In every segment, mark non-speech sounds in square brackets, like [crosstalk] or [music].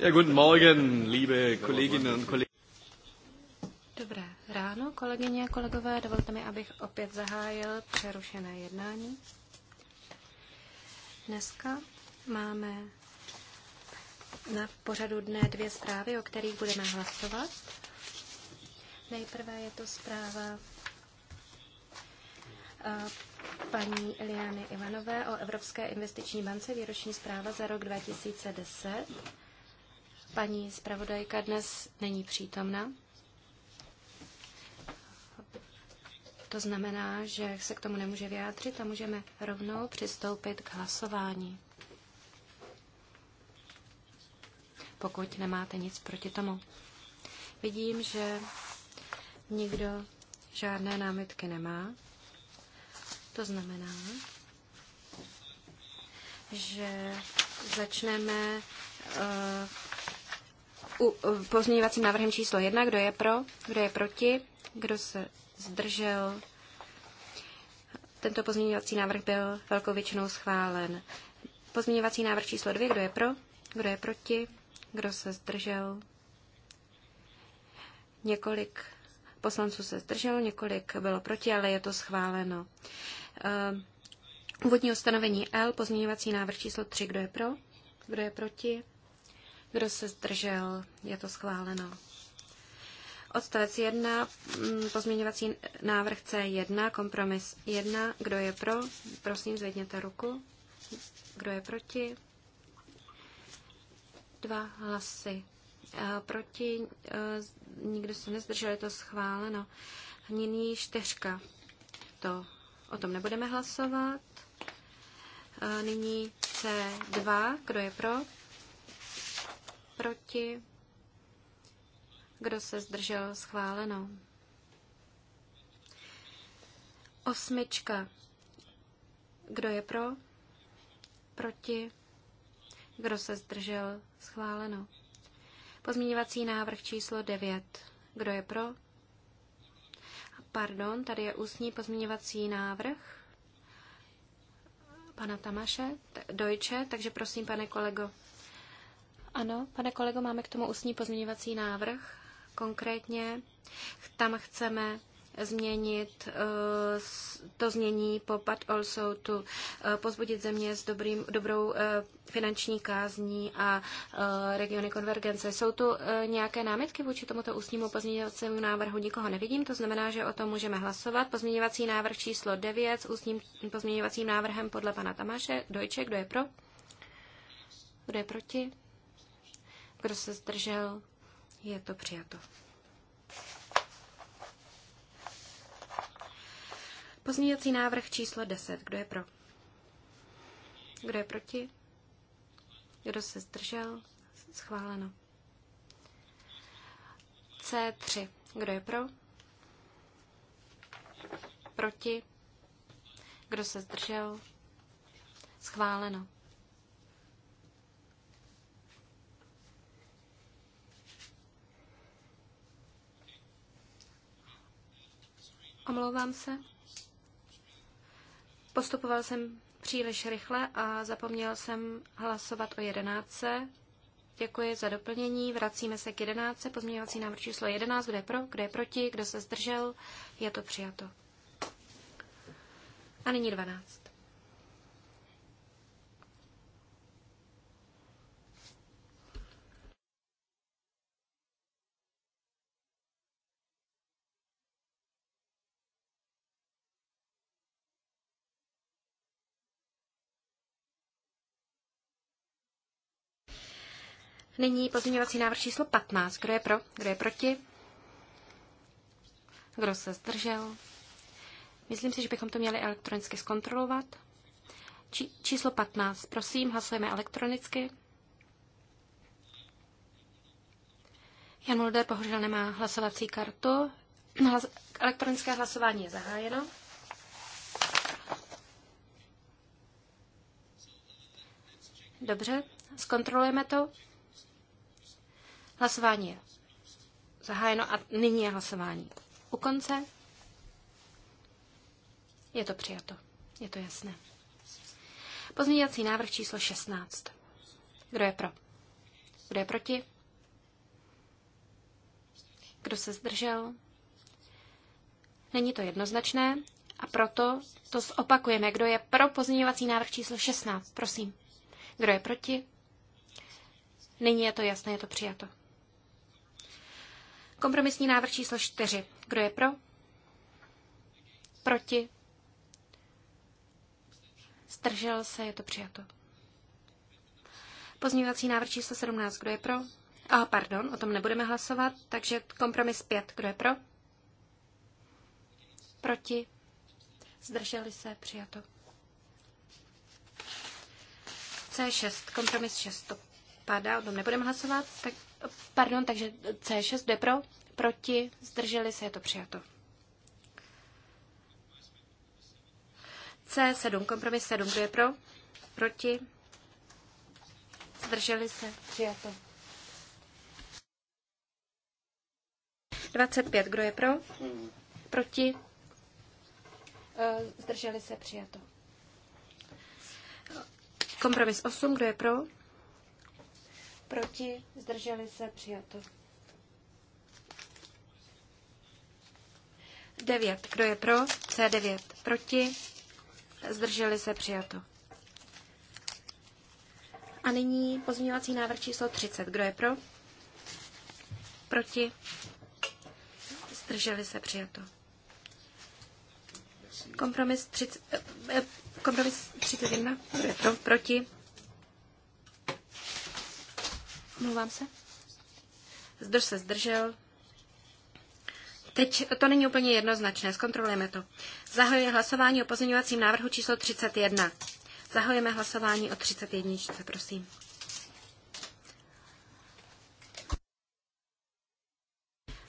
Ja, guten Morgen, liebe Kolleginnen und Kollegen. Dobré ráno, kolegyně a kolegové. Dovolte mi, abych opět zahájil přerušené jednání. Dneska máme na pořadu dne dvě zprávy, o kterých budeme hlasovat. Nejprve je to zpráva paní Liany Ivanové o Evropské investiční bance výroční zpráva za rok 2010. Paní zpravodajka dnes není přítomna. To znamená, že se k tomu nemůže vyjádřit a můžeme rovnou přistoupit k hlasování. Pokud nemáte nic proti tomu. Vidím, že nikdo žádné námitky nemá. To znamená, že začneme uh, u, uh, pozměňovacím návrhem číslo 1. Kdo je pro, kdo je proti, kdo se zdržel. Tento pozměňovací návrh byl velkou většinou schválen. Pozměňovací návrh číslo 2. Kdo je pro, kdo je proti, kdo se zdržel. Několik poslanců se zdrželo, několik bylo proti, ale je to schváleno. Eh, úvodní ustanovení L, pozměňovací návrh číslo 3. Kdo je pro? Kdo je proti? Kdo se zdržel? Je to schváleno. Odstavec 1, mm, pozměňovací návrh C1, kompromis 1. Kdo je pro? Prosím, zvedněte ruku. Kdo je proti? Dva hlasy. Eh, proti eh, nikdo se nezdržel, je to schváleno. Nyní čtyřka. To o tom nebudeme hlasovat. E, nyní C2, kdo je pro? Proti? Kdo se zdržel schváleno? Osmička. Kdo je pro? Proti? Kdo se zdržel? Schváleno. Pozměňovací návrh číslo 9. Kdo je pro? Pardon, tady je ústní pozměňovací návrh pana Tamaše, Dojče, takže prosím, pane kolego. Ano, pane kolego, máme k tomu ústní pozměňovací návrh. Konkrétně tam chceme změnit eh, to znění popad also to eh, pozbudit země s dobrým, dobrou eh, finanční kázní a regiony konvergence. Jsou tu nějaké námitky vůči tomuto ústnímu pozměňovacímu návrhu? Nikoho nevidím, to znamená, že o tom můžeme hlasovat. Pozměňovací návrh číslo 9 s ústním pozměňovacím návrhem podle pana Tamáše. Dojček kdo je pro? Kdo je proti? Kdo se zdržel? Je to přijato. Pozměňovací návrh číslo 10. Kdo je pro? Kdo je proti? Kdo se zdržel? Schváleno. C3. Kdo je pro? Proti? Kdo se zdržel? Schváleno. Omlouvám se. Postupoval jsem příliš rychle a zapomněl jsem hlasovat o jedenáctce. Děkuji za doplnění. Vracíme se k jedenáctce. Pozměňovací návrh číslo 11. Kdo je pro, kdo je proti, kdo se zdržel. Je to přijato. A nyní 12. Nyní pozměňovací návrh číslo 15. Kdo je pro? Kdo je proti? Kdo se zdržel? Myslím si, že bychom to měli elektronicky zkontrolovat. Či, číslo 15. Prosím, hlasujeme elektronicky. Jan Mulder bohužel nemá hlasovací kartu. Hlas, elektronické hlasování je zahájeno. Dobře, zkontrolujeme to. Hlasování je zahájeno a nyní je hlasování u konce. Je to přijato. Je to jasné. Pozměňovací návrh číslo 16. Kdo je pro? Kdo je proti? Kdo se zdržel? Není to jednoznačné a proto to zopakujeme. Kdo je pro pozměňovací návrh číslo 16? Prosím. Kdo je proti? Nyní je to jasné, je to přijato. Kompromisní návrh číslo 4. Kdo je pro? Proti? Zdržel se, je to přijato. Pozměňovací návrh číslo 17. Kdo je pro? A oh, pardon, o tom nebudeme hlasovat, takže kompromis 5. Kdo je pro? Proti? Zdrželi se, přijato. C6, kompromis 6. To padá, o tom nebudeme hlasovat, tak Pardon, takže C6 jde pro, proti, zdrželi se, je to přijato. C7, kompromis 7, kdo je pro, proti, zdrželi se, přijato. 25, kdo je pro, proti, e, zdrželi se, přijato. Kompromis 8, kdo je pro, proti, zdrželi se, přijato. 9. Kdo je pro? C9. Proti? Zdrželi se přijato. A nyní pozměňovací návrh číslo 30. Kdo je pro? Proti? Zdrželi se přijato. Kompromis, 30, eh, eh, kompromis 31. Kdo je pro? Proti? Mluvám se. Zdrž se zdržel. Teď to není úplně jednoznačné, zkontrolujeme to. Zahajuji hlasování o pozměňovacím návrhu číslo 31. Zahajujeme hlasování o 31, prosím.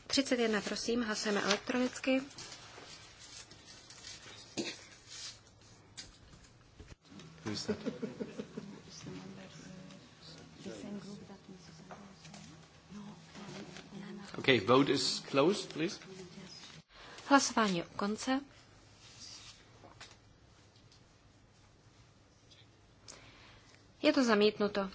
Třicet jedna, prosím, hlasujeme elektronicky. Okay, vote is closed, please. Hlasování u konce. Je to zamítnuto.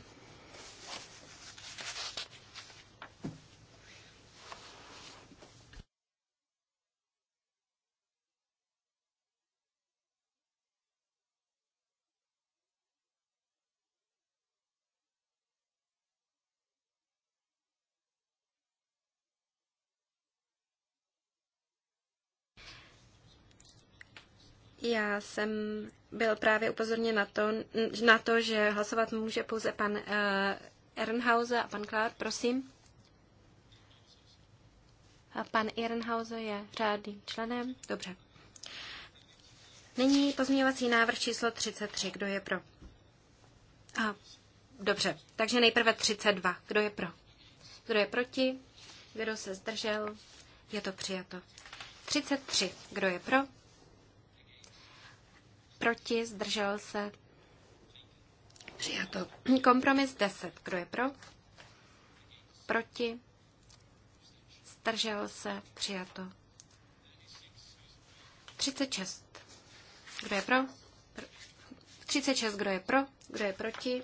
Já jsem byl právě upozorněn na to, na to že hlasovat může pouze pan uh, Ehrenhauser a pan Klár, prosím. A pan Ehrenhauser je řádným členem. Dobře. Nyní pozměňovací návrh číslo 33. Kdo je pro? A, dobře, takže nejprve 32. Kdo je pro? Kdo je proti? Kdo se zdržel? Je to přijato. 33. Kdo je pro? Proti? Zdržel se? Přijato. Kompromis 10. Kdo je pro? Proti? Zdržel se? Přijato. 36. Kdo je pro? pro? 36. Kdo je pro? Kdo je proti?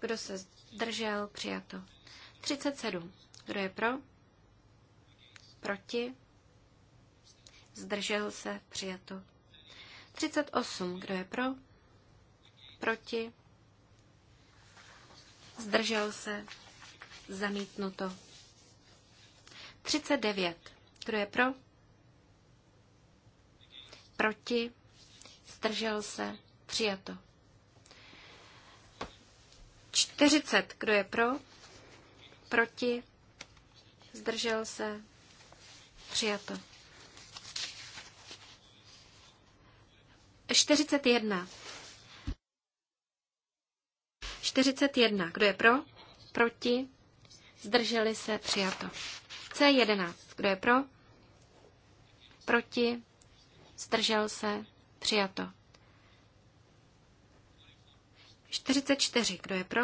Kdo se zdržel? Přijato. 37. Kdo je pro? Proti? Zdržel se? Přijato. 38. Kdo je pro? Proti? Zdržel se? Zamítnuto. 39. Kdo je pro? Proti? Zdržel se? Přijato. 40. Kdo je pro? Proti? Zdržel se? Přijato. 41. 41. Kdo je pro? Proti? Zdrželi se? Přijato. C11. Kdo je pro? Proti? Zdržel se? Přijato. 44. Kdo je pro?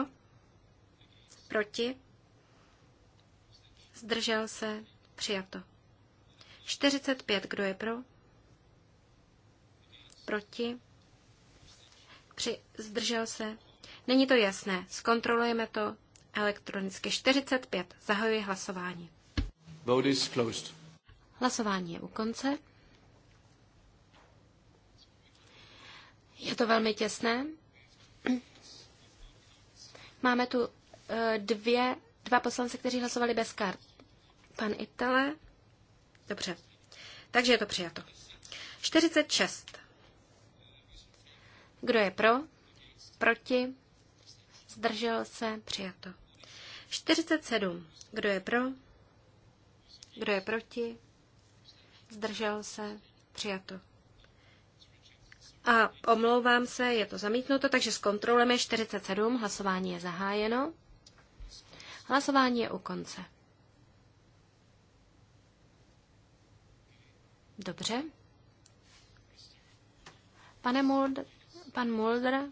Proti? Zdržel se? Přijato. 45. Kdo je pro? proti, při, zdržel se. Není to jasné, zkontrolujeme to elektronicky. 45, zahajuji hlasování. Vote is closed. Hlasování je u konce. Je to velmi těsné. Máme tu eh, dvě, dva poslance, kteří hlasovali bez kart. Pan Itale. Dobře. Takže je to přijato. 46. Kdo je pro? Proti? Zdržel se? Přijato. 47. Kdo je pro? Kdo je proti? Zdržel se? Přijato. A omlouvám se, je to zamítnuto, takže zkontrolujeme 47. Hlasování je zahájeno. Hlasování je u konce. Dobře. Pane Mold, Pan Mulder eh,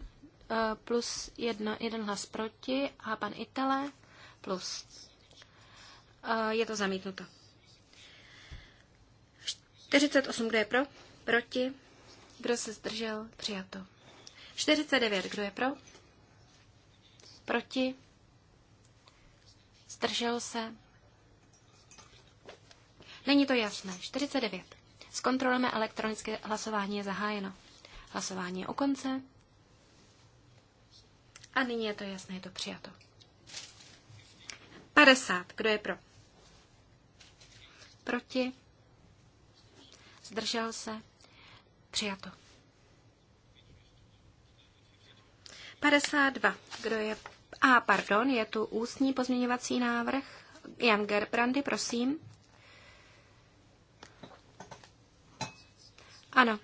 plus jedna, jeden hlas proti a pan Itele plus. Eh, je to zamítnuto. 48, kdo je pro? Proti. Kdo se zdržel? Přijato. 49, kdo je pro? Proti. Zdržel se. Není to jasné. 49. Zkontrolujeme elektronické hlasování je zahájeno. Hlasování je o konce. A nyní je to jasné, je to přijato. 50. Kdo je pro? Proti? Zdržel se? Přijato. 52. Kdo je... A, pardon, je tu ústní pozměňovací návrh. Jan Gerbrandy, prosím. Ano,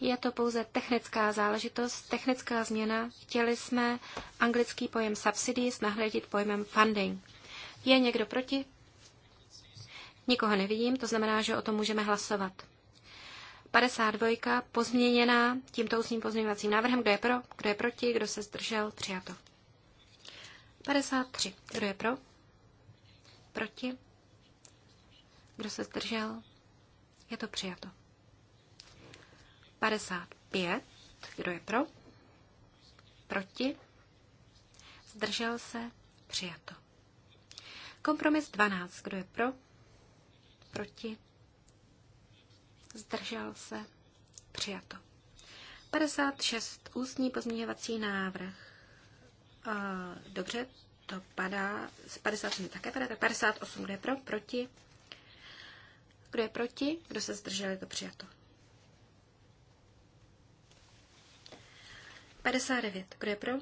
je to pouze technická záležitost, technická změna. Chtěli jsme anglický pojem subsidies nahradit pojmem funding. Je někdo proti? Nikoho nevidím, to znamená, že o tom můžeme hlasovat. 52. pozměněná tímto ústním pozměňovacím návrhem. Kdo je pro? Kdo je proti? Kdo se zdržel? Přijato. 53. Kdo je pro? Proti? Kdo se zdržel? Je to přijato. 55. Kdo je pro? Proti? Zdržel se? Přijato. Kompromis 12. Kdo je pro? Proti? Zdržel se? Přijato. 56. Ústní pozměňovací návrh. Dobře, to padá. 57 také padá. Tak 58. Kdo je pro? Proti? Kdo je proti? Kdo se zdržel? Je to přijato. 59. Kdo je pro?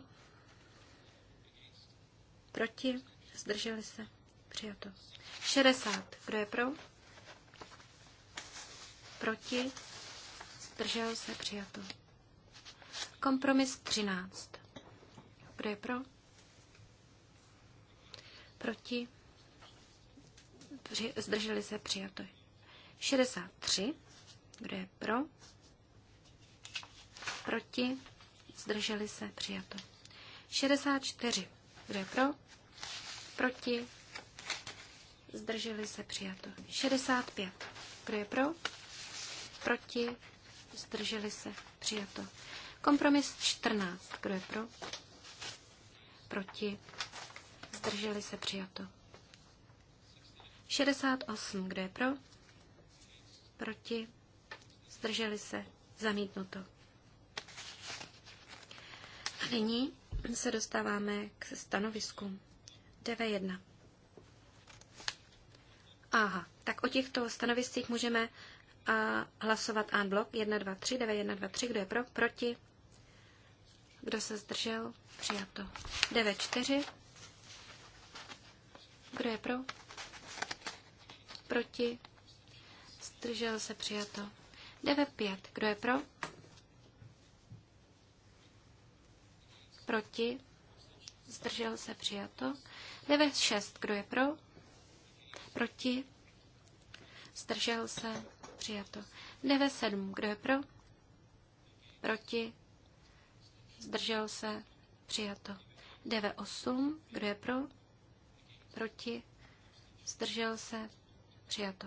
Proti? Zdrželi se? Přijato. 60. Kdo je pro? Proti? Zdržel se? Přijato. Kompromis 13. Kdo je pro? Proti? Zdrželi se? Přijato. 63. Kdo je pro? Proti? zdrželi se, přijato. 64. Kdo je pro? Proti? Zdrželi se, přijato. 65. Kdo je pro? Proti? Zdrželi se, přijato. Kompromis 14. Kdo je pro? Proti? Zdrželi se, přijato. 68. Kdo je pro? Proti? Zdrželi se, zamítnuto. A nyní se dostáváme k stanovisku DV1. Aha, tak o těchto stanoviscích můžeme a hlasovat en blok 1, 2, 3, 9, 1, 2, 3, kdo je pro, proti, kdo se zdržel, přijato. 9, 4, kdo je pro, proti, zdržel se, přijato. 9, 5, kdo je pro, proti, zdržel se přijato. 9, 6, kdo je pro, proti, zdržel se přijato. 9, 7, kdo je pro, proti, zdržel se přijato. 9, 8, kdo je pro, proti, zdržel se přijato.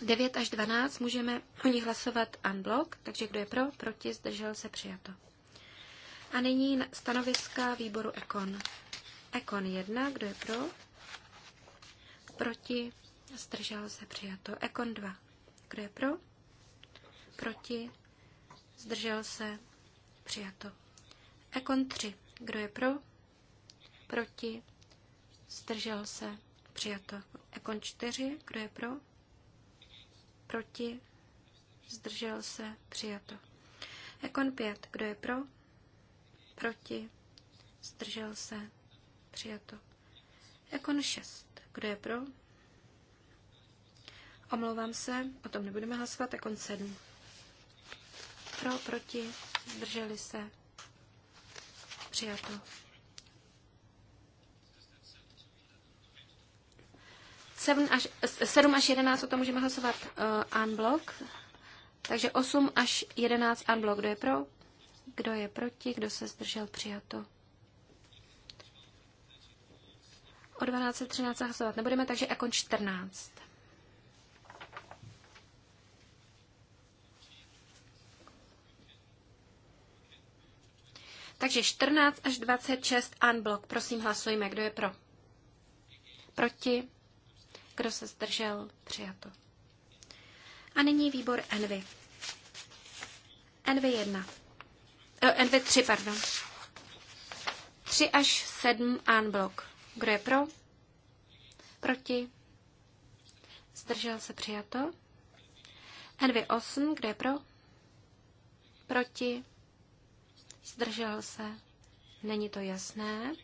9 až 12 můžeme o nich hlasovat unblock, takže kdo je pro, proti, zdržel se, přijato. A nyní stanoviska výboru Ekon. Ekon 1, kdo je pro, proti, zdržel se, přijato. Ekon 2, kdo je pro, proti, zdržel se, přijato. Ekon 3, kdo je pro, proti, zdržel se, přijato. Ekon 4, kdo je pro, Proti? Zdržel se? Přijato. Ekon 5. Kdo je pro? Proti? Zdržel se? Přijato. Ekon 6. Kdo je pro? Omlouvám se, o tom nebudeme hlasovat. Ekon 7. Pro, proti, zdrželi se. Přijato. 7 až, 7 až 11 o tom můžeme hlasovat uh, eh, unblock. Takže 8 až 11 unblock. Kdo je pro? Kdo je proti? Kdo se zdržel? Přijato. O 12 13 hlasovat nebudeme, takže jako 14. Takže 14 až 26 unblock. Prosím, hlasujme. Kdo je pro? Proti? Kdo se zdržel? Přijato. A nyní výbor Envy. Envy 1. Eh, Envy 3, pardon. 3 až 7 an blok. Kdo je pro? Proti? Zdržel se přijato. Envy 8, kdo je pro? Proti? Zdržel se. Není to jasné.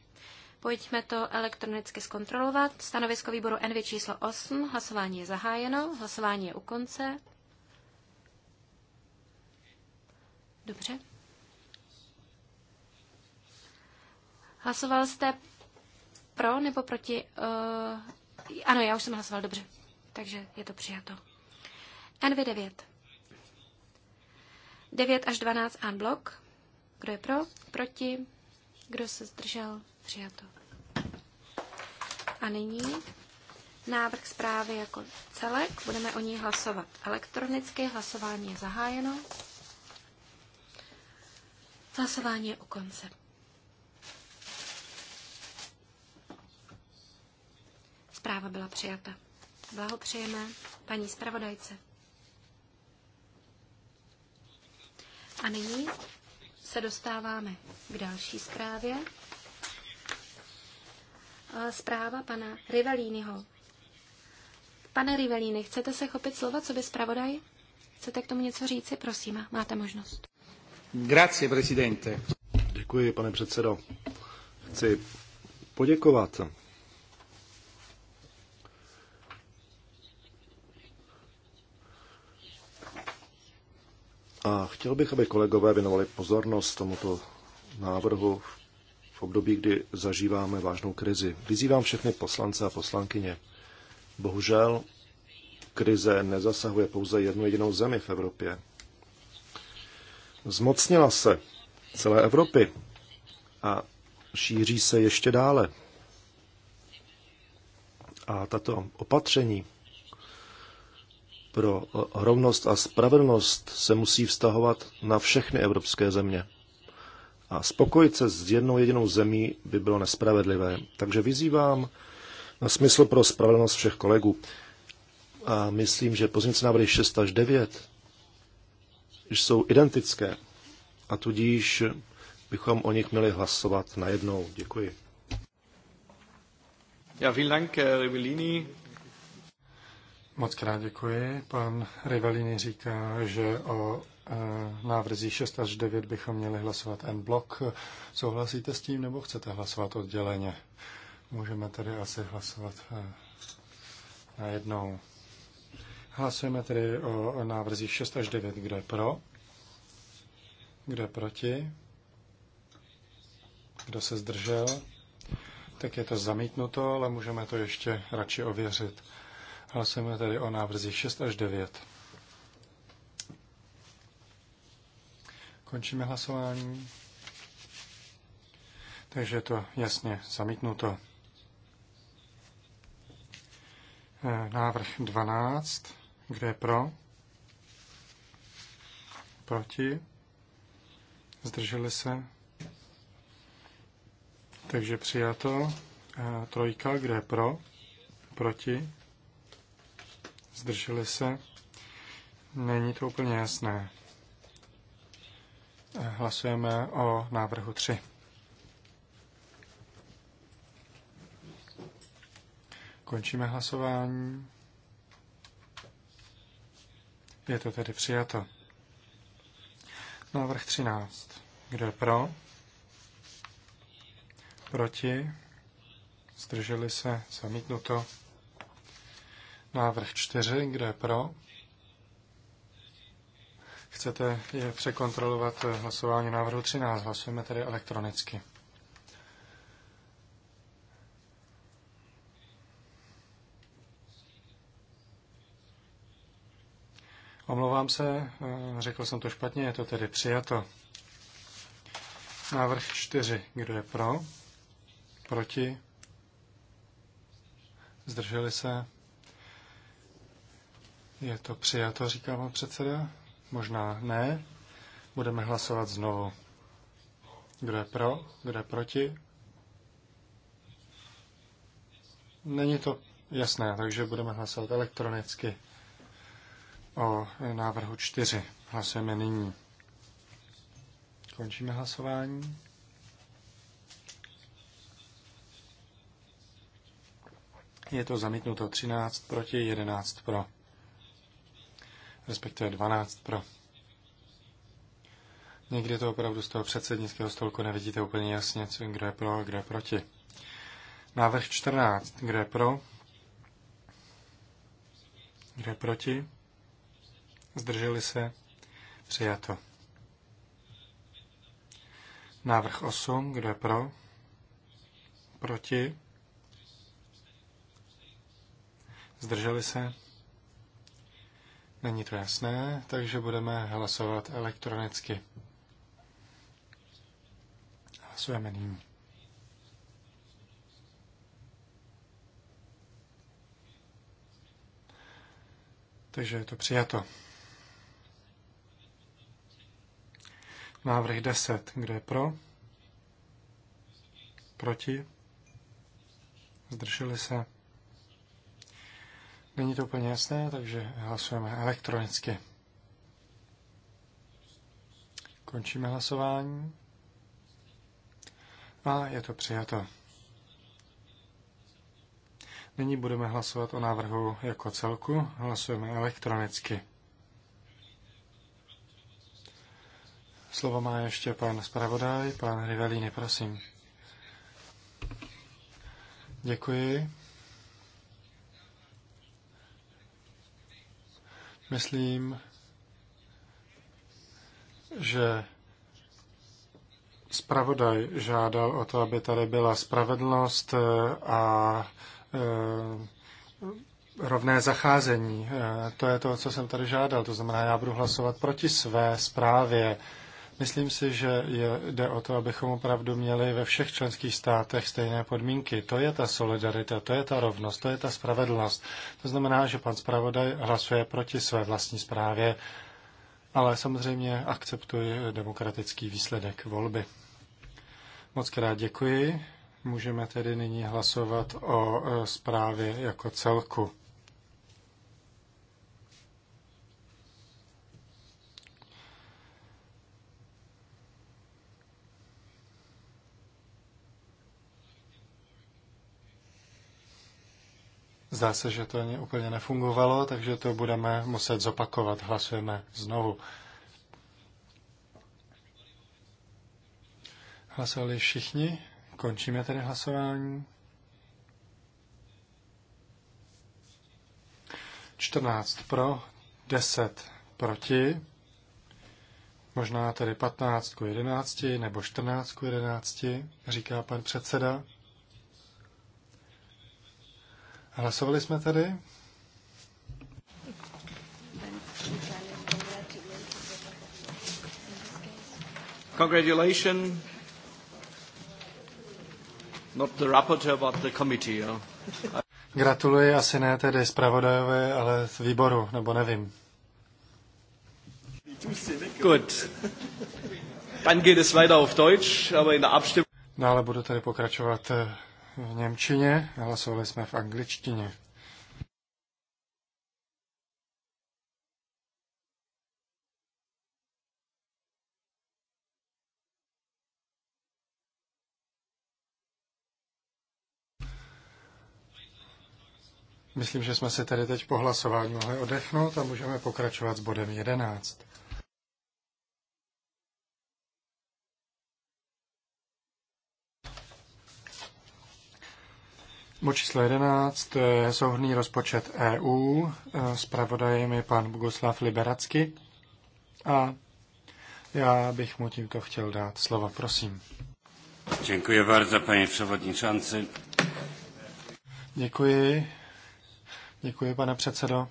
Pojďme to elektronicky zkontrolovat. Stanovisko výboru NV číslo 8. Hlasování je zahájeno. Hlasování je u konce. Dobře. Hlasoval jste pro nebo proti? Uh, ano, já už jsem hlasoval dobře, takže je to přijato. NV9. 9 až 12 unblock. Kdo je pro? Proti? Kdo se zdržel? Přijato. A nyní návrh zprávy jako celek. Budeme o ní hlasovat elektronicky. Hlasování je zahájeno. Hlasování je u konce. Zpráva byla přijata. Blahopřejeme paní zpravodajce. A nyní se dostáváme k další zprávě. Eh, zpráva pana Rivelínyho. Pane Rivelíny, chcete se chopit slova, co by zpravodaj? Chcete k tomu něco říci? Prosím, máte možnost. Grazie, presidente. Děkuji, pane předsedo. Chci poděkovat A chtěl bych, aby kolegové věnovali pozornost tomuto návrhu v v období, kdy zažíváme vážnou krizi. Vyzývám všechny poslance a poslankyně. Bohužel krize nezasahuje pouze jednu jedinou zemi v Evropě. Zmocnila se celé Evropy a šíří se ještě dále. A tato opatření pro rovnost a spravedlnost se musí vztahovat na všechny evropské země. A spokojit se s jednou jedinou zemí by bylo nespravedlivé. Takže vyzývám na smysl pro spravedlnost všech kolegů. A myslím, že pozměnce návrhy 6 až 9 jsou identické a tudíž bychom o nich měli hlasovat najednou. Děkuji. Ja, vielen Dank, Rivellini. Moc krát děkuji. Pan Rivellini říká, že o Eh, návrzí 6 až 9 bychom měli hlasovat en blok. Souhlasíte s tím nebo chcete hlasovat odděleně? Můžeme tedy asi hlasovat eh, najednou. Hlasujeme tedy o návrzích 6 až 9. Kdo je pro? Kdo je proti? Kdo se zdržel? Tak je to zamítnuto, ale můžeme to ještě radši ověřit. Hlasujeme tedy o návrzích 6 až 9. Končíme hlasování. Takže je to jasně zamítnuto. E, návrh 12. Kde je pro? Proti? Zdrželi se? Takže přijato. E, trojka. Kde je pro? Proti? Zdrželi se? Není to úplně jasné. Hlasujeme o návrhu 3. Končíme hlasování. Je to tedy přijato. Návrh 13. Kdo je pro? Proti? Zdrželi se? Zamítnuto. Návrh 4. Kdo je pro? chcete, je překontrolovat eh, hlasování návrhu 13. Hlasujeme tedy elektronicky. Omlouvám se, eh, řekl jsem to špatně, je to tedy přijato. Návrh 4. Kdo je pro? Proti? Zdrželi se? Je to přijato, říká pan předseda. Možná ne. Budeme hlasovat znovu. Kdo je pro? Kdo je proti? Není to jasné, takže budeme hlasovat elektronicky o návrhu 4. Hlasujeme nyní. Končíme hlasování. Je to zamítnuto 13 proti 11 pro respektive 12 pro. Někdy to opravdu z toho předsednického stolku nevidíte úplně jasně, co, kdo je pro a kdo je proti. Návrh 14. Kdo je pro? Kdo je proti? Zdrželi se? Přijato. Návrh 8. Kdo je pro? Proti? Zdrželi se? Není to jasné, takže budeme hlasovat elektronicky. Hlasujeme nyní. Takže je to přijato. Návrh 10. Kdo je pro? Proti? Zdrželi se? Není to úplně jasné, takže hlasujeme elektronicky. Končíme hlasování. A je to přijato. Nyní budeme hlasovat o návrhu jako celku. Hlasujeme elektronicky. Slovo má ještě pan zpravodaj, pan Rivelini, prosím. Děkuji. Myslím, že spravodaj žádal o to, aby tady byla spravedlnost eh, a eh, rovné zacházení. Eh, to je to, co jsem tady žádal. To znamená, já budu hlasovat proti své zprávě. Myslím si, že je, jde o to, abychom opravdu měli ve všech členských státech stejné podmínky. To je ta solidarita, to je ta rovnost, to je ta spravedlnost. To znamená, že pan zpravodaj hlasuje proti své vlastní zprávě, ale samozřejmě akceptuje demokratický výsledek volby. Moc krát děkuji. Můžeme tedy nyní hlasovat o e, zprávě jako celku. Zdá se, že to úplně nefungovalo, takže to budeme muset zopakovat. Hlasujeme znovu. Hlasovali všichni. Končíme tedy hlasování. 14 pro, 10 proti, možná tedy 15 k 11 nebo 14 k 11, říká pan předseda. Hlasovali jsme tady? Congratulations. Not the rapporteur, but the committee. Gratuluji, asi ne tedy zpravodajové, ale z výboru, nebo nevím. Gut. Dann geht es weiter auf Deutsch, aber in der Abstimmung... No ale budu tady pokračovat eh, v Němčině, hlasovali jsme v angličtině. Myslím, že jsme se tady teď po hlasování mohli odechnout a můžeme pokračovat s bodem 11. Bod číslo 11, to je souhrný rozpočet EU, zpravodajem je pan Bogoslav Liberacky a já bych mu tímto chtěl dát slovo, prosím. Děkuji bardzo, paní předsedající. Děkuji. Děkuji, pane předsedo.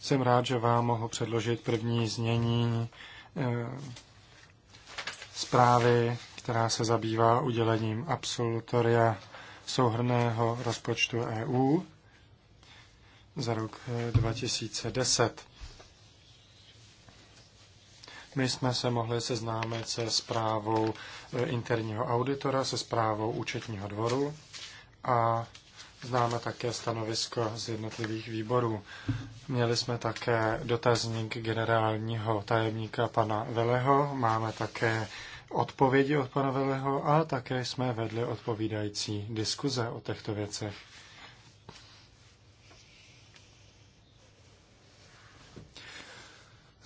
Jsem rád, že vám mohu předložit první znění eh, zprávy která se zabývá udělením absolutoria souhrného rozpočtu EU za rok 2010. Eh, My jsme se mohli seznámit se zprávou eh, interního auditora, se zprávou účetního dvoru a známe také stanovisko z jednotlivých výborů. Měli jsme také dotazník generálního tajemníka pana Veleho, máme také odpovědi od pana Veleho a také jsme vedli odpovídající diskuze o těchto věcech.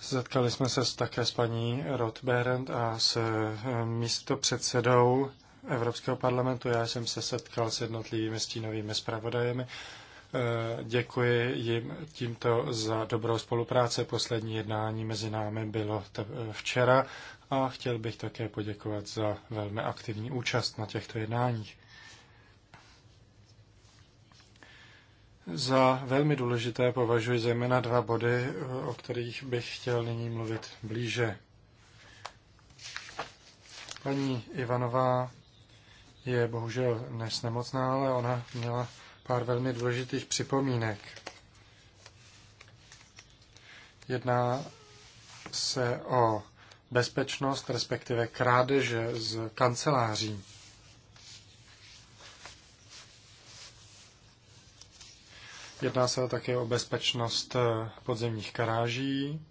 Zatkali jsme se také s paní Rothberend a s eh, místopředsedou Evropského parlamentu. Já jsem se setkal s jednotlivými stínovými zpravodajemi. Eh, děkuji jim tímto za dobrou spolupráci. Poslední jednání mezi námi bylo včera a chtěl bych také poděkovat za velmi aktivní účast na těchto jednáních. Za velmi důležité považuji zejména dva body, o kterých bych chtěl nyní mluvit blíže. Paní Ivanová je bohužel dnes nemocná, ale ona měla pár velmi důležitých připomínek. Jedná se o bezpečnost, respektive krádeže z kanceláří. Jedná se také o bezpečnost eh, podzemních garáží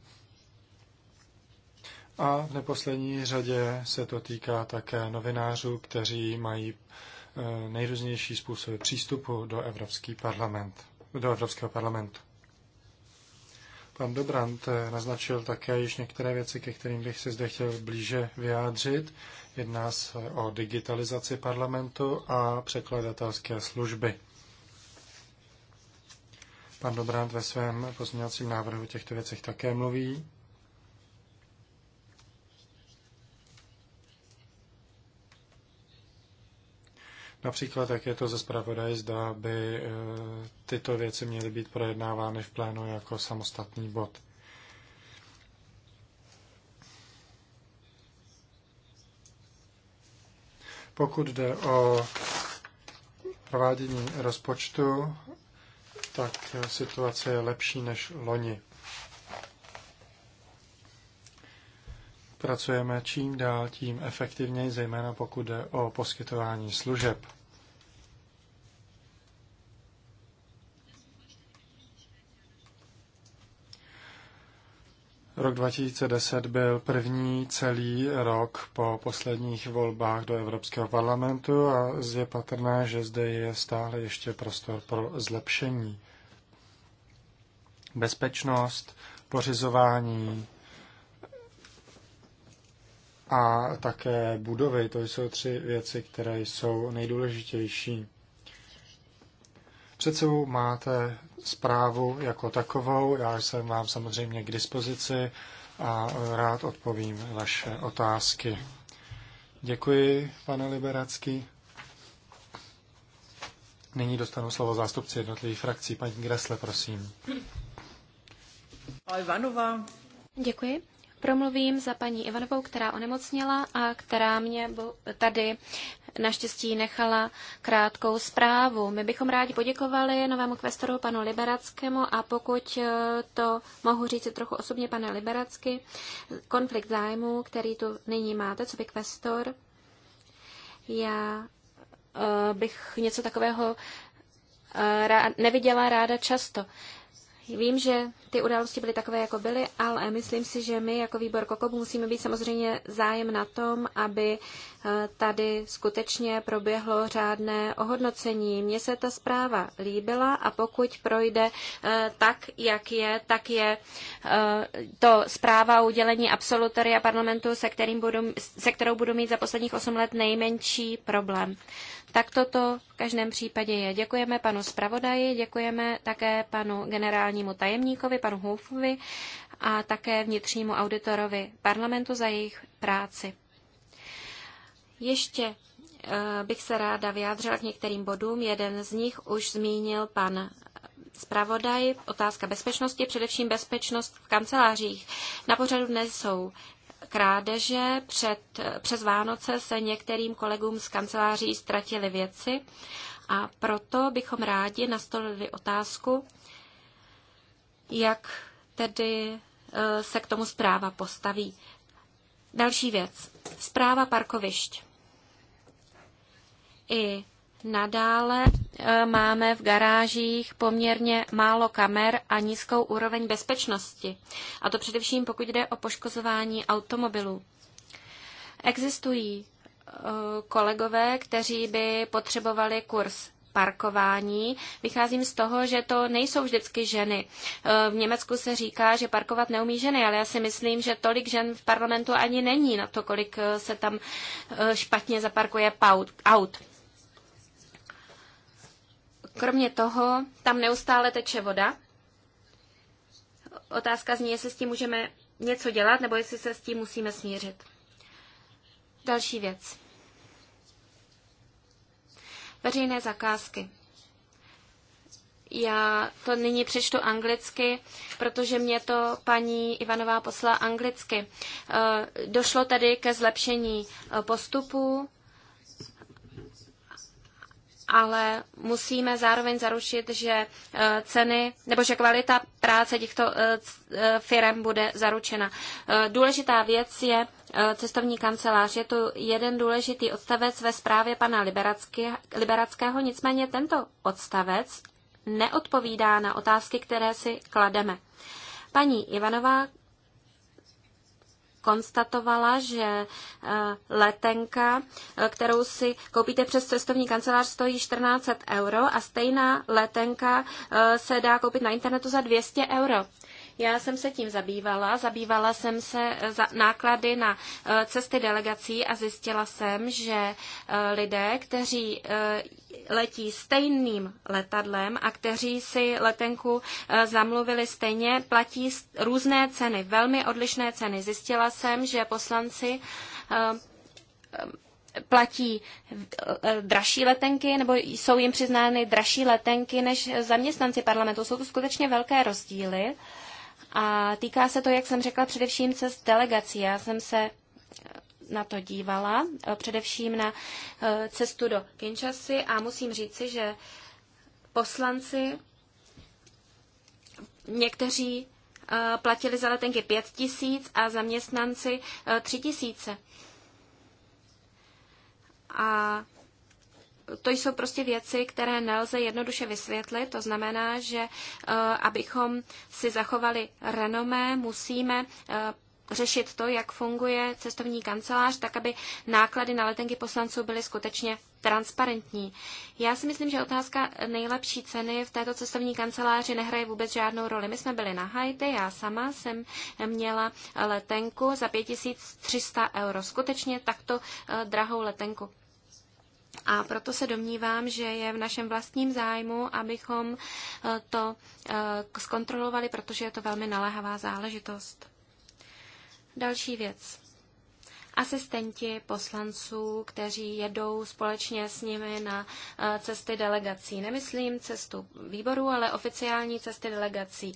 a v neposlední řadě se to týká také novinářů, kteří mají eh, nejrůznější způsoby přístupu do, Evropský parlament, do Evropského parlamentu. Pan Dobrant eh, naznačil také již některé věci, ke kterým bych se zde chtěl blíže vyjádřit. Jedná se o digitalizaci parlamentu a překladatelské služby. Pan Dobrant ve svém pozměňovacím návrhu o těchto věcech také mluví. Například, jak je to ze zpravodaj, zda by e, tyto věci měly být projednávány v plénu jako samostatný bod. Pokud jde o provádění rozpočtu, tak situace je lepší než loni. pracujeme čím dál tím efektivněji, zejména pokud jde o poskytování služeb. Rok 2010 byl první celý rok po posledních volbách do Evropského parlamentu a je patrné, že zde je stále ještě prostor pro zlepšení. Bezpečnost, pořizování a také budovy. To jsou tři věci, které jsou nejdůležitější. Před sebou máte zprávu jako takovou. Já jsem vám samozřejmě k dispozici a rád odpovím vaše otázky. Děkuji, pane Liberacký. Nyní dostanu slovo zástupci jednotlivých frakcí. Paní Gresle, prosím. Ivanova. Děkuji promluvím za paní Ivanovou, která onemocněla a která mě tady naštěstí nechala krátkou zprávu. My bychom rádi poděkovali novému kvestoru panu Liberackému a pokud eh, to mohu říct trochu osobně, pane Liberacky, konflikt zájmu, který tu nyní máte, co by kvestor, já eh, bych něco takového eh, neviděla ráda často. Vím, že ty události byly takové, jako byly, ale myslím si, že my jako výbor KOKOB musíme být samozřejmě zájem na tom, aby eh, tady skutečně proběhlo řádné ohodnocení. Mně se ta zpráva líbila a pokud projde eh, tak, jak je, tak je eh, to zpráva o udělení absolutoria parlamentu, se, kterým budu, se kterou budu mít za posledních 8 let nejmenší problém. Tak toto v každém případě je. Děkujeme panu zpravodaji, děkujeme také panu generálnímu tajemníkovi, panu Hufovi a také vnitřnímu auditorovi parlamentu za jejich práci. Ještě eh, bych se ráda vyjádřila k některým bodům. Jeden z nich už zmínil pan zpravodaj. Otázka bezpečnosti, především bezpečnost v kancelářích. Na pořadu dnes jsou krádeže. Před, přes Vánoce se některým kolegům z kanceláří ztratili věci a proto bychom rádi nastolili otázku, jak tedy eh, se k tomu zpráva postaví. Další věc. Zpráva parkovišť. I Nadále e, máme v garážích poměrně málo kamer a nízkou úroveň bezpečnosti. A to především pokud jde o poškozování automobilů. Existují e, kolegové, kteří by potřebovali kurz parkování. Vycházím z toho, že to nejsou vždycky ženy. E, v Německu se říká, že parkovat neumí ženy, ale já si myslím, že tolik žen v parlamentu ani není na to, kolik se tam špatně zaparkuje aut. Kromě toho, tam neustále teče voda. Otázka zní, jestli s tím můžeme něco dělat, nebo jestli se s tím musíme smířit. Další věc. Veřejné zakázky. Já to nyní přečtu anglicky, protože mě to paní Ivanová poslala anglicky. Eh, došlo tady ke zlepšení eh, postupu ale musíme zároveň zaručit, že eh, ceny nebo že kvalita práce těchto eh, eh, firm bude zaručena. Důležitá věc je cestovní kancelář. Je tu jeden důležitý odstavec ve zprávě pana Liberackého, nicméně tento odstavec neodpovídá na otázky, které si klademe. Paní Ivanová konstatovala, že eh, letenka, eh, kterou si koupíte přes cestovní kancelář, stojí 1400 euro a stejná letenka eh, se dá koupit na internetu za 200 euro. Já jsem se tím zabývala. Zabývala jsem se eh, za náklady na eh, cesty delegací a zjistila jsem, že eh, lidé, kteří letí stejným letadlem a kteří si letenku zamluvili stejně, platí různé ceny, velmi odlišné ceny. Zjistila jsem, že poslanci platí dražší letenky, nebo jsou jim přiznány dražší letenky než zaměstnanci parlamentu. Jsou to skutečně velké rozdíly. A týká se to, jak jsem řekla, především cest delegací. Já jsem se eh, na to dívala, eh, především na eh, cestu do Kinshasy a musím říci, že poslanci někteří platili za letenky 5 tisíc a zaměstnanci 3 tisíce. A to jsou prostě věci, které nelze jednoduše vysvětlit. To znamená, že eh, abychom si zachovali renomé, musíme eh, řešit to, jak funguje cestovní kancelář, tak aby náklady na letenky poslanců byly skutečně transparentní. Já si myslím, že otázka nejlepší ceny v této cestovní kanceláři nehraje vůbec žádnou roli. My jsme byli na Haiti, já sama jsem měla letenku za 5300 euro. Skutečně takto eh, drahou letenku. A proto se domnívám, že je v našem vlastním zájmu, abychom eh, to eh, zkontrolovali, protože je to velmi naléhavá záležitost. Další věc. Asistenti poslanců, kteří jedou společně s nimi na eh, cesty delegací. Nemyslím cestu výboru, ale oficiální cesty delegací.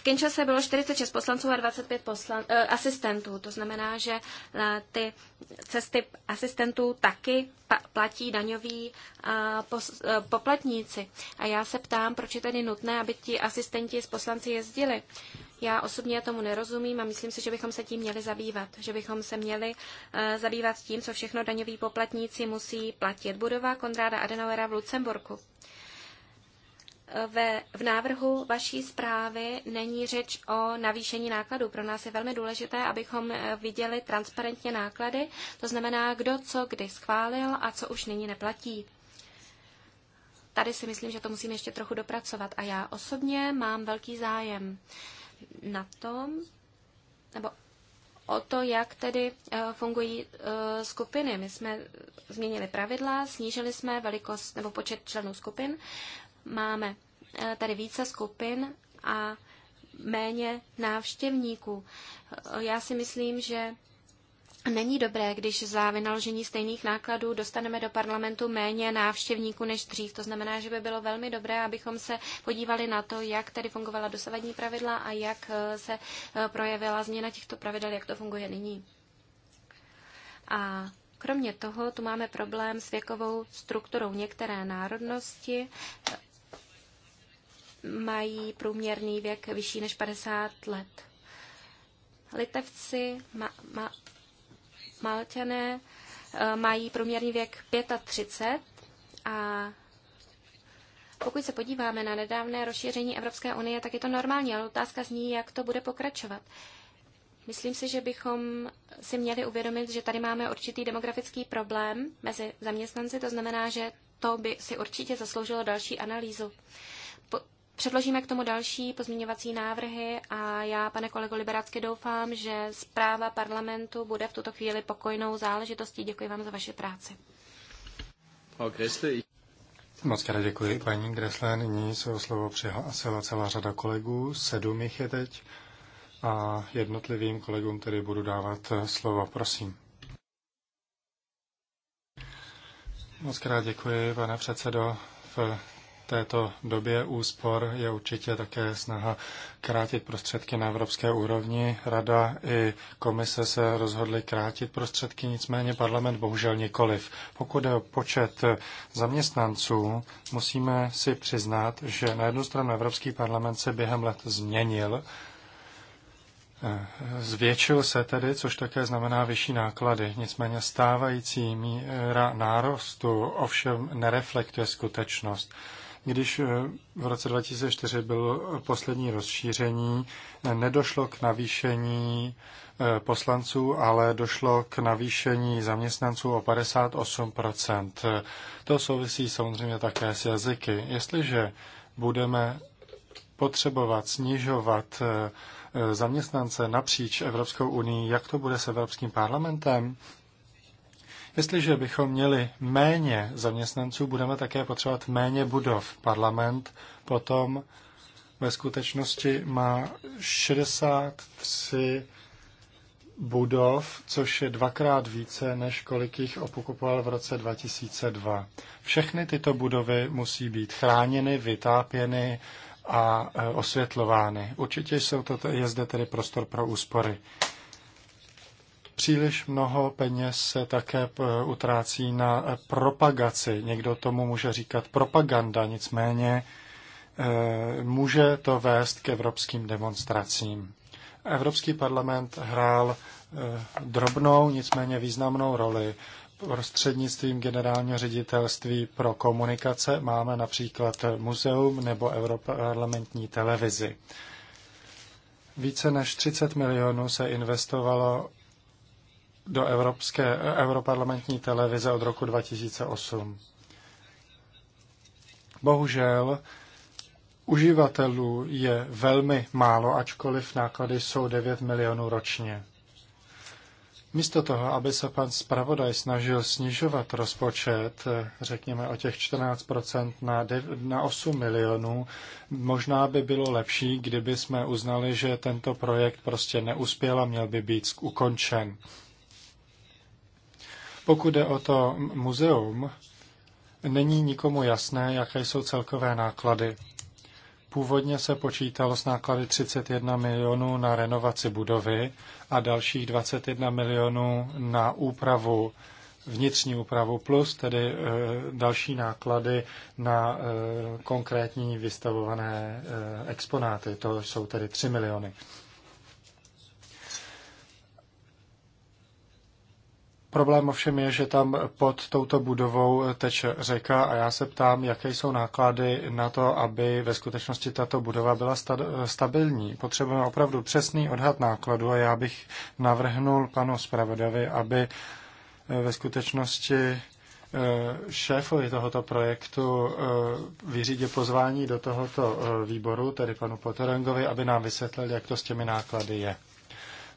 V Kinshase bylo 46 poslanců a 25 poslan, uh, asistentů. To znamená, že uh, ty cesty asistentů taky pa, platí daňoví uh, pos, poplatníci. A já se ptám, proč je tedy nutné, aby ti asistenti z poslanci jezdili. Já osobně tomu nerozumím a myslím si, že bychom se tím měli zabývat. Že bychom se měli uh, zabývat tím, co všechno daňoví poplatníci musí platit. Budova Konráda Adenauera v Lucemburku ve, v návrhu vaší zprávy není řeč o navýšení nákladů. Pro nás je velmi důležité, abychom eh, viděli transparentně náklady, to znamená, kdo co kdy schválil a co už nyní neplatí. Tady si myslím, že to musíme ještě trochu dopracovat a já osobně mám velký zájem na tom, nebo o to, jak tedy eh, fungují eh, skupiny. My jsme změnili pravidla, snížili jsme velikost nebo počet členů skupin máme eh, tady více skupin a méně návštěvníků. Eh, já si myslím, že není dobré, když za vynaložení stejných nákladů dostaneme do parlamentu méně návštěvníků než dřív. To znamená, že by bylo velmi dobré, abychom se podívali na to, jak tady fungovala dosavadní pravidla a jak eh, se projevila změna těchto pravidel, jak to funguje nyní. A kromě toho tu máme problém s věkovou strukturou. Některé národnosti mají průměrný věk vyšší než 50 let. Litevci, ma, ma, Malťané eh, mají průměrný věk 35 a pokud se podíváme na nedávné rozšíření Evropské unie, tak je to normální, ale otázka zní, jak to bude pokračovat. Myslím si, že bychom si měli uvědomit, že tady máme určitý demografický problém mezi zaměstnanci, to znamená, že to by si určitě zasloužilo další analýzu. Předložíme k tomu další pozměňovací návrhy a já, pane kolego Liberácky, doufám, že zpráva parlamentu bude v tuto chvíli pokojnou záležitostí. Děkuji vám za vaši práci. Moc krát děkuji, paní Gresle. Nyní se o slovo přihlásila celá řada kolegů, sedm jich je teď a jednotlivým kolegům tedy budu dávat eh, slovo. Prosím. Moc krát děkuji, pane předsedo. V této době úspor je určitě také snaha krátit prostředky na evropské úrovni. Rada i komise se rozhodly krátit prostředky, nicméně parlament bohužel nikoliv. Pokud je o počet zaměstnanců, musíme si přiznat, že na jednu stranu Evropský parlament se během let změnil, eh, Zvětšil se tedy, což také znamená vyšší náklady. Nicméně stávající míra nárostu ovšem nereflektuje skutečnost. Když eh, v roce 2004 bylo poslední rozšíření, eh, nedošlo k navýšení eh, poslanců, ale došlo k navýšení zaměstnanců o 58 To souvisí samozřejmě také s jazyky. Jestliže budeme potřebovat snižovat zaměstnance napříč Evropskou unii, jak to bude s Evropským parlamentem? Jestliže bychom měli méně zaměstnanců, budeme také potřebovat méně budov. Parlament potom ve skutečnosti má 63 budov, což je dvakrát více, než kolik jich opokupoval v roce 2002. Všechny tyto budovy musí být chráněny, vytápěny a e, osvětlovány. Určitě jsou to, je zde tedy prostor pro úspory. Příliš mnoho peněz se také eh, utrácí na eh, propagaci. Někdo tomu může říkat propaganda, nicméně eh, může to vést k evropským demonstracím. Evropský parlament hrál drobnou, nicméně významnou roli. Prostřednictvím generálního ředitelství pro komunikace máme například muzeum nebo europarlamentní televizi. Více než 30 milionů se investovalo do Evropské, Europarlamentní televize od roku 2008. Bohužel uživatelů je velmi málo, ačkoliv náklady jsou 9 milionů ročně. Místo toho, aby se pan zpravodaj snažil snižovat rozpočet, řekněme o těch 14% na, na 8 milionů, možná by bylo lepší, kdyby jsme uznali, že tento projekt prostě neuspěl a měl by být ukončen. Pokud jde o to muzeum, není nikomu jasné, jaké jsou celkové náklady. Původně se počítalo s náklady 31 milionů na renovaci budovy a dalších 21 milionů na úpravu, vnitřní úpravu, plus tedy e, další náklady na e, konkrétní vystavované e, exponáty. To jsou tedy 3 miliony. Problém ovšem je, že tam pod touto budovou teče řeka a já se ptám, jaké jsou náklady na to, aby ve skutečnosti tato budova byla sta- stabilní. Potřebujeme opravdu přesný odhad nákladu a já bych navrhnul panu Spravodavi, aby eh, ve skutečnosti eh, šéfovi tohoto projektu eh, vyřídě pozvání do tohoto výboru, tedy panu Poterengovi, aby nám vysvětlil, jak to s těmi náklady je.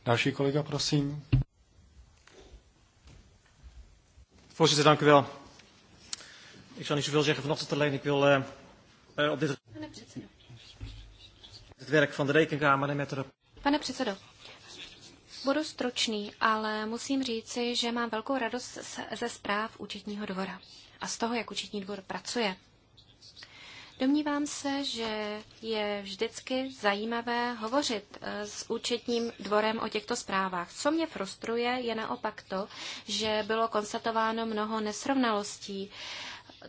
Další kolega, prosím. Voorzitter, dank u wel. Ik zal niet zoveel zeggen vanochtend alleen. Ik wil uh, uh, op dit... Pane Het werk van de rekenkamer en met de... Pane předsedo, budu stručný, ale musím říci, že mám velkou radost ze zpráv účetního dvora a z toho, jak účetní dvor pracuje Domnívám se, že je vždycky zajímavé hovořit eh, s účetním dvorem o těchto zprávách. Co mě frustruje, je naopak to, že bylo konstatováno mnoho nesrovnalostí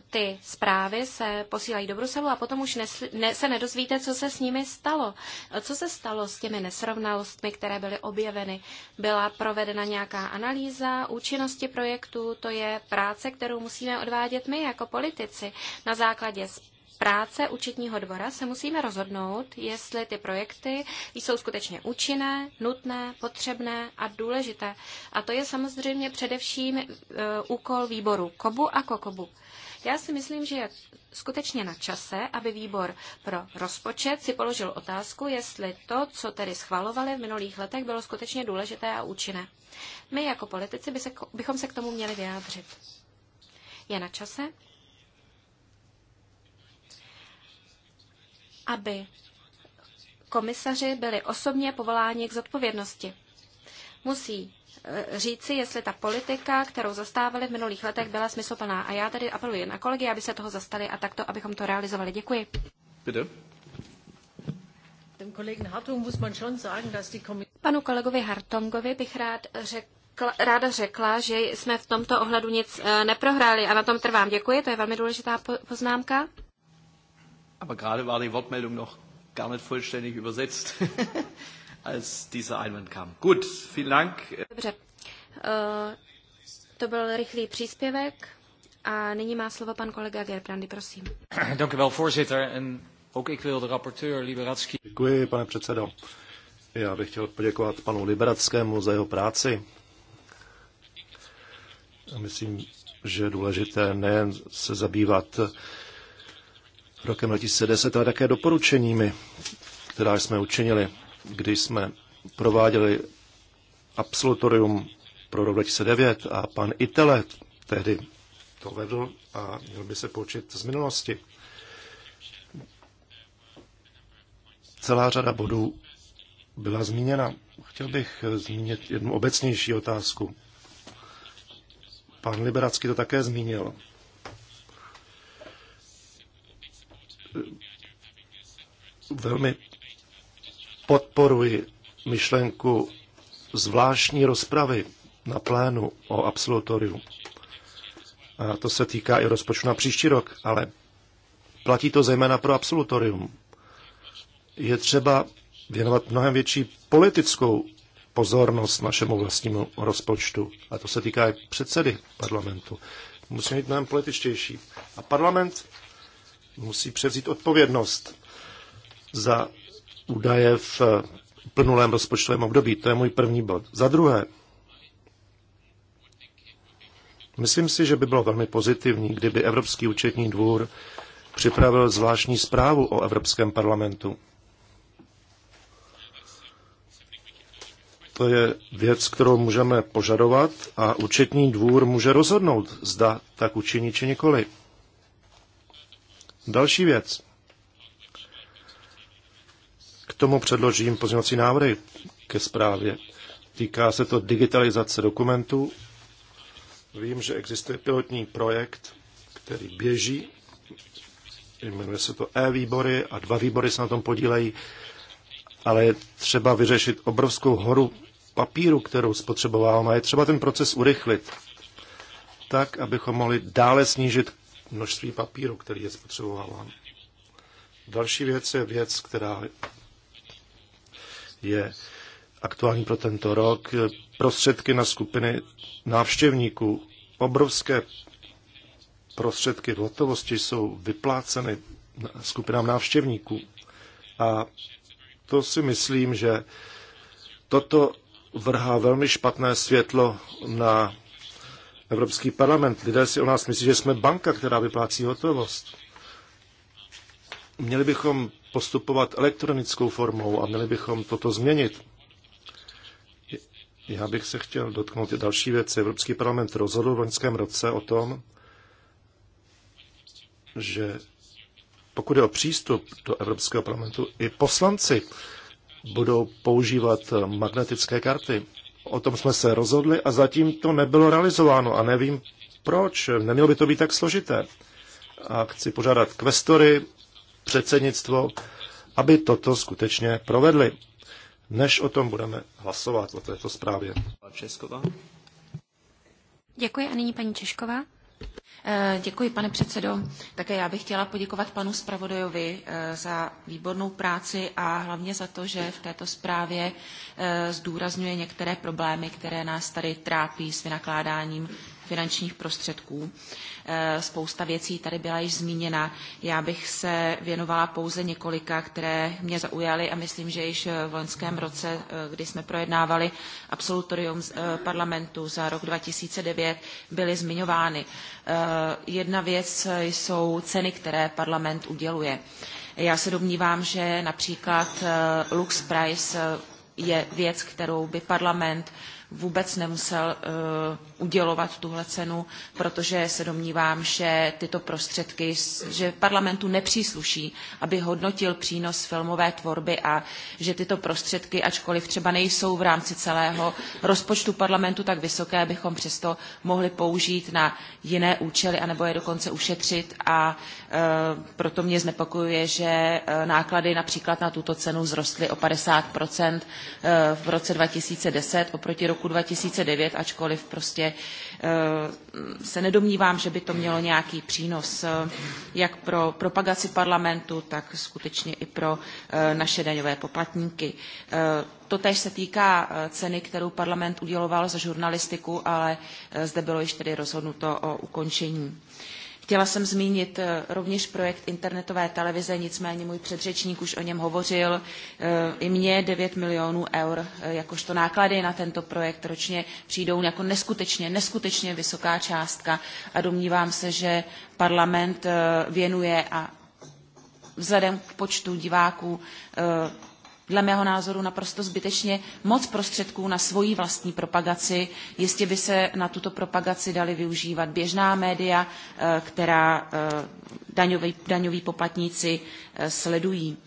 ty zprávy se posílají do Bruselu a potom už nesli, ne, se nedozvíte, co se s nimi stalo. Co se stalo s těmi nesrovnalostmi, které byly objeveny? Byla provedena nějaká analýza účinnosti projektu? To je práce, kterou musíme odvádět my jako politici na základě práce účetního dvora se musíme rozhodnout, jestli ty projekty jsou skutečně účinné, nutné, potřebné a důležité. A to je samozřejmě především e, úkol výboru KOBU a KOKOBU. Já si myslím, že je skutečně na čase, aby výbor pro rozpočet si položil otázku, jestli to, co tedy schvalovali v minulých letech, bylo skutečně důležité a účinné. My jako politici bychom se k tomu měli vyjádřit. Je na čase, aby komisaři byli osobně povoláni k zodpovědnosti. Musí eh, říci, jestli ta politika, kterou zastávali v minulých letech, byla smysluplná. A já tady apeluji na kolegy, aby se toho zastali a takto, abychom to realizovali. Děkuji. Bitte. Panu kolegovi Hartongovi bych rád řekla, ráda řekla, že jsme v tomto ohledu nic eh, neprohráli a na tom trvám. Děkuji, to je velmi důležitá poznámka. Aber gerade war die Wortmeldung noch gar nicht vollständig übersetzt, [laughs] als dieser Einwand kam. Gut, vielen Dank. Dobře. Uh, to byl rychlý příspěvek a nyní má slovo pan kolega Gerbrandy, prosím. [clears throat] Dank u wel, voorzitter. En ook ik wil de rapporteur Liberatski... Děkuji, pane předsedo. Já bych chtěl poděkovat panu Liberackému za jeho práci. Myslím, že je důležité nejen se zabývat rokem 2010, ale také doporučeními, která jsme učinili, když jsme prováděli absolutorium pro rok 2009 a pan Itele tehdy to vedl a měl by se poučit z minulosti. Celá řada bodů byla zmíněna. Chtěl bych zmínit jednu obecnější otázku. Pan Liberacký to také zmínil. velmi podporuji myšlenku zvláštní rozpravy na plénu o absolutoriu. A to se týká i rozpočtu na příští rok, ale platí to zejména pro absolutorium. Je třeba věnovat mnohem větší politickou pozornost našemu vlastnímu rozpočtu. A to se týká i předsedy parlamentu. Musíme být mnohem političtější. A parlament musí převzít odpovědnost za údaje v plnulém rozpočtovém období. To je můj první bod. Za druhé, myslím si, že by bylo velmi pozitivní, kdyby Evropský účetní dvůr připravil zvláštní zprávu o Evropském parlamentu. To je věc, kterou můžeme požadovat a účetní dvůr může rozhodnout, zda tak učiní či nikoli. Další věc. K tomu předložím pozměňovací návrhy ke zprávě. Týká se to digitalizace dokumentů. Vím, že existuje pilotní projekt, který běží. Jmenuje se to e-výbory a dva výbory se na tom podílejí. Ale je třeba vyřešit obrovskou horu papíru, kterou spotřebováváme. Je třeba ten proces urychlit tak, abychom mohli dále snížit množství papíru, který je spotřebováván. Další věc je věc, která je aktuální pro tento rok. Prostředky na skupiny návštěvníků. Obrovské prostředky v hotovosti jsou vypláceny skupinám návštěvníků. A to si myslím, že toto vrhá velmi špatné světlo na Evropský parlament. Lidé si o nás myslí, že jsme banka, která vyplácí hotovost. Měli bychom postupovat elektronickou formou a měli bychom toto změnit. Já bych se chtěl dotknout i další věci. Evropský parlament rozhodl v loňském roce o tom, že pokud je o přístup do Evropského parlamentu, i poslanci budou používat magnetické karty. O tom jsme se rozhodli a zatím to nebylo realizováno a nevím proč. Nemělo by to být tak složité. A chci požádat kvestory, předsednictvo, aby toto skutečně provedli, než o tom budeme hlasovat o této zprávě. Česková. Děkuji a nyní paní Češková. Eh, děkuji, pane předsedo. Také já bych chtěla poděkovat panu spravodajovi eh, za výbornou práci a hlavně za to, že v této zprávě eh, zdůrazňuje některé problémy, které nás tady trápí s vynakládáním finančních prostředků. Eh, spousta věcí tady byla již zmíněna. Já bych se věnovala pouze několika, které mě zaujaly a myslím, že již v loňském roce, eh, kdy jsme projednávali absolutorium eh, parlamentu za rok 2009, byly zmiňovány. Jedna věc jsou ceny, které parlament uděluje. Já se domnívám, že například Lux Price je věc, kterou by parlament vůbec nemusel eh, udělovat tuhle cenu, protože se domnívám, že tyto prostředky, že parlamentu nepřísluší, aby hodnotil přínos filmové tvorby a že tyto prostředky, ačkoliv třeba nejsou v rámci celého rozpočtu parlamentu tak vysoké, bychom přesto mohli použít na jiné účely, anebo je dokonce ušetřit a eh, proto mě znepokojuje, že eh, náklady například na tuto cenu vzrostly o 50% v roce 2010 oproti roku roku 2009, ačkoliv prostě eh, se nedomnívám, že by to mělo nějaký přínos eh, jak pro propagaci parlamentu, tak skutečně i pro eh, naše daňové poplatníky. Totež se týká ceny, kterou parlament uděloval za žurnalistiku, ale zde bylo již tedy rozhodnuto o ukončení. Chtěla jsem zmínit eh, rovněž projekt internetové televize, nicméně můj předřečník už o něm hovořil. Eh, I mně 9 milionů eur eh, jakožto náklady na tento projekt ročně přijdou jako neskutečně, neskutečně vysoká částka a domnívám se, že parlament věnuje a vzhledem k počtu diváků dle mého názoru naprosto zbytečně moc prostředků na svoji vlastní propagaci. Jistě by se na tuto propagaci dali využívat běžná média, eh, která eh, daňoví, daňoví poplatníci eh, sledují.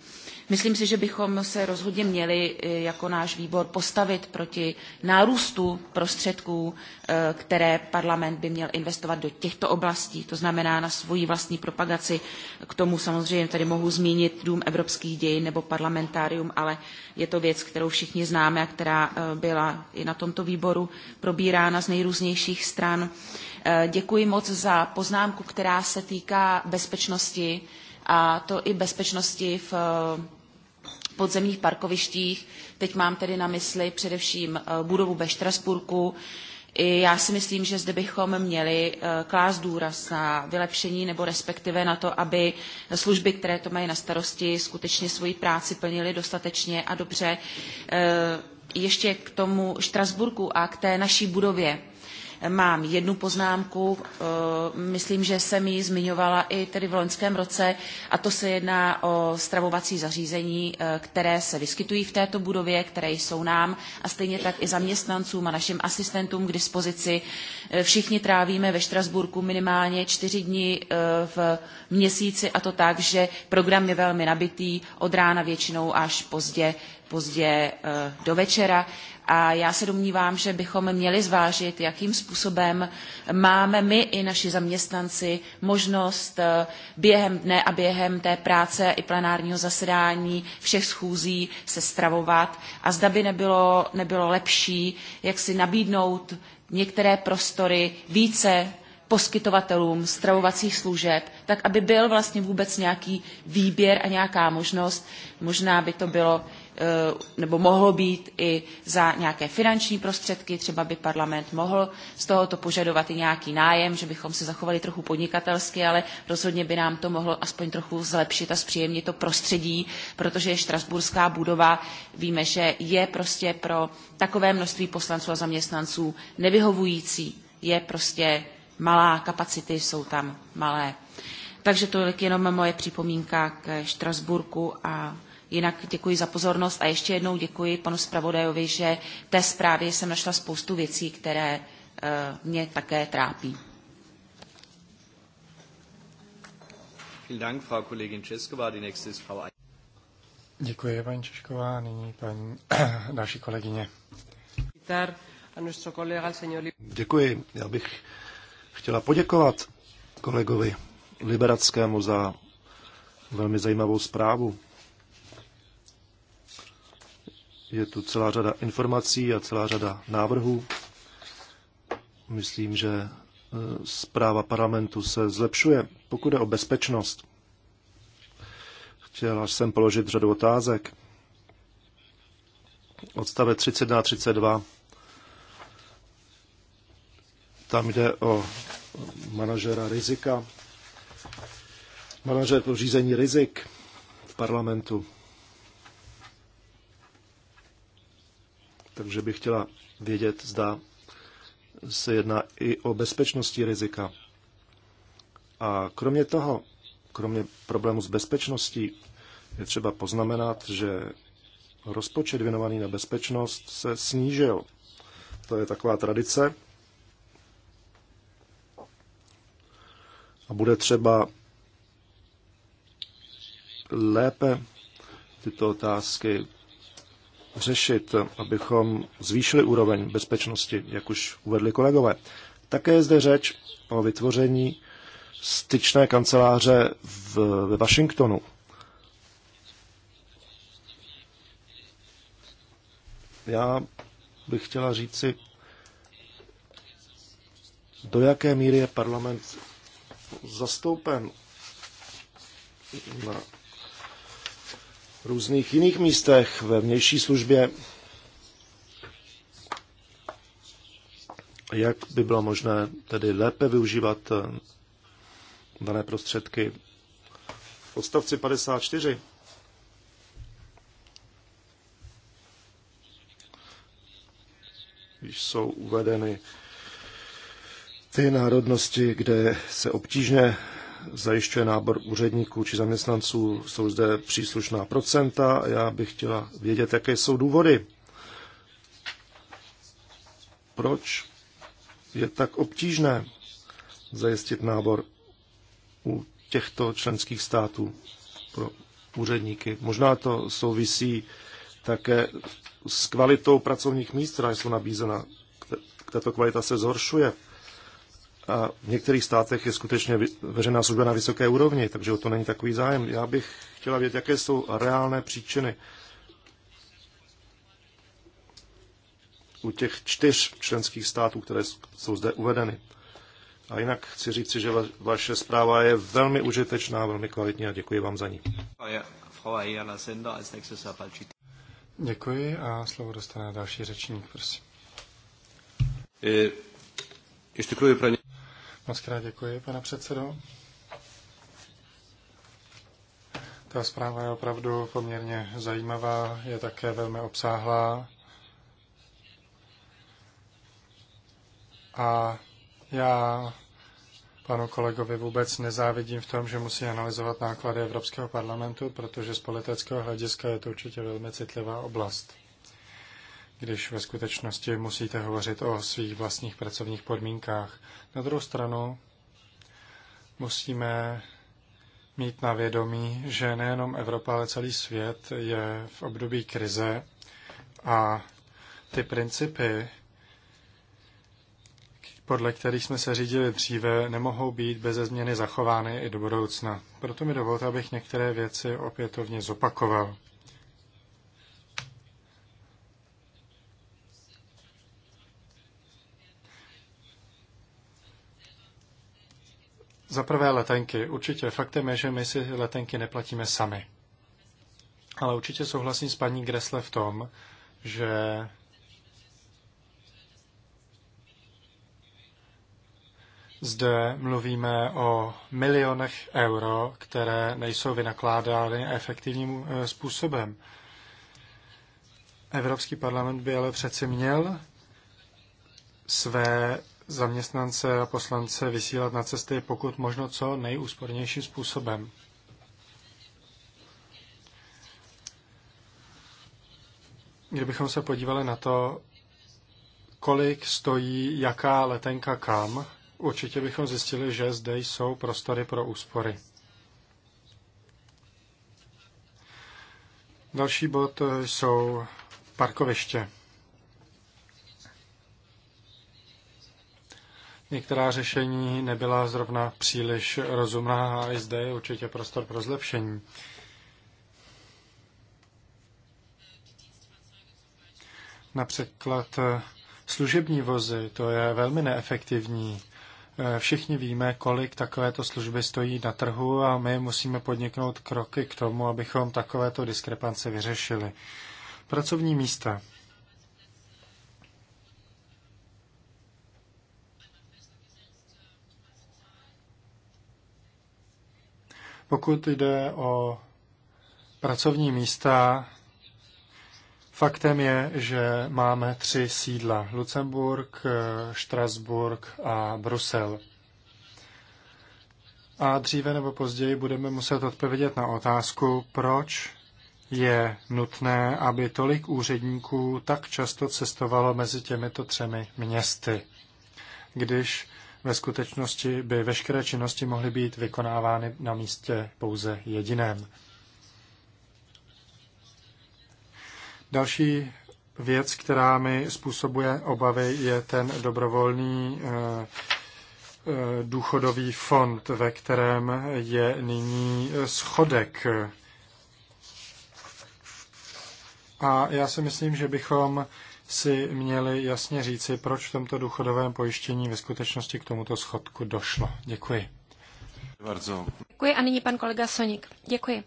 Myslím si, že bychom se rozhodně měli eh, jako náš výbor postavit proti nárůstu prostředků, eh, které parlament by měl investovat do těchto oblastí, to znamená na svoji vlastní propagaci. K tomu samozřejmě tady mohu zmínit Dům evropských dějin nebo parlamentárium, ale je to věc, kterou všichni známe a která eh, byla i na tomto výboru probírána z nejrůznějších stran. Děkuji moc za poznámku, která se týká bezpečnosti a to i bezpečnosti v podzemních parkovištích. Teď mám tedy na mysli především eh, budovu ve Štrasburku. I já si myslím, že zde bychom měli eh, klást důraz na vylepšení nebo respektive na to, aby služby, které to mají na starosti, skutečně svoji práci plnily dostatečně a dobře. Eh, ještě k tomu Štrasburku a k té naší budově mám jednu poznámku, eh, myslím, že jsem ji zmiňovala i tedy v loňském roce, a to se jedná o stravovací zařízení, eh, které se vyskytují v této budově, které jsou nám a stejně tak i zaměstnancům a našim asistentům k dispozici. Eh, všichni trávíme ve Štrasburku minimálně čtyři dny v měsíci a to tak, že program je velmi nabitý od rána většinou až pozdě pozdě do večera a já se domnívám, že bychom měli zvážit, jakým způsobem máme my i naši zaměstnanci možnost eh, během dne a během té práce i plenárního zasedání všech schůzí se stravovat a zda by nebylo, nebylo lepší, jak si nabídnout některé prostory více poskytovatelům stravovacích služeb, tak aby byl vlastně vůbec nějaký výběr a nějaká možnost. Možná by to bylo Eh, nebo mohlo být i za nějaké finanční prostředky, třeba by parlament mohl z tohoto požadovat i nějaký nájem, že bychom se zachovali trochu podnikatelsky, ale rozhodně by nám to mohlo aspoň trochu zlepšit a zpříjemnit to prostředí, protože štrasburská budova víme, že je prostě pro takové množství poslanců a zaměstnanců nevyhovující, je prostě malá, kapacity jsou tam malé. Takže tolik jenom moje připomínka k Štrasburku a Jinak děkuji za pozornost a ještě jednou děkuji panu zpravodajovi, že té zprávě jsem našla spoustu věcí, které eh, mě také trápí. Děkuji, paní Češková. Nyní paní [clears throat] další kolegyně. Děkuji. Já bych chtěla poděkovat kolegovi Liberackému za velmi zajímavou zprávu. Je tu celá řada informací a celá řada návrhů. Myslím, že e, zpráva parlamentu se zlepšuje. Pokud je o bezpečnost, chtěla jsem položit řadu otázek. Odstave 31 a 32. Tam jde o manažera rizika, manažer pro řízení rizik v parlamentu. takže bych chtěla vědět, zda se jedná i o bezpečnostní rizika. A kromě toho, kromě problému s bezpečností, je třeba poznamenat, že rozpočet věnovaný na bezpečnost se snížil. To je taková tradice. A bude třeba lépe tyto otázky řešit, abychom zvýšili úroveň bezpečnosti, jak už uvedli kolegové. Také je zde řeč o vytvoření styčné kanceláře v, ve Washingtonu. Já bych chtěla říci, do jaké míry je parlament zastoupen na různých jiných místech ve vnější službě. Jak by bylo možné tedy lépe využívat eh, dané prostředky v odstavci 54? Když jsou uvedeny ty národnosti, kde se obtížně zajišťuje nábor úředníků či zaměstnanců, jsou zde příslušná procenta a já bych chtěla vědět, jaké jsou důvody. Proč je tak obtížné zajistit nábor u těchto členských států pro úředníky? Možná to souvisí také s kvalitou pracovních míst, která jsou nabízena. Tato kvalita se zhoršuje a v některých státech je skutečně veřejná služba na vysoké úrovni, takže o to není takový zájem. Já bych chtěla vědět, jaké jsou reálné příčiny u těch čtyř členských států, které jsou zde uvedeny. A jinak chci říci, že vaše zpráva je velmi užitečná, velmi kvalitní a děkuji vám za ní. Děkuji a slovo dostane další řečník, prosím. Eh, ještě pro ně. Moc krát děkuji, pane předsedo. Ta zpráva je opravdu poměrně zajímavá, je také velmi obsáhlá. A já panu kolegovi vůbec nezávidím v tom, že musí analyzovat náklady Evropského parlamentu, protože z politického hlediska je to určitě velmi citlivá oblast když ve skutečnosti musíte hovořit o svých vlastních pracovních podmínkách. Na druhou stranu musíme mít na vědomí, že nejenom Evropa, ale celý svět je v období krize a ty principy, podle kterých jsme se řídili dříve, nemohou být bez změny zachovány i do budoucna. Proto mi dovolte, abych některé věci opětovně zopakoval. Za prvé letenky. Určitě faktem je, že my si letenky neplatíme sami. Ale určitě souhlasím s paní Gresle v tom, že Zde mluvíme o milionech euro, které nejsou vynakládány efektivním eh, způsobem. Evropský parlament by ale přeci měl své zaměstnance a poslance vysílat na cesty pokud možno co nejúspornějším způsobem. Kdybychom se podívali na to, kolik stojí jaká letenka kam, určitě bychom zjistili, že zde jsou prostory pro úspory. Další bod jsou parkoviště. Některá řešení nebyla zrovna příliš rozumná a i zde je určitě prostor pro zlepšení. Například eh, služební vozy, to je velmi neefektivní. Eh, všichni víme, kolik takovéto služby stojí na trhu a my musíme podniknout kroky k tomu, abychom takovéto diskrepance vyřešili. Pracovní místa. Pokud jde o pracovní místa, faktem je, že máme tři sídla. Lucemburg, Štrasburg a Brusel. A dříve nebo později budeme muset odpovědět na otázku, proč je nutné, aby tolik úředníků tak často cestovalo mezi těmito třemi městy, když ve skutečnosti by veškeré činnosti mohly být vykonávány na místě pouze jediném. Další věc, která mi způsobuje obavy, je ten dobrovolný eh, eh, důchodový fond, ve kterém je nyní schodek. A já si myslím, že bychom si měli jasně říci, proč v tomto důchodovém pojištění ve skutečnosti k tomuto schodku došlo. Děkuji. Bardzo. Děkuji a nyní pan kolega Sonik. Děkuji.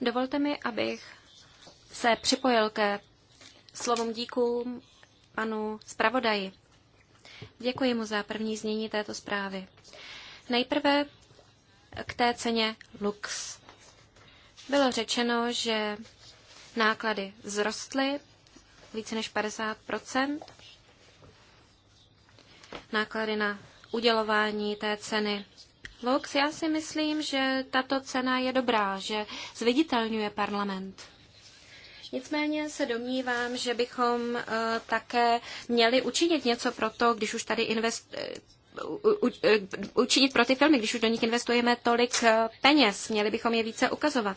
Dovolte mi, abych se připojil ke slovům díků panu zpravodaji. Děkuji mu za první znění této zprávy. Nejprve k té ceně Lux. Bylo řečeno, že náklady vzrostly více než 50 Náklady na udělování té ceny Lux, já si myslím, že tato cena je dobrá, že zviditelňuje parlament. Nicméně se domnívám, že bychom uh, také měli učinit něco pro to, když už tady invest, eh, eh, učinit pro ty filmy, když už do nich investujeme tolik peněz, měli bychom je více ukazovat.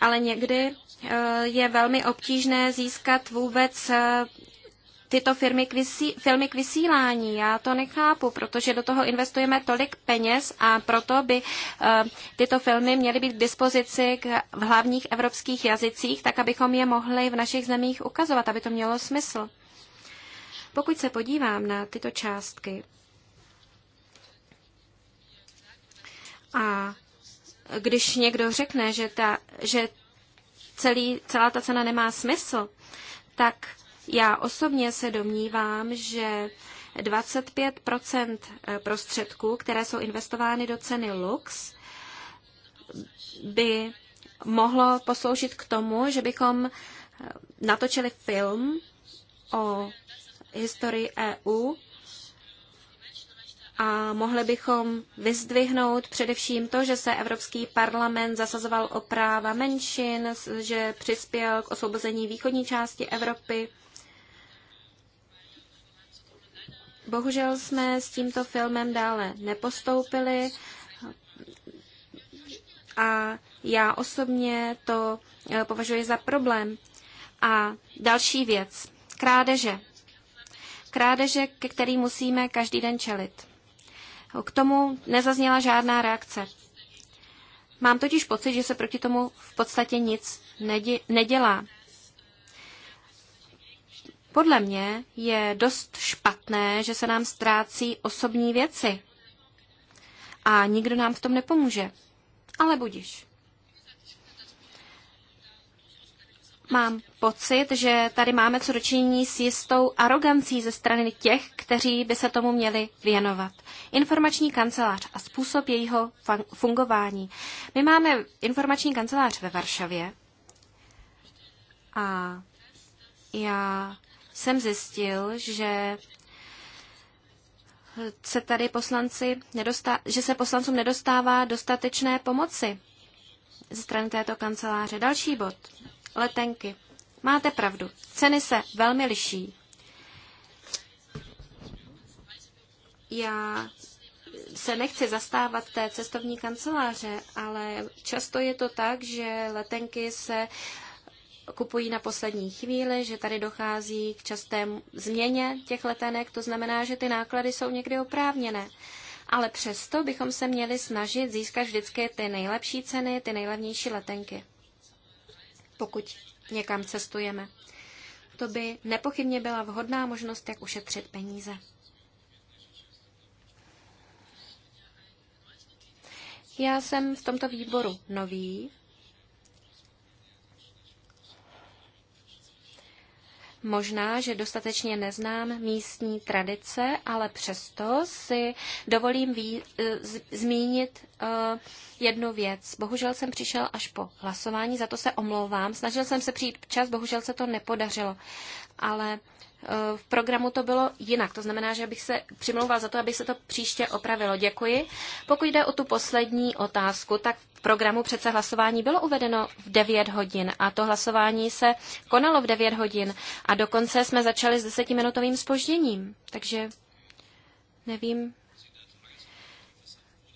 ale někdy eh, je velmi obtížné získat vůbec eh, tyto firmy k vysí, filmy k vysílání. Já to nechápu, protože do toho investujeme tolik peněz a proto by uh, tyto filmy měly být k dispozici k, v hlavních evropských jazycích, tak abychom je mohli v našich zemích ukazovat, aby to mělo smysl. Pokud se podívám na tyto částky a když někdo řekne, že, ta, že celý, celá ta cena nemá smysl, tak já osobně se domnívám, že 25 eh, prostředků, které jsou investovány do ceny Lux, by mohlo posloužit k tomu, že bychom eh, natočili film o historii EU a mohli bychom vyzdvihnout především to, že se Evropský parlament zasazoval o práva menšin, že přispěl k osvobození východní části Evropy. Bohužel jsme s tímto filmem dále nepostoupili a já osobně to eh, považuji za problém. A další věc. Krádeže. Krádeže, ke který musíme každý den čelit. K tomu nezazněla žádná reakce. Mám totiž pocit, že se proti tomu v podstatě nic nedělá. Podle mě je dost špatné, že se nám ztrácí osobní věci. A nikdo nám v tom nepomůže. Ale budiš. mám pocit, že tady máme co dočinění s jistou arogancí ze strany těch, kteří by se tomu měli věnovat. Informační kancelář a způsob jejího fungování. My máme informační kancelář ve Varšavě a já jsem zjistil, že se tady poslanci nedostá, že se poslancům nedostává dostatečné pomoci ze strany této kanceláře. Další bod letenky. Máte pravdu, ceny se velmi liší. Já se nechci zastávat té cestovní kanceláře, ale často je to tak, že letenky se kupují na poslední chvíli, že tady dochází k časté změně těch letenek, to znamená, že ty náklady jsou někdy oprávněné. Ale přesto bychom se měli snažit získat vždycky ty nejlepší ceny, ty nejlevnější letenky pokud někam cestujeme. To by nepochybně byla vhodná možnost, jak ušetřit peníze. Já jsem v tomto výboru nový, možná, že dostatečně neznám místní tradice, ale přesto si dovolím vý, eh, z, zmínit uh, jednu věc. Bohužel jsem přišel až po hlasování, za to se omlouvám. Snažil jsem se přijít včas, bohužel se to nepodařilo. Ale v programu to bylo jinak. To znamená, že bych se přimlouval za to, aby se to příště opravilo. Děkuji. Pokud jde o tu poslední otázku, tak v programu přece hlasování bylo uvedeno v 9 hodin a to hlasování se konalo v 9 hodin a dokonce jsme začali s desetiminutovým spožděním. Takže nevím,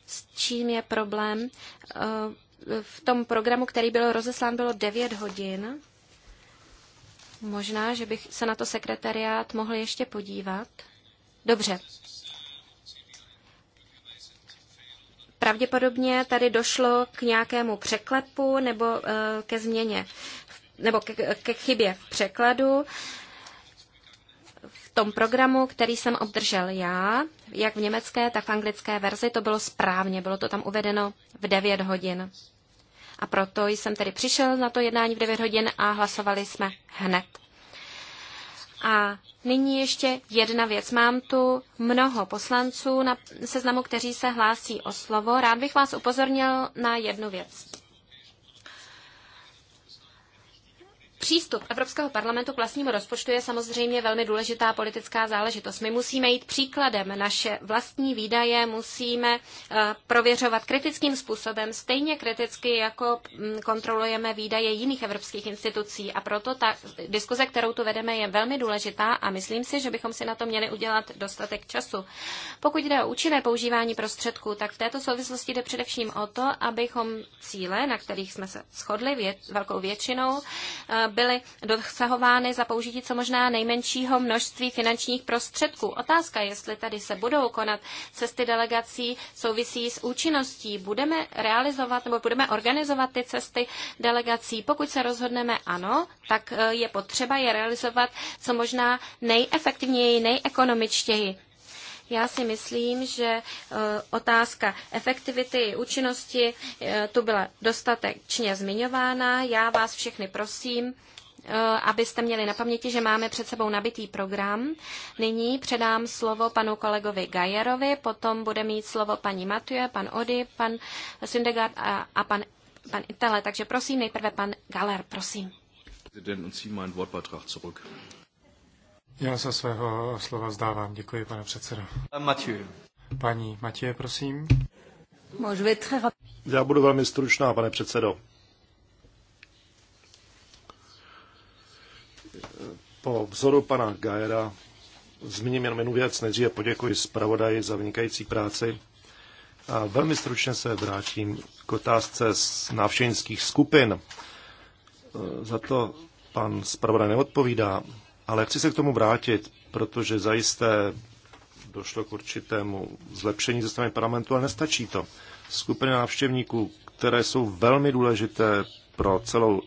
s čím je problém. Eh, v tom programu, který byl rozeslán, bylo 9 hodin Možná, že bych se na to sekretariát mohl ještě podívat. Dobře. Pravděpodobně tady došlo k nějakému překlepu nebo eh, ke změně, nebo ke, ke chybě v překladu v tom programu, který jsem obdržel já, jak v německé, tak v anglické verzi, to bylo správně, bylo to tam uvedeno v 9 hodin. A proto jsem tedy přišel na to jednání v 9 hodin a hlasovali jsme hned. A nyní ještě jedna věc. Mám tu mnoho poslanců na seznamu, kteří se hlásí o slovo. Rád bych vás upozornil na jednu věc. Přístup Evropského parlamentu k vlastnímu rozpočtu je samozřejmě velmi důležitá politická záležitost. My musíme jít příkladem. Naše vlastní výdaje musíme eh, prověřovat kritickým způsobem, stejně kriticky, jako mm, kontrolujeme výdaje jiných evropských institucí. A proto ta diskuze, kterou tu vedeme, je velmi důležitá a myslím si, že bychom si na to měli udělat dostatek času. Pokud jde o účinné používání prostředků, tak v této souvislosti jde především o to, abychom cíle, na kterých jsme se shodli velkou většinou, eh, byly dosahovány za použití co možná nejmenšího množství finančních prostředků. Otázka, jestli tady se budou konat cesty delegací, souvisí s účinností. Budeme realizovat nebo budeme organizovat ty cesty delegací. Pokud se rozhodneme ano, tak eh, je potřeba je realizovat co možná nejefektivněji, nejekonomičtěji. Já si myslím, že eh, otázka efektivity i účinnosti eh, tu byla dostatečně zmiňována. Já vás všechny prosím, eh, abyste měli na paměti, že máme před sebou nabitý program. Nyní předám slovo panu kolegovi Gajerovi, potom bude mít slovo paní Matuje, pan Ody, pan Syndegard a, a pan, pan Itele. Takže prosím, nejprve pan Galer, prosím. Já se svého slova vzdávám. Děkuji, pane předsedo. Matěj. Paní Matěje, prosím. Já budu velmi stručná, pane předsedo. Po vzoru pana Gajera zmíním jen jednu věc. Nejdříve poděkuji zpravodaji za vynikající práci. A velmi stručně se vrátím k otázce z návštěvnických skupin. Za to pan zpravodaj neodpovídá. Ale chci se k tomu vrátit, protože zajisté došlo k určitému zlepšení ze strany parlamentu, ale nestačí to. Skupiny návštěvníků, které jsou velmi důležité pro celou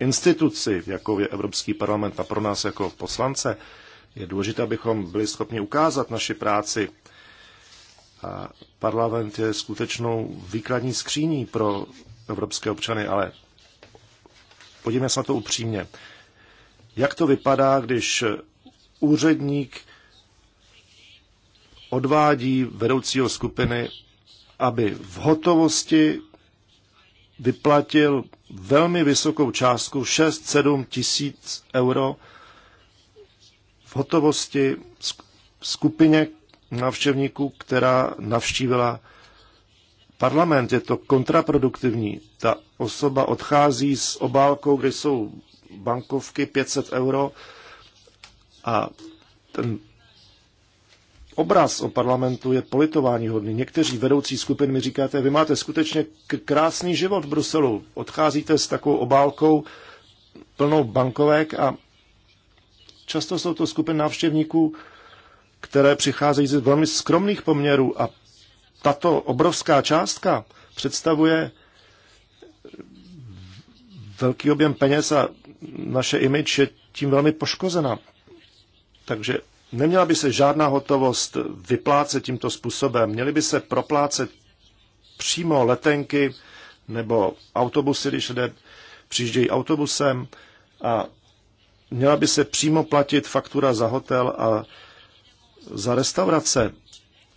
instituci, jako je Evropský parlament a pro nás jako poslance, je důležité, abychom byli schopni ukázat naši práci. A parlament je skutečnou výkladní skříní pro evropské občany, ale podívejme se na to upřímně jak to vypadá, když úředník odvádí vedoucího skupiny, aby v hotovosti vyplatil velmi vysokou částku 6-7 tisíc euro v hotovosti skupině návštěvníků, která navštívila parlament. Je to kontraproduktivní. Ta osoba odchází s obálkou, kde jsou bankovky 500 euro a ten obraz o parlamentu je politování hodný. Někteří vedoucí skupin mi říkáte, vy máte skutečně krásný život v Bruselu. Odcházíte s takovou obálkou plnou bankovek a často jsou to skupiny návštěvníků, které přicházejí z velmi skromných poměrů a tato obrovská částka představuje velký objem peněz a naše image je tím velmi poškozena. Takže neměla by se žádná hotovost vyplácet tímto způsobem. Měly by se proplácet přímo letenky nebo autobusy, když lidé přijíždějí autobusem a měla by se přímo platit faktura za hotel a za restaurace.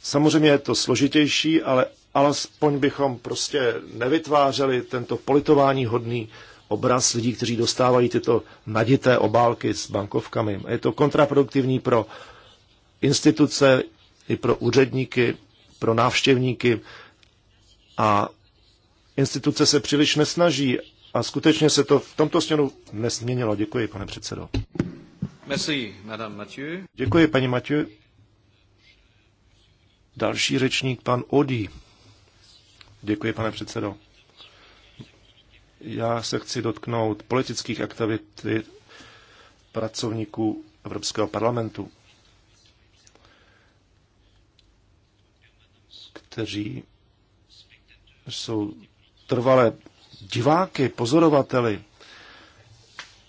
Samozřejmě je to složitější, ale alespoň bychom prostě nevytvářeli tento politování hodný obraz lidí, kteří dostávají tyto nadité obálky s bankovkami. Je to kontraproduktivní pro instituce, i pro úředníky, pro návštěvníky a instituce se příliš nesnaží a skutečně se to v tomto směru nesměnilo. Děkuji, pane předsedo. Merci, madame Mathieu. Děkuji, paní Mathieu. Další řečník, pan Odí. Děkuji, pane předsedo. Já se chci dotknout politických aktivit pracovníků Evropského parlamentu, kteří jsou trvalé diváky, pozorovateli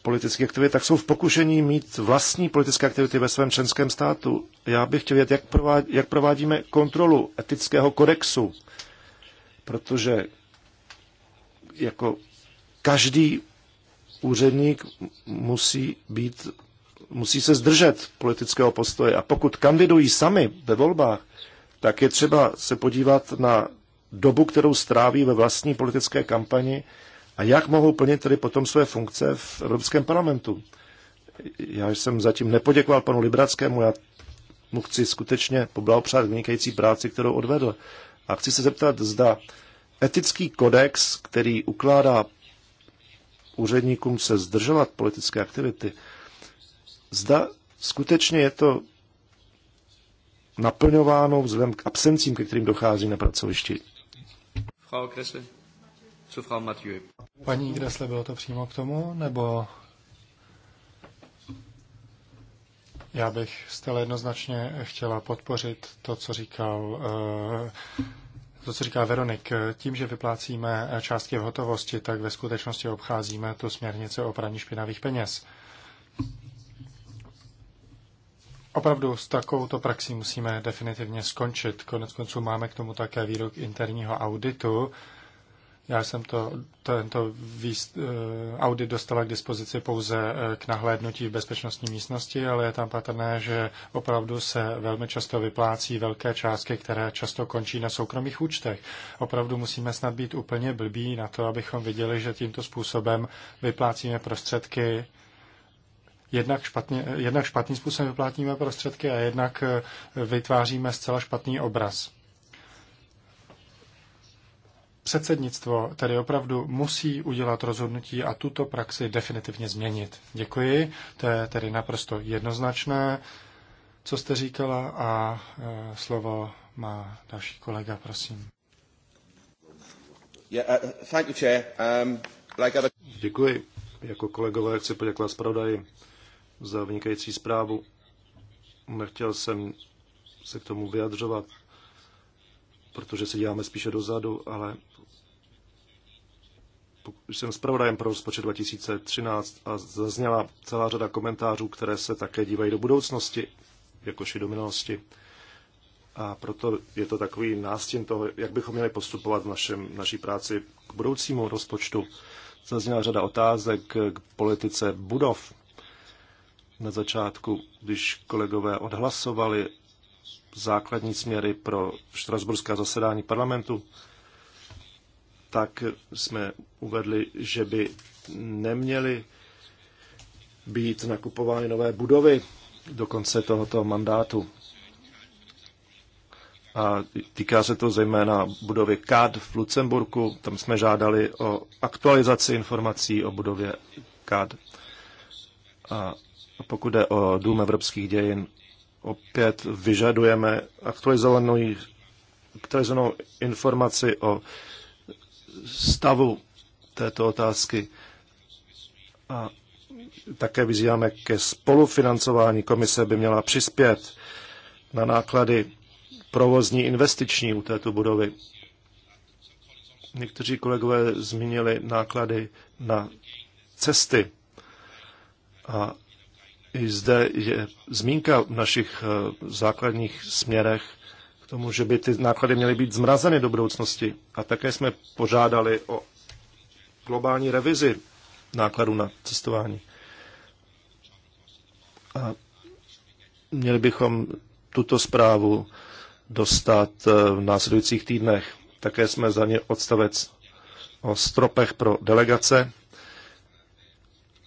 politických aktivit, tak jsou v pokušení mít vlastní politické aktivity ve svém členském státu. Já bych chtěl vědět, jak, provádí, jak provádíme kontrolu etického kodexu, protože jako každý úředník musí být musí se zdržet politického postoje. A pokud kandidují sami ve volbách, tak je třeba se podívat na dobu, kterou stráví ve vlastní politické kampani a jak mohou plnit tedy potom své funkce v Evropském parlamentu. Já jsem zatím nepoděkoval panu Librackému, já mu chci skutečně poblahopřát vynikající práci, kterou odvedl. A chci se zeptat, zda etický kodex, který ukládá úředníkům se zdržovat politické aktivity, zda skutečně je to naplňováno vzhledem k absencím, ke kterým dochází na pracovišti. Paní Gressle, bylo to přímo k tomu, nebo já bych stále jednoznačně chtěla podpořit to, co říkal uh, to, co říká Veronik, tím, že vyplácíme částky v hotovosti, tak ve skutečnosti obcházíme tu směrnice o praní špinavých peněz. Opravdu s takovouto praxí musíme definitivně skončit. Konec konců máme k tomu také výrok interního auditu, já jsem to, tento výst, eh, audit dostala k dispozici pouze eh, k nahlédnutí v bezpečnostní místnosti, ale je tam patrné, že opravdu se velmi často vyplácí velké částky, které často končí na soukromých účtech. Opravdu musíme snad být úplně blbí na to, abychom viděli, že tímto způsobem vyplácíme prostředky jednak, špatně, jednak špatným způsobem vyplatíme prostředky a jednak eh, vytváříme zcela špatný obraz předsednictvo tedy opravdu musí udělat rozhodnutí a tuto praxi definitivně změnit. Děkuji, to je tedy naprosto jednoznačné, co jste říkala a e, slovo má další kolega, prosím. Uh, um, Děkuji. Jako kolegové chci poděkovat zpravodaji za vynikající zprávu. Nechtěl jsem se k tomu vyjadřovat, protože se díváme spíše dozadu, ale jsem zpravodajem pro rozpočet 2013 a zazněla celá řada komentářů, které se také dívají do budoucnosti, jakož i do minulosti. A proto je to takový nástěn toho, jak bychom měli postupovat v našem, naší práci k budoucímu rozpočtu. Zazněla řada otázek k politice budov. Na začátku, když kolegové odhlasovali základní směry pro štrasburská zasedání parlamentu, tak jsme uvedli, že by neměly být nakupovány nové budovy do konce tohoto mandátu. A týká se to zejména budovy CAD v Lucemburku. Tam jsme žádali o aktualizaci informací o budově CAD. A pokud jde o Dům evropských dějin, opět vyžadujeme aktualizovanou, aktualizovanou informaci o stavu této otázky. A také vyzýváme ke spolufinancování. Komise by měla přispět na náklady provozní investiční u této budovy. Někteří kolegové zmínili náklady na cesty. A i zde je zmínka v našich eh, základních směrech tomu, že by ty náklady měly být zmrazeny do budoucnosti. A také jsme požádali o globální revizi nákladů na cestování. A měli bychom tuto zprávu dostat eh, v následujících týdnech. Také jsme za ně odstavec o stropech pro delegace.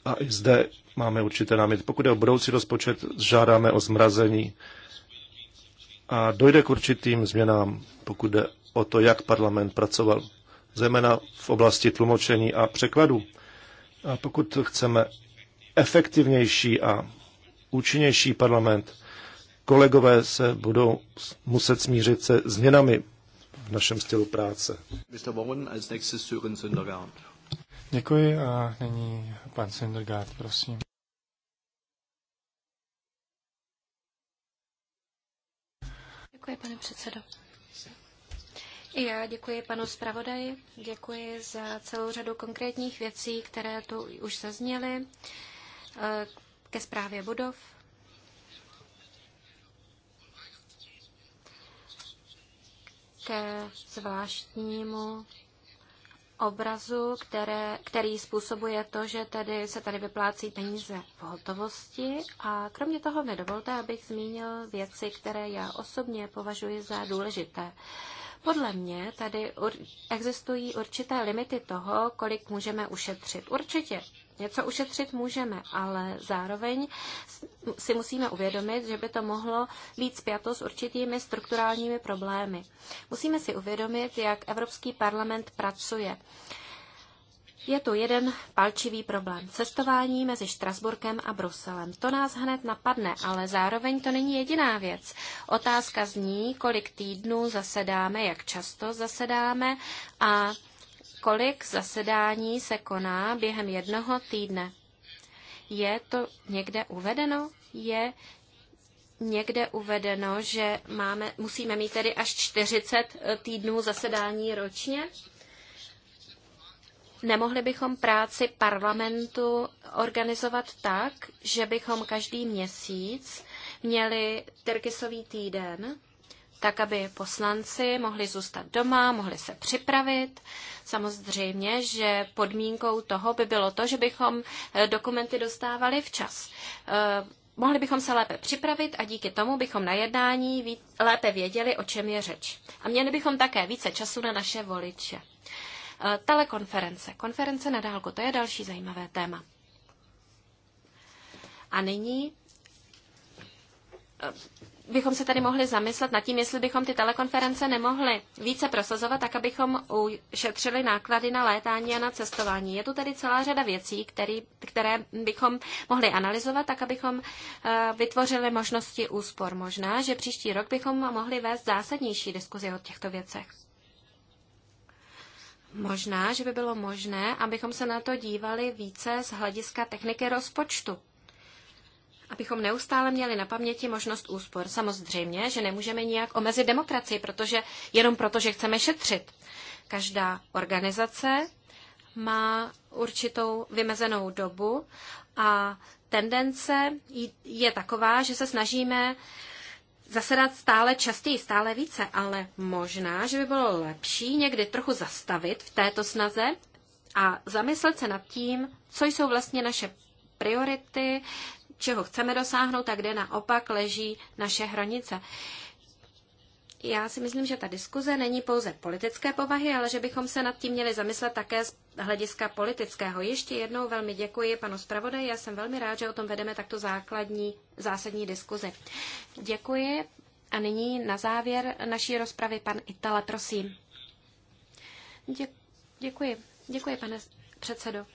A i zde máme určité námět. Pokud je o budoucí rozpočet, žádáme o zmrazení a dojde k určitým změnám, pokud jde o to, jak parlament pracoval, zejména v oblasti tlumočení a překladu. A pokud chceme efektivnější a účinnější parlament, kolegové se budou muset smířit se změnami v našem stylu práce. Děkuji a nyní pan Sindergaard, prosím. Děkuji, pane předsedo. I já děkuji panu zpravodaji, děkuji za celou řadu konkrétních věcí, které tu už zazněly eh, ke zprávě budov. Ke zvláštnímu obrazu, které, který způsobuje to, že tedy se tady vyplácí peníze v hotovosti. A kromě toho mi dovolte, abych zmínil věci, které já osobně považuji za důležité. Podle mě tady existují určité limity toho, kolik můžeme ušetřit. Určitě Něco ušetřit můžeme, ale zároveň si musíme uvědomit, že by to mohlo být spjato s určitými strukturálními problémy. Musíme si uvědomit, jak Evropský parlament pracuje. Je tu jeden palčivý problém. Cestování mezi Štrasburkem a Bruselem. To nás hned napadne, ale zároveň to není jediná věc. Otázka zní, kolik týdnů zasedáme, jak často zasedáme a kolik zasedání se koná během jednoho týdne. Je to někde uvedeno? Je někde uvedeno, že máme, musíme mít tedy až 40 eh, týdnů zasedání ročně? Nemohli bychom práci parlamentu organizovat tak, že bychom každý měsíc měli Tyrkisový týden, tak aby poslanci mohli zůstat doma, mohli se připravit. Samozřejmě, že podmínkou toho by bylo to, že bychom eh, dokumenty dostávali včas. Eh, mohli bychom se lépe připravit a díky tomu bychom na jednání lépe věděli, o čem je řeč. A měli bychom také více času na naše voliče. Eh, telekonference. Konference na dálku, to je další zajímavé téma. A nyní Eh, bychom se tady mohli zamyslet nad tím, jestli bychom ty telekonference nemohli více prosazovat, tak abychom ušetřili náklady na létání a na cestování. Je tu tedy celá řada věcí, který, které bychom mohli analyzovat, tak abychom eh, vytvořili možnosti úspor. Možná, že příští rok bychom mohli vést zásadnější diskuzi o těchto věcech. Možná, že by bylo možné, abychom se na to dívali více z hlediska techniky rozpočtu abychom neustále měli na paměti možnost úspor. Samozřejmě, že nemůžeme nijak omezit demokracii, protože jenom proto, že chceme šetřit. Každá organizace má určitou vymezenou dobu a tendence je taková, že se snažíme zasedat stále častěji, stále více, ale možná, že by bylo lepší někdy trochu zastavit v této snaze a zamyslet se nad tím, co jsou vlastně naše priority, čeho chceme dosáhnout a kde naopak leží naše hranice. Já si myslím, že ta diskuze není pouze politické povahy, ale že bychom se nad tím měli zamyslet také z hlediska politického. Ještě jednou velmi děkuji panu zpravodaji. Já jsem velmi rád, že o tom vedeme takto základní, zásadní diskuzi. Děkuji. A nyní na závěr naší rozpravy pan Itala, prosím. Děkuji. Děkuji, pane předsedo.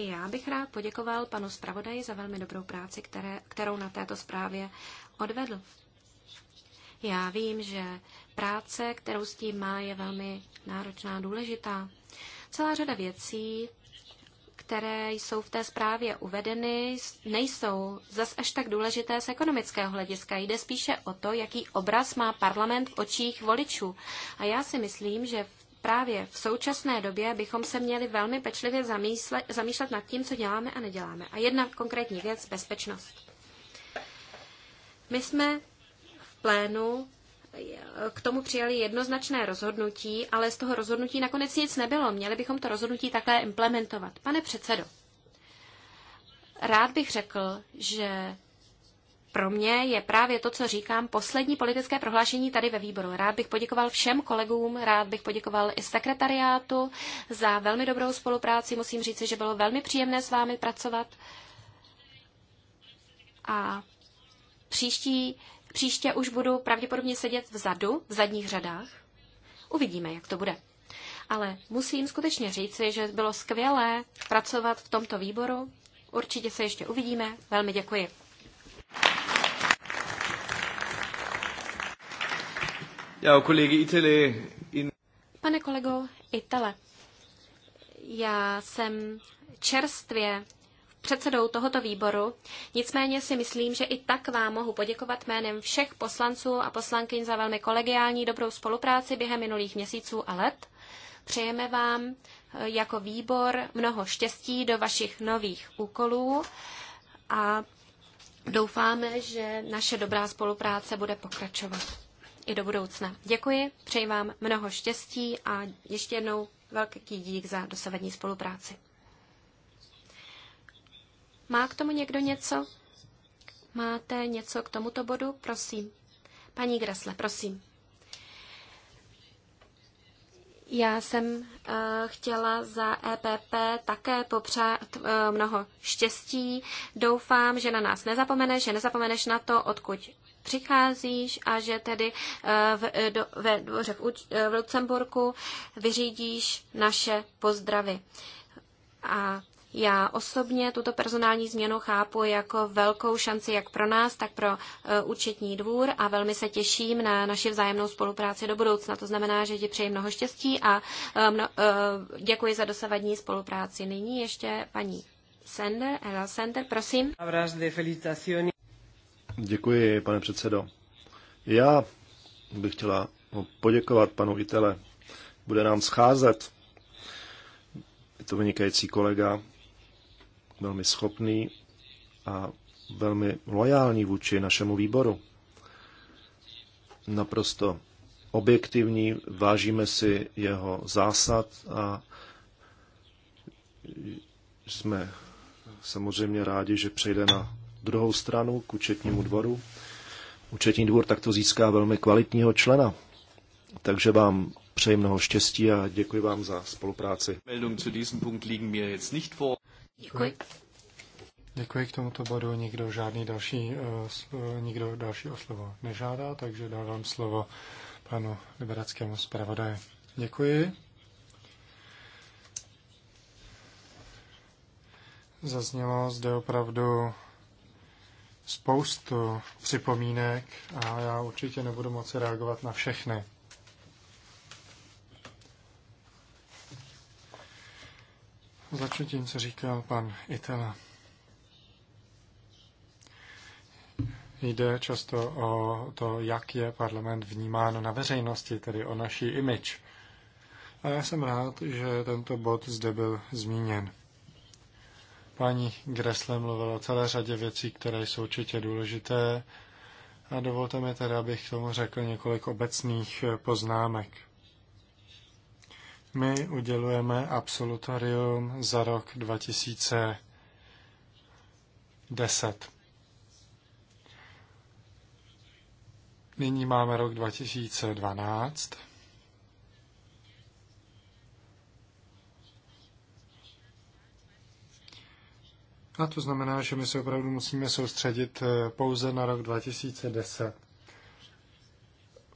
I já bych rád poděkoval panu zpravodaji za velmi dobrou práci, které, kterou na této zprávě odvedl. Já vím, že práce, kterou s tím má, je velmi náročná, důležitá. Celá řada věcí, které jsou v té zprávě uvedeny, nejsou zas až tak důležité z ekonomického hlediska. Jde spíše o to, jaký obraz má parlament v očích voličů. A já si myslím, že v právě v současné době bychom se měli velmi pečlivě zamýšlet, zamýšlet nad tím, co děláme a neděláme. A jedna konkrétní věc, bezpečnost. My jsme v plénu eh, k tomu přijali jednoznačné rozhodnutí, ale z toho rozhodnutí nakonec nic nebylo. Měli bychom to rozhodnutí takhle implementovat. Pane předsedo, rád bych řekl, že pro mě je právě to, co říkám, poslední politické prohlášení tady ve výboru. Rád bych poděkoval všem kolegům, rád bych poděkoval i sekretariátu za velmi dobrou spolupráci. Musím říci, že bylo velmi příjemné s vámi pracovat. A příští, příště už budu pravděpodobně sedět vzadu, v zadních řadách. Uvidíme, jak to bude. Ale musím skutečně říci, že bylo skvělé pracovat v tomto výboru. Určitě se ještě uvidíme. Velmi děkuji. Já kolegy Itali. In... Pane kolego Itele, já jsem čerstvě předsedou tohoto výboru, nicméně si myslím, že i tak vám mohu poděkovat jménem všech poslanců a poslankyň za velmi kolegiální dobrou spolupráci během minulých měsíců a let. Přejeme vám eh, jako výbor mnoho štěstí do vašich nových úkolů a doufáme, že naše dobrá spolupráce bude pokračovat i do budoucna. Děkuji, přeji vám mnoho štěstí a ještě jednou velký dík za dosavadní spolupráci. Má k tomu někdo něco? Máte něco k tomuto bodu? Prosím. Paní Gresle, prosím. Já jsem uh, chtěla za EPP také popřát uh, mnoho štěstí. Doufám, že na nás nezapomene, že nezapomeneš na to, odkud přicházíš a že tedy eh, v, eh, do, ve dvoře v, eh, v Lucemburku vyřídíš naše pozdravy. A já osobně tuto personální změnu chápu jako velkou šanci jak pro nás, tak pro účetní dvůr a velmi se těším na naši vzájemnou spolupráci do budoucna. To znamená, že ti přeji mnoho štěstí a mno, děkuji za dosavadní spolupráci. Nyní ještě paní Sender, Ella Sender, prosím. Děkuji, pane předsedo. Já bych chtěla poděkovat panu Itele. Bude nám scházet. Je to vynikající kolega, velmi schopný a velmi lojální vůči našemu výboru. Naprosto objektivní, vážíme si jeho zásad a jsme samozřejmě rádi, že přejde na druhou stranu k účetnímu dvoru. Účetní dvor takto získá velmi kvalitního člena. Takže vám přeji mnoho štěstí a děkuji vám za spolupráci. Děkuji. Děkuji k tomuto bodu. Nikdo žádný další, eh, eh, nikdo další o slovo nežádá, takže dávám slovo panu liberackému zpravodaji. Děkuji. Zaznělo zde opravdu spoustu připomínek a já určitě nebudu moci reagovat na všechny. Začnu tím, co říkal pan Itela. Jde často o to, jak je parlament vnímán na veřejnosti, tedy o naší image. A já jsem rád, že tento bod zde byl zmíněn. Paní Gressle mluvila o celé řadě věcí, které jsou určitě důležité. A dovolte mi tedy, abych k tomu řekl několik obecných eh, poznámek. My udělujeme absolutorium za rok 2010. Nyní máme rok 2012. A to znamená, že my se opravdu musíme soustředit eh, pouze na rok 2010.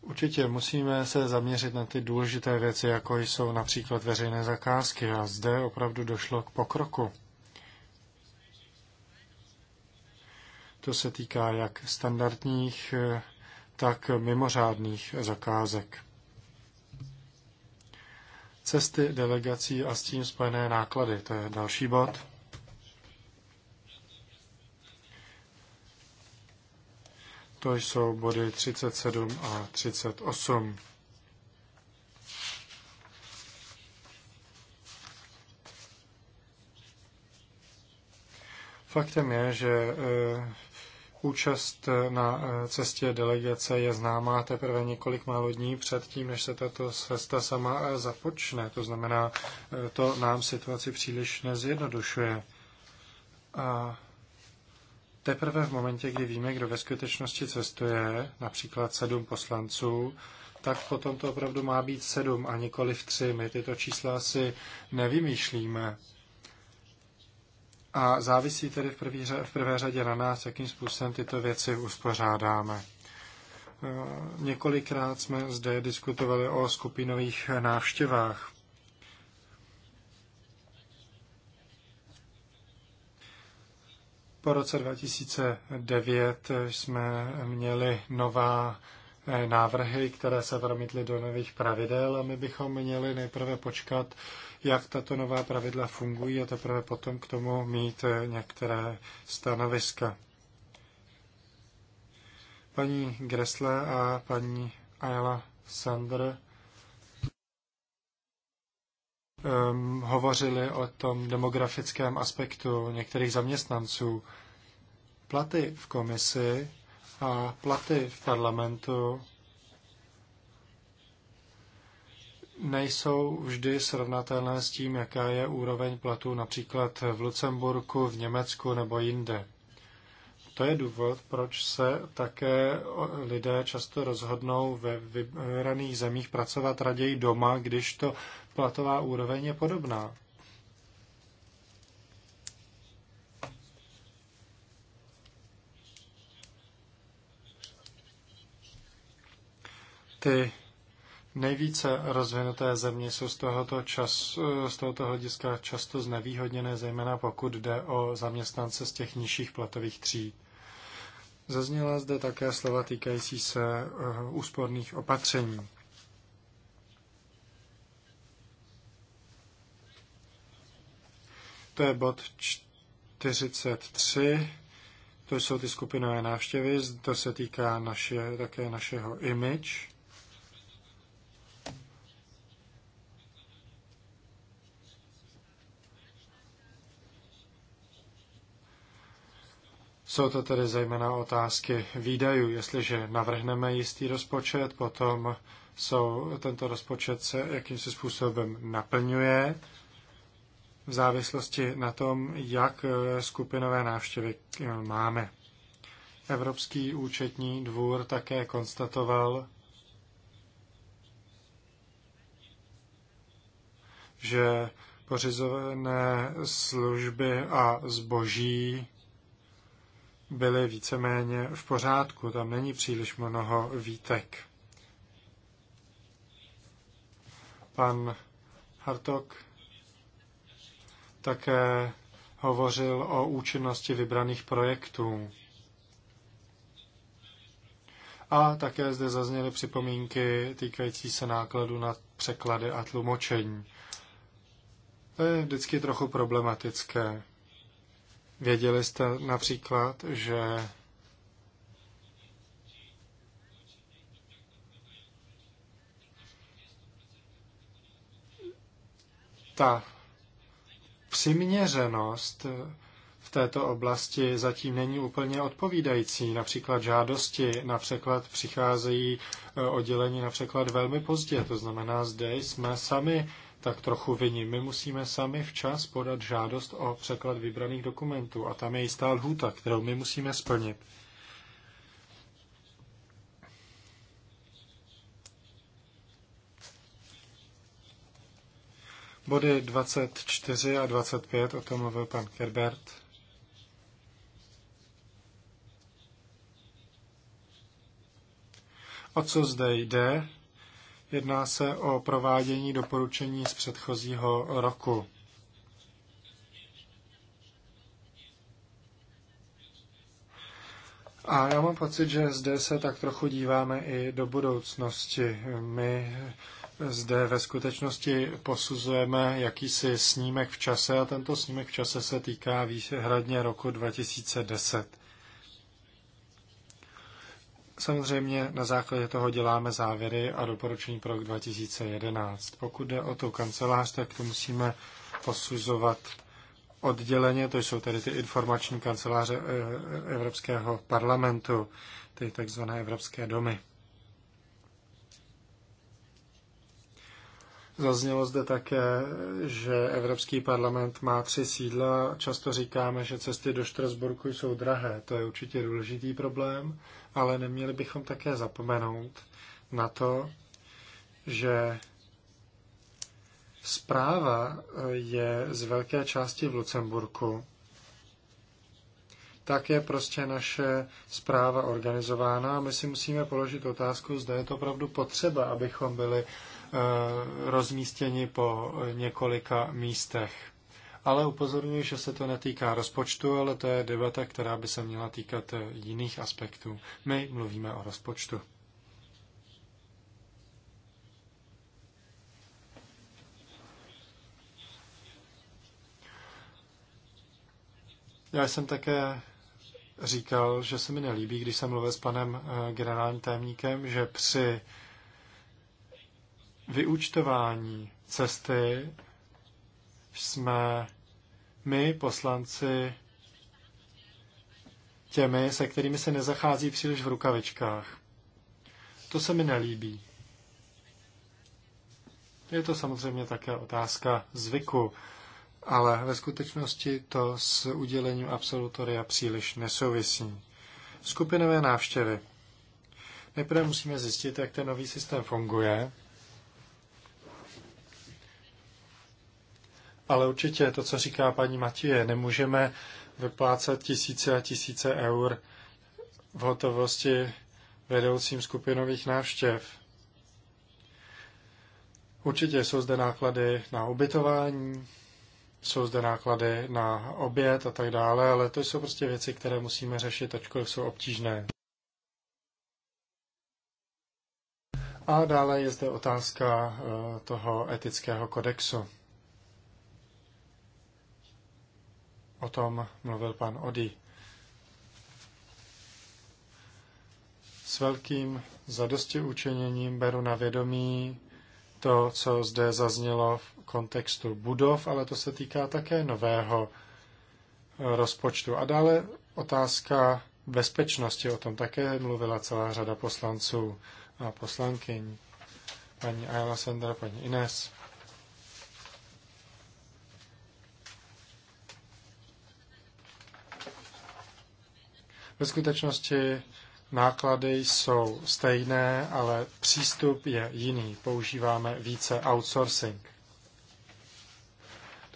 Určitě musíme se zaměřit na ty důležité věci, jako jsou například veřejné zakázky a zde opravdu došlo k pokroku. To se týká jak standardních, eh, tak mimořádných zakázek. Cesty delegací a s tím spojené náklady, to je další bod. To jsou body 37 a 38. Faktem je, že e, účast na e, cestě delegace je známá teprve několik málo dní před tím, než se tato cesta sama e, započne. To znamená, to nám situaci příliš nezjednodušuje. A Teprve v momentě, kdy víme, kdo ve skutečnosti cestuje, například sedm poslanců, tak potom to opravdu má být sedm a nikoli v tři. My tyto čísla si nevymýšlíme. A závisí tedy v, první, v prvé řadě na nás, jakým způsobem tyto věci uspořádáme. No, několikrát jsme zde diskutovali o skupinových návštěvách. Po roce 2009 jsme měli nová eh, návrhy, které se promítly do nových pravidel a my bychom měli nejprve počkat, jak tato nová pravidla fungují a teprve potom k tomu mít eh, některé stanoviska. Paní Gressle a paní Ayla Sandr um, hovořili o tom demografickém aspektu některých zaměstnanců. Platy v komisi a platy v parlamentu nejsou vždy srovnatelné s tím, jaká je úroveň platů například v Lucemburku, v Německu nebo jinde. To je důvod, proč se také lidé často rozhodnou ve vybraných zemích pracovat raději doma, když to platová úroveň je podobná. Ty nejvíce rozvinuté země jsou z tohoto, čas, z tohoto hlediska často znevýhodněné, zejména pokud jde o zaměstnance z těch nižších platových tří. Zazněla zde také slova týkající se eh, úsporných opatření. To je bod 43. To jsou ty skupinové návštěvy. To se týká naše, také našeho image. Jsou to tedy zejména otázky výdajů. Jestliže navrhneme jistý rozpočet, potom jsou, tento rozpočet se jakýmsi způsobem naplňuje v závislosti na tom, jak eh, skupinové návštěvy eh, máme. Evropský účetní dvůr také konstatoval, že pořizované služby a zboží byly víceméně v pořádku. Tam není příliš mnoho výtek. Pan Hartok také hovořil o účinnosti vybraných projektů. A také zde zazněly připomínky týkající se nákladu na překlady a tlumočení. To je vždycky trochu problematické. Věděli jste například, že ta přiměřenost eh, v této oblasti zatím není úplně odpovídající. Například žádosti na překlad přicházejí eh, oddělení na překlad velmi pozdě. To znamená, zde jsme sami tak trochu vyní. My musíme sami včas podat žádost o překlad vybraných dokumentů a tam je jistá lhůta, kterou my musíme splnit. Body 24 a 25, o tom mluvil pan Kerbert. O co zde jde? Jedná se o provádění doporučení z předchozího roku. A já mám pocit, že zde se tak trochu díváme i do budoucnosti. My zde ve skutečnosti posuzujeme jakýsi snímek v čase a tento snímek v čase se týká výhradně roku 2010. Samozřejmě na základě toho děláme závěry a doporučení pro rok 2011. Pokud jde o tu kancelář, tak to musíme posuzovat odděleně, to jsou tedy ty informační kanceláře eh, Evropského parlamentu, ty takzvané Evropské domy. Zaznělo zde také, že Evropský parlament má tři sídla. Často říkáme, že cesty do Štrasburku jsou drahé. To je určitě důležitý problém, ale neměli bychom také zapomenout na to, že zpráva je z velké části v Lucemburku. Tak je prostě naše zpráva organizována a my si musíme položit otázku, zda je to opravdu potřeba, abychom byli Eh, rozmístěni po několika místech. Ale upozorňuji, že se to netýká rozpočtu, ale to je debata, která by se měla týkat eh, jiných aspektů. My mluvíme o rozpočtu. Já jsem také říkal, že se mi nelíbí, když jsem mluvil s panem eh, generálním tajemníkem, že při vyúčtování cesty jsme my, poslanci, těmi, se kterými se nezachází příliš v rukavičkách. To se mi nelíbí. Je to samozřejmě také otázka zvyku, ale ve skutečnosti to s udělením absolutoria příliš nesouvisí. Skupinové návštěvy. Nejprve musíme zjistit, jak ten nový systém funguje, Ale určitě to, co říká paní Matěje, nemůžeme vyplácet tisíce a tisíce eur v hotovosti vedoucím skupinových návštěv. Určitě jsou zde náklady na ubytování, jsou zde náklady na oběd a tak dále, ale to jsou prostě věci, které musíme řešit, ačkoliv jsou obtížné. A dále je zde otázka eh, toho etického kodexu. O tom mluvil pan Odi. S velkým zadosti učeněním beru na vědomí to, co zde zaznělo v kontextu budov, ale to se týká také nového eh, rozpočtu. A dále otázka bezpečnosti, o tom také mluvila celá řada poslanců a poslankyň. Paní Ayala Sandra, paní Ines. Ve skutečnosti náklady jsou stejné, ale přístup je jiný. Používáme více outsourcing.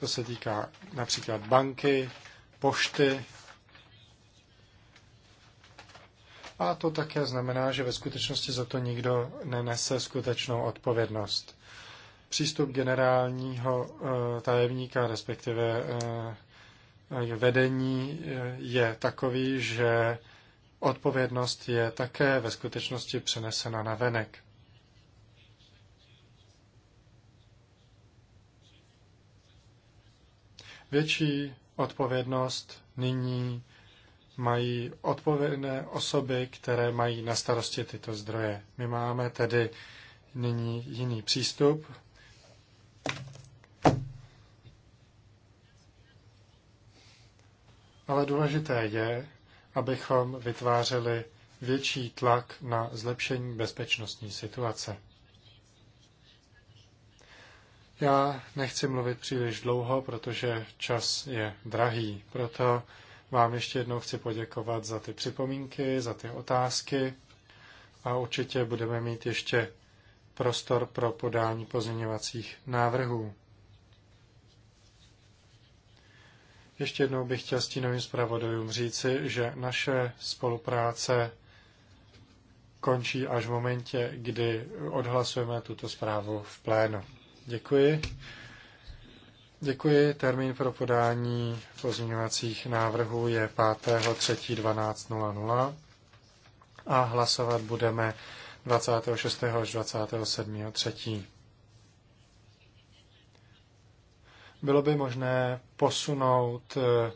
To se týká například banky, pošty. A to také znamená, že ve skutečnosti za to nikdo nenese skutečnou odpovědnost. Přístup generálního eh, tajemníka, respektive eh, vedení eh, je takový, že odpovědnost je také ve skutečnosti přenesena na venek. Větší odpovědnost nyní mají odpovědné osoby, které mají na starosti tyto zdroje. My máme tedy nyní jiný přístup ale důležité je, abychom vytvářeli větší tlak na zlepšení bezpečnostní situace. Já nechci mluvit příliš dlouho, protože čas je drahý. Proto vám ještě jednou chci poděkovat za ty připomínky, za ty otázky a určitě budeme mít ještě prostor pro podání pozměňovacích návrhů. Ještě jednou bych chtěl stínovým zpravodajům říci, že naše spolupráce končí až v momentě, kdy odhlasujeme tuto zprávu v plénu. Děkuji. Děkuji. Termín pro podání pozměňovacích návrhů je 5.3.12.00 a hlasovat budeme 26. až 27. 3. bylo by možné posunout eh,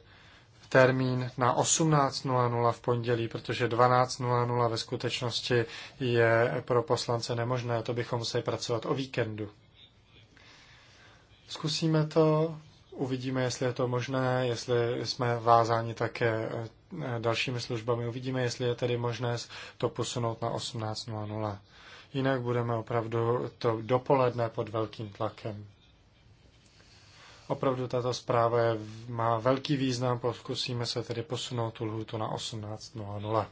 termín na 18.00 v pondělí, protože 12.00 ve skutečnosti je pro poslance nemožné, to bychom museli pracovat o víkendu. Zkusíme to, uvidíme, jestli je to možné, jestli jsme vázáni také eh, dalšími službami, uvidíme, jestli je tedy možné to posunout na 18.00. Jinak budeme opravdu to dopoledne pod velkým tlakem. Opravdu tato zpráva je, má velký význam, pokusíme se tedy posunout tu lhutu na 18.00.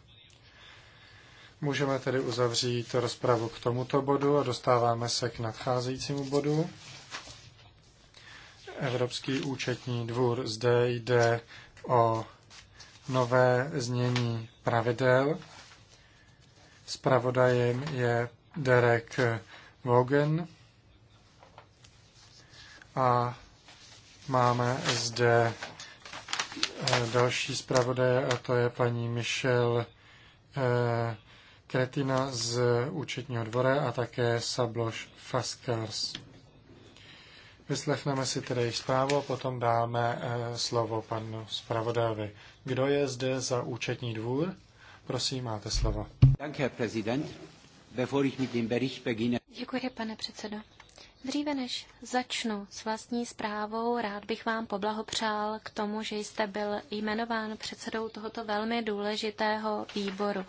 Můžeme tedy uzavřít rozpravu k tomuto bodu a dostáváme se k nadcházejícímu bodu. Evropský účetní dvůr. Zde jde o nové znění pravidel. Spravodajem je Derek Vogen a Máme zde eh, další zpravodaje a to je paní Michelle eh, Kretina z účetního dvora a také Sabloš Faskars. Vyslechneme si tedy jejich zprávu a potom dáme eh, slovo panu zpravodajovi. Kdo je zde za účetní dvůr? Prosím, máte slovo. Děkuji, pane předsedo. Dříve než začnu s vlastní zprávou, rád bych vám poblahopřál k tomu, že jste byl jmenován předsedou tohoto velmi důležitého výboru.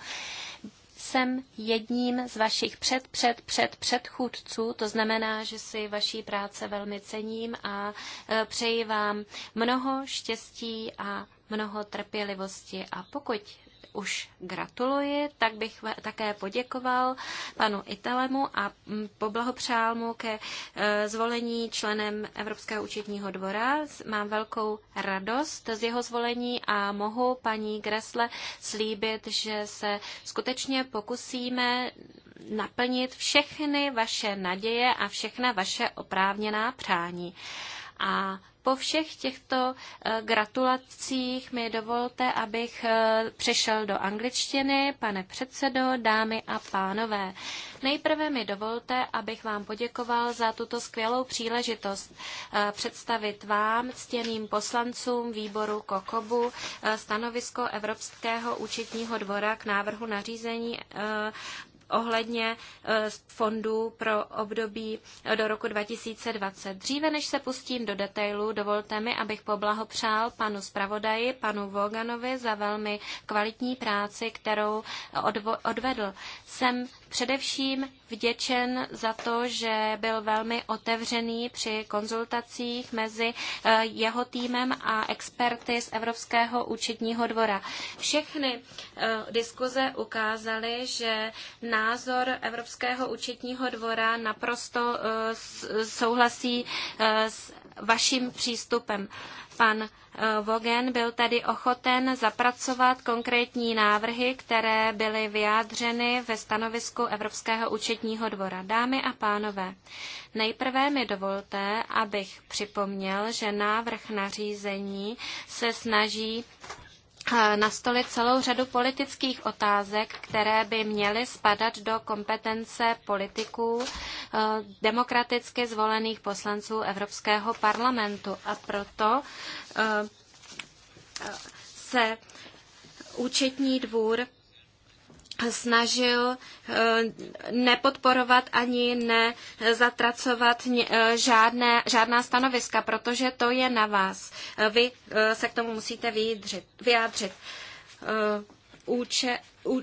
Jsem jedním z vašich před, před, před, předchůdců, to znamená, že si vaší práce velmi cením a e, přeji vám mnoho štěstí a mnoho trpělivosti. A pokud už gratuluji, tak bych také poděkoval panu Italemu a mm, poblahopřál mu ke e, zvolení členem Evropského účetního dvora. Mám velkou radost z jeho zvolení a mohu paní Gresle slíbit, že se skutečně pokusíme naplnit všechny vaše naděje a všechna vaše oprávněná přání. A po všech těchto eh, gratulacích mi dovolte, abych eh, přešel do angličtiny. Pane předsedo, dámy a pánové, nejprve mi dovolte, abych vám poděkoval za tuto skvělou příležitost eh, představit vám, ctěným poslancům výboru Kokobu, stanovisko Evropského účetního dvora k návrhu nařízení ohledně eh, fondů pro období eh, do roku 2020. Dříve než se pustím do detailů, dovolte mi, abych poblahopřál panu zpravodaji, panu Voganovi za velmi kvalitní práci, kterou eh, odvedl. Jsem především vděčen za to, že byl velmi otevřený při konzultacích mezi eh, jeho týmem a experty z Evropského účetního dvora. Všechny eh, diskuze ukázaly, že názor Evropského účetního dvora naprosto eh, souhlasí s vaším přístupem. Pan eh, Vogen byl tady ochoten zapracovat konkrétní návrhy, které byly vyjádřeny ve stanovisku Evropského účetního dvora. Dámy a pánové, nejprve mi dovolte, abych připomněl, že návrh nařízení se snaží Eh, na stole celou řadu politických otázek, které by měly spadat do kompetence politiků, eh, demokraticky zvolených poslanců Evropského parlamentu. A proto eh, se účetní dvůr snažil eh, nepodporovat ani nezatracovat eh, žádné, žádná stanoviska, protože to je na vás. Eh, vy se k tomu musíte vyjádřit. vyjádřit.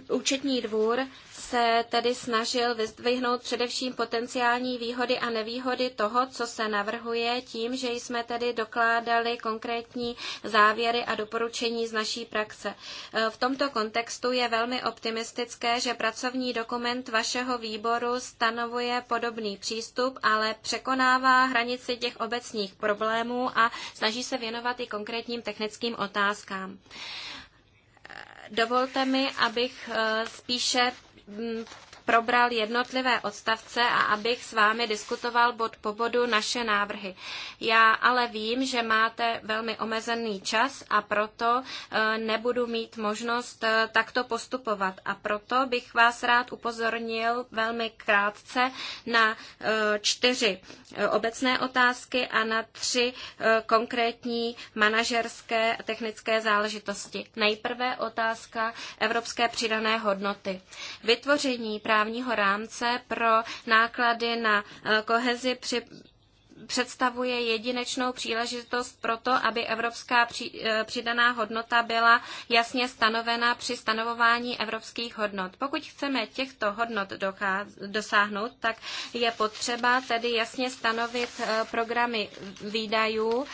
účetní dvůr se tedy snažil vyzdvihnout především potenciální výhody a nevýhody toho, co se navrhuje, tím, že jsme tedy dokládali konkrétní závěry a doporučení z naší praxe. E, v tomto kontextu je velmi optimistické, že pracovní dokument vašeho výboru stanovuje podobný přístup, ale překonává hranici těch obecních problémů a snaží se věnovat i konkrétním technickým otázkám e, dovolte mi, abych e, spíše mm, probral jednotlivé odstavce a abych s vámi diskutoval bod po bodu naše návrhy. Já ale vím, že máte velmi omezený čas a proto eh, nebudu mít možnost eh, takto postupovat. A proto bych vás rád upozornil velmi krátce na eh, čtyři obecné otázky a na tři konkrétní manažerské technické záležitosti. Nejprve otázka evropské přidané hodnoty. Vytvoření právě právního rámce pro náklady na eh, kohezi při představuje jedinečnou příležitost pro to, aby evropská eh, přidaná hodnota byla jasně stanovena při stanovování evropských hodnot. Pokud chceme těchto hodnot dosáhnout, tak je potřeba tedy jasně stanovit eh, programy výdajů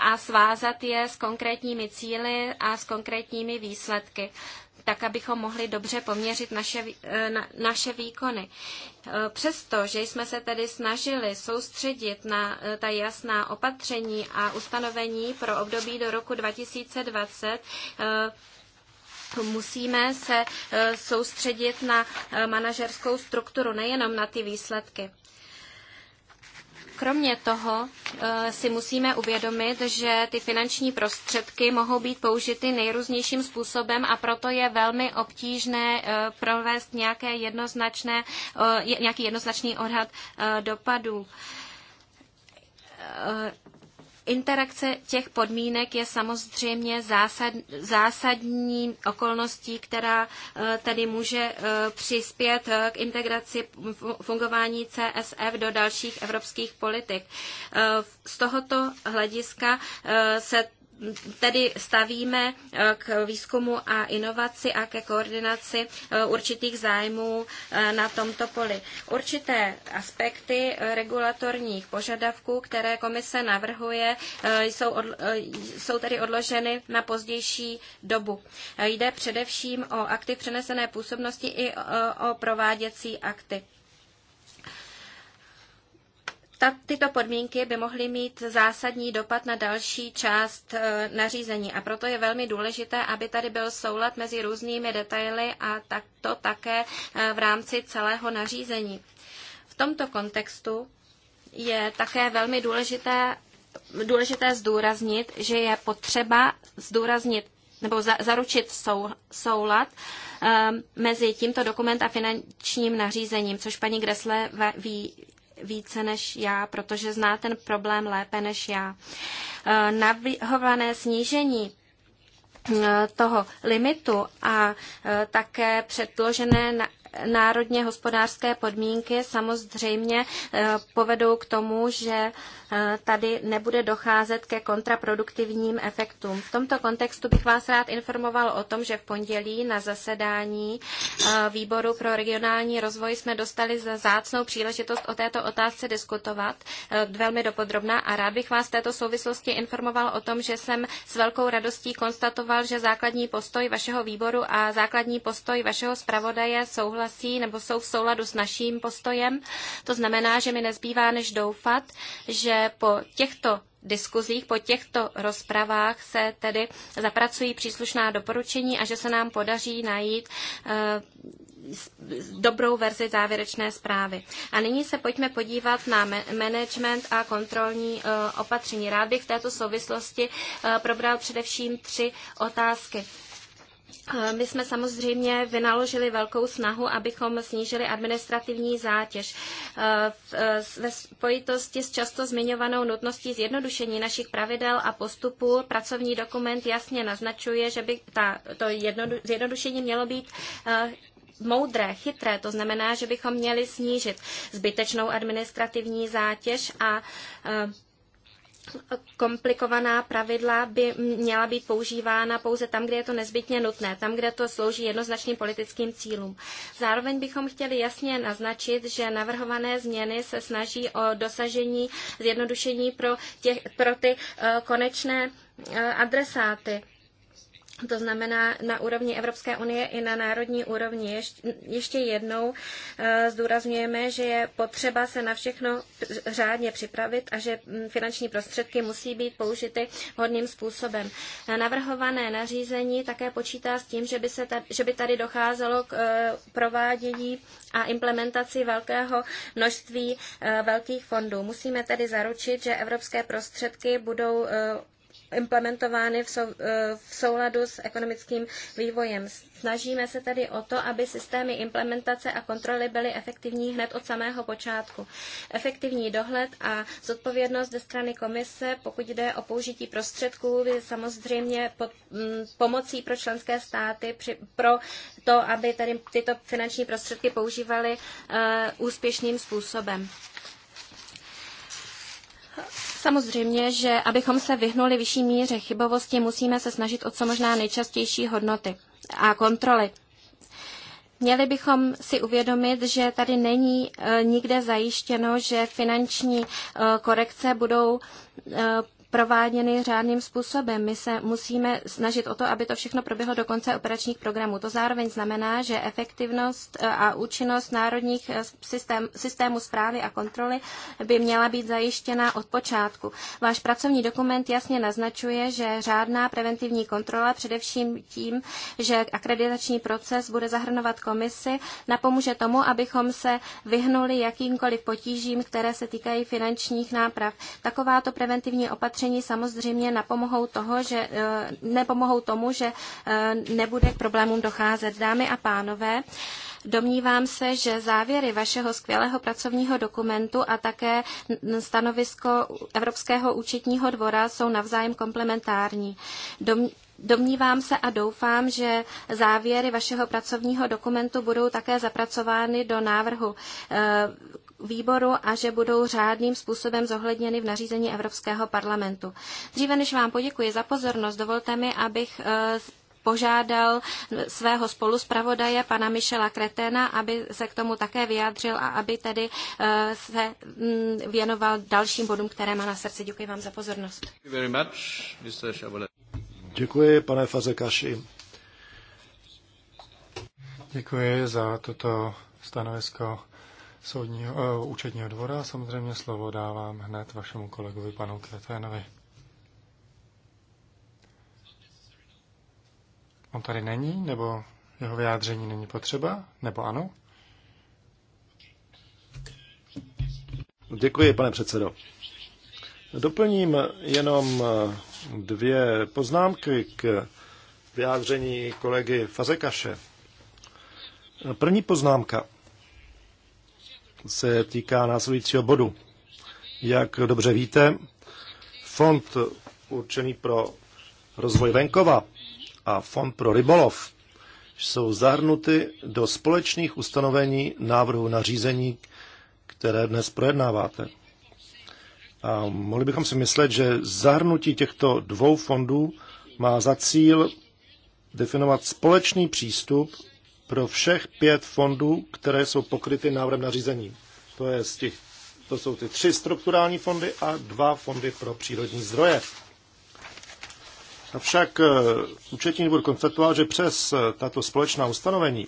a svázat je s konkrétními cíly a s konkrétními výsledky tak abychom mohli dobře poměřit naše, e, na, naše výkony. E, přesto, že jsme se tedy snažili soustředit na e, ta jasná opatření a ustanovení pro období do roku 2020, musíme se soustředit na manažerskou strukturu, nejenom na ty výsledky. Kromě toho eh, si musíme uvědomit, že ty finanční prostředky mohou být použity nejrůznějším způsobem a proto je velmi obtížné eh, provést nějaké jednoznačné, eh, nějaký jednoznačný odhad dopadů Interakce těch podmínek je samozřejmě zásad, zásadní okolností, která eh, tedy může eh, přispět eh, k integraci fungování CSF do dalších evropských politik. Z tohoto hlediska se tedy stavíme eh, k výzkumu a inovaci a ke koordinaci eh, určitých zájmů eh, na tomto poli. Určité aspekty regulatorních požadavků, které komise navrhuje, jsou, od, jsou tedy odloženy na pozdější dobu. Jde především o akty přenesené působnosti i o prováděcí akty ta, tyto podmínky by mohly mít zásadní dopad na další část e, nařízení a proto je velmi důležité, aby tady byl soulad mezi různými detaily a tak to také e, v rámci celého nařízení. V tomto kontextu je také velmi důležité, důležité zdůraznit, že je potřeba zdůraznit nebo za, zaručit sou, soulad e, mezi tímto dokument a finančním nařízením, což paní Gresle ví více než já, protože zná ten problém lépe než já. Eh, navrhované snížení eh, toho limitu a eh, také předložené národně hospodářské podmínky samozřejmě eh, povedou k tomu, že eh, tady nebude docházet ke kontraproduktivním efektům. V tomto kontextu bych vás rád informoval o tom, že v pondělí na zasedání eh, výboru pro regionální rozvoj jsme dostali za zácnou příležitost o této otázce diskutovat velmi dopodrobná a rád bych vás v této souvislosti informoval o tom, že jsem s velkou radostí konstatoval, že základní postoj vašeho výboru a základní postoj vašeho zpravodaje souhlasí souhlasí nebo jsou v souladu s naším postojem. To znamená, že mi nezbývá než doufat, že po těchto diskuzích, po těchto rozpravách se tedy zapracují příslušná doporučení a že se nám podaří najít eh, dobrou verzi závěrečné zprávy. A nyní se pojďme podívat na management a kontrolní eh, opatření. Rád bych v této souvislosti eh, probral především tři otázky. My jsme samozřejmě vynaložili velkou snahu, abychom snížili administrativní zátěž. E, e, ve spojitosti s často zmiňovanou nutností zjednodušení našich pravidel a postupů pracovní dokument jasně naznačuje, že by ta, to jednodu, zjednodušení mělo být e, moudré, chytré, to znamená, že bychom měli snížit zbytečnou administrativní zátěž a komplikovaná pravidla by měla být používána pouze tam, kde je to nezbytně nutné, tam, kde to slouží jednoznačným politickým cílům. Zároveň bychom chtěli jasně naznačit, že navrhované změny se snaží o dosažení zjednodušení pro, těch, pro ty eh, konečné eh, adresáty to znamená na úrovni Evropské unie i na národní úrovni. Ještě jednou eh, zdůrazňujeme, že je potřeba se na všechno řádně připravit a že mm, finanční prostředky musí být použity hodným způsobem. Eh, navrhované nařízení také počítá s tím, že by, se tady, že by tady docházelo k eh, provádění a implementaci velkého množství velkých fondů. Musíme tedy zaručit, že evropské prostředky budou implementovány v, sou, eh, v souladu s ekonomickým vývojem. Snažíme se tedy o to, aby systémy implementace a kontroly byly efektivní hned od samého počátku. Efektivní dohled a zodpovědnost ze strany komise, pokud jde o použití prostředků, je samozřejmě pod, m, mm, pomocí pro členské státy při, pro to, aby tedy tyto finanční prostředky používaly uh, eh, úspěšným způsobem. Samozřejmě, že abychom se vyhnuli vyšší míře chybovosti, musíme se snažit o co možná nejčastější hodnoty a kontroly. Měli bychom si uvědomit, že tady není eh, nikde zajištěno, že finanční eh, korekce budou eh, prováděny řádným způsobem. My se musíme snažit o to, aby to všechno proběhlo do konce operačních programů. To zároveň znamená, že efektivnost eh, a účinnost národních eh, systém, systémů zprávy a kontroly by měla být zajištěna od počátku. Váš pracovní dokument jasně naznačuje, že řádná preventivní kontrola především tím, že akreditační proces bude zahrnovat komisi, napomůže tomu, abychom se vyhnuli jakýmkoliv potížím, které se týkají finančních náprav. Takováto preventivní opatření opatření samozřejmě napomohou, toho, že, e, nepomohou tomu, že e, nebude k problémům docházet. Dámy a pánové, Domnívám se, že závěry vašeho skvělého pracovního dokumentu a také stanovisko Evropského účetního dvora jsou navzájem komplementární. Dom... Domnívám se a doufám, že závěry vašeho pracovního dokumentu budou také zapracovány do návrhu e, výboru a že budou řádným způsobem zohledněny v nařízení Evropského parlamentu. Dříve než vám poděkuji za pozornost, dovolte mi, abych eh, požádal svého spoluspravodaje, pana Michela Kreténa, aby se k tomu také vyjádřil a aby tedy eh, se mm, věnoval dalším bodům, které má na srdci. Děkuji vám za pozornost. Děkuji, pane Fazekaši. Děkuji za toto stanovisko soudního, uh, účetního dvora. Samozřejmě slovo dávám hned vašemu kolegovi panu Kreténovi. On tady není, nebo jeho vyjádření není potřeba, nebo ano? Děkuji, pane předsedo. Doplním jenom eh, dvě poznámky k vyjádření kolegy Fazekaše. První poznámka se týká následujícího bodu. Jak dobře víte, fond určený pro rozvoj venkova a fond pro rybolov jsou zahrnuty do společných ustanovení návrhu na řízení, které dnes projednáváte. A mohli bychom si myslet, že zahrnutí těchto dvou fondů má za cíl definovat společný přístup pro všech pět fondů, které jsou pokryty návrhem nařízení. To, je z těch, to jsou ty tři strukturální fondy a dva fondy pro přírodní zdroje. Avšak eh, účetní dvůr konstatoval, že přes eh, tato společná ustanovení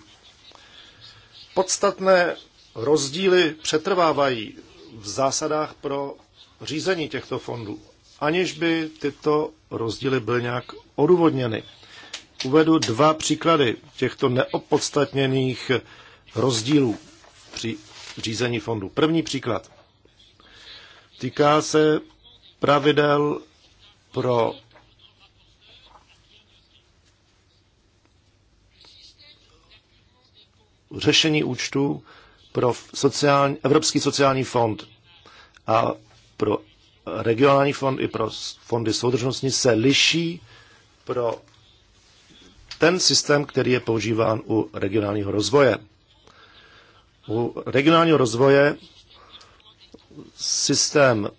podstatné rozdíly přetrvávají v zásadách pro řízení těchto fondů, aniž by tyto rozdíly byly nějak odůvodněny uvedu dva příklady těchto neopodstatněných rozdílů při řízení fondu. První příklad týká se pravidel pro řešení účtů pro sociální, Evropský sociální fond a pro regionální fond i pro fondy soudržnosti se liší pro ten systém, který je používán u regionálního rozvoje. U regionálního rozvoje systém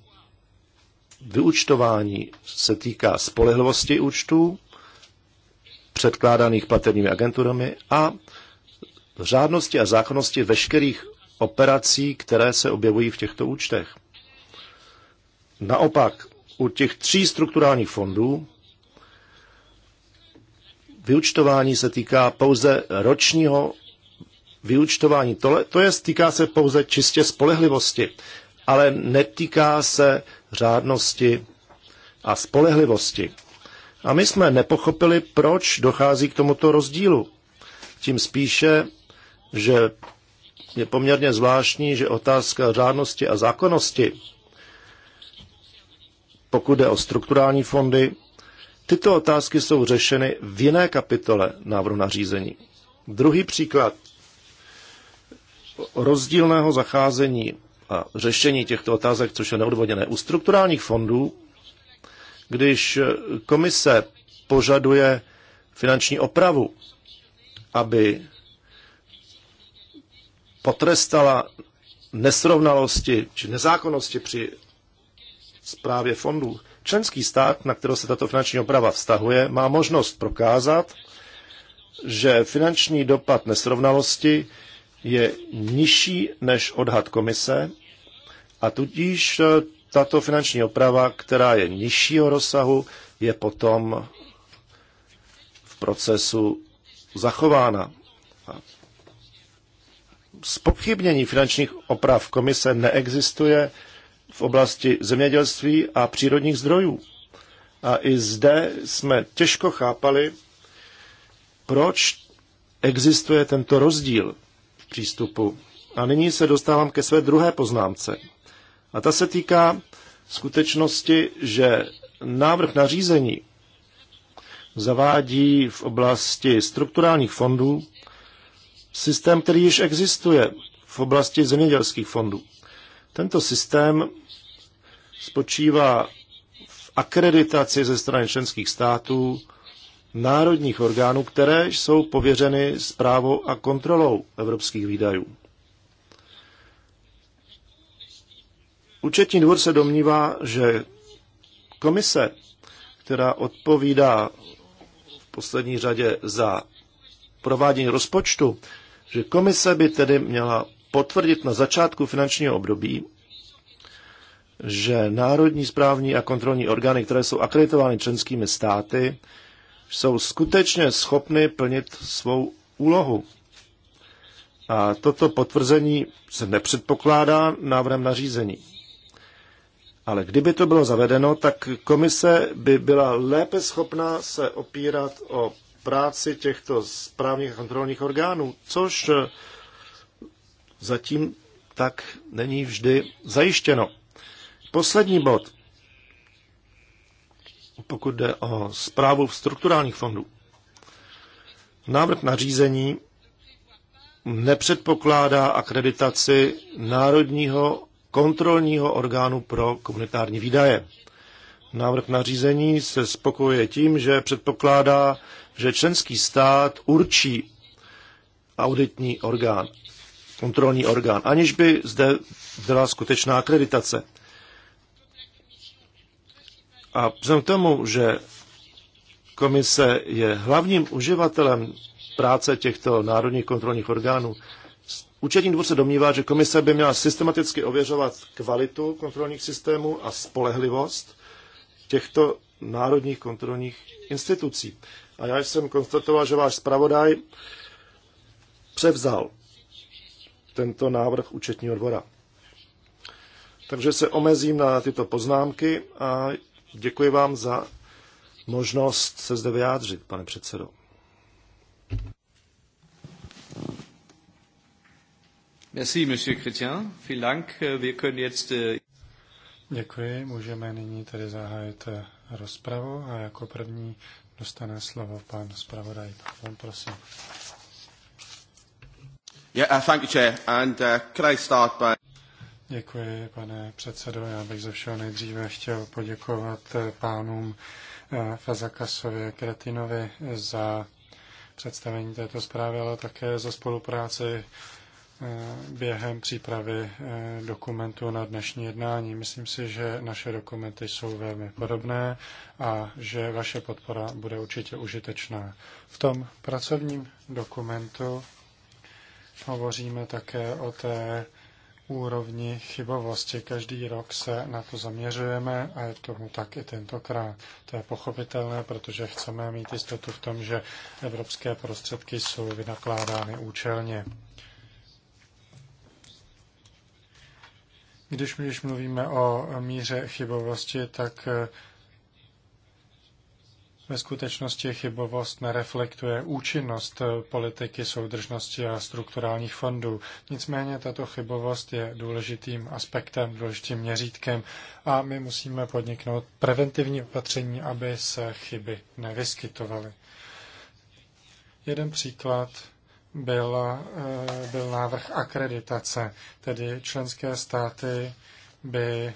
vyučtování se týká spolehlivosti účtů předkládaných platebními agenturami a řádnosti a zákonnosti veškerých operací, které se objevují v těchto účtech. Naopak, u těch tří strukturálních fondů vyučtování se týká pouze ročního vyučtování. Tole, to je, týká se pouze čistě spolehlivosti, ale netýká se řádnosti a spolehlivosti. A my jsme nepochopili, proč dochází k tomuto rozdílu. Tím spíše, že je poměrně zvláštní, že otázka řádnosti a zákonnosti, pokud jde o strukturální fondy, Tyto otázky jsou řešeny v jiné kapitole návrhu nařízení. Druhý příklad rozdílného zacházení a řešení těchto otázek, což je neodvoděné. U strukturálních fondů, když komise požaduje finanční opravu, aby potrestala nesrovnalosti či nezákonnosti při zprávě fondů, Členský stát, na kterou se tato finanční oprava vztahuje, má možnost prokázat, že finanční dopad nesrovnalosti je nižší než odhad komise a tudíž e, tato finanční oprava, která je nižšího rozsahu, je potom v procesu zachována. Spochybnění finančních oprav komise neexistuje v oblasti zemědělství a přírodních zdrojů. A i zde jsme těžko chápali, proč existuje tento rozdíl v přístupu. A nyní se dostávám ke své druhé poznámce. A ta se týká skutečnosti, že návrh nařízení zavádí v oblasti strukturálních fondů systém, který již existuje v oblasti zemědělských fondů. Tento systém spočívá v akreditaci ze strany členských států národních orgánů, které jsou pověřeny zprávou a kontrolou evropských výdajů. Účetní dvor se domnívá, že komise, která odpovídá v poslední řadě za provádění rozpočtu, že komise by tedy měla potvrdit na začátku finančního období že národní správní a kontrolní orgány, které jsou akreditovány členskými státy, jsou skutečně schopny plnit svou úlohu. A toto potvrzení se nepředpokládá návrhem nařízení. Ale kdyby to bylo zavedeno, tak komise by byla lépe schopná se opírat o práci těchto správních a kontrolních orgánů, což zatím tak není vždy zajištěno. Poslední bod, pokud jde o zprávu v strukturálních fondů. Návrh na řízení nepředpokládá akreditaci Národního kontrolního orgánu pro komunitární výdaje. Návrh na řízení se spokojuje tím, že předpokládá, že členský stát určí auditní orgán, kontrolní orgán, aniž by zde byla skutečná akreditace. A vzhledem k tomu, že komise je hlavním uživatelem práce těchto národních kontrolních orgánů, Účetní dvůr se domnívá, že komise by měla systematicky ověřovat kvalitu kontrolních systémů a spolehlivost těchto národních kontrolních institucí. A já jsem konstatoval, že váš zpravodaj převzal tento návrh účetního dvora. Takže se omezím na tyto poznámky a Děkuji vám za možnost se zde vyjádřit, pane předsedo. Merci, monsieur Chrétien. Vielen Dank. Wir können jetzt... Äh, Děkuji. Můžeme nyní tedy zahájit eh, rozpravu a jako první dostane slovo pan zpravodaj. Pan, prosím. Yeah, uh, thank you, Chair. And uh, could I start by... Děkuji, pane předsedo. Já bych ze všeho nejdříve chtěl poděkovat eh, pánům eh, Fazakasovi a Kretinovi za představení této zprávy, ale také za spolupráci eh, během přípravy dokumentu na dnešní jednání. Myslím si, že naše dokumenty jsou velmi podobné a že vaše podpora bude určitě užitečná. V tom pracovním dokumentu hovoříme také o té úrovni chybovosti. Každý rok se na to zaměřujeme a je tomu tak i tentokrát. To je pochopitelné, protože chceme mít jistotu v tom, že evropské prostředky jsou vynakládány účelně. Když, my, když mluvíme o míře chybovosti, tak ve skutečnosti chybovost nereflektuje účinnost politiky soudržnosti a strukturálních fondů. Nicméně tato chybovost je důležitým aspektem, důležitým měřítkem a my musíme podniknout preventivní opatření, aby se chyby nevyskytovaly. Jeden příklad byl, eh, byl návrh akreditace, tedy členské státy by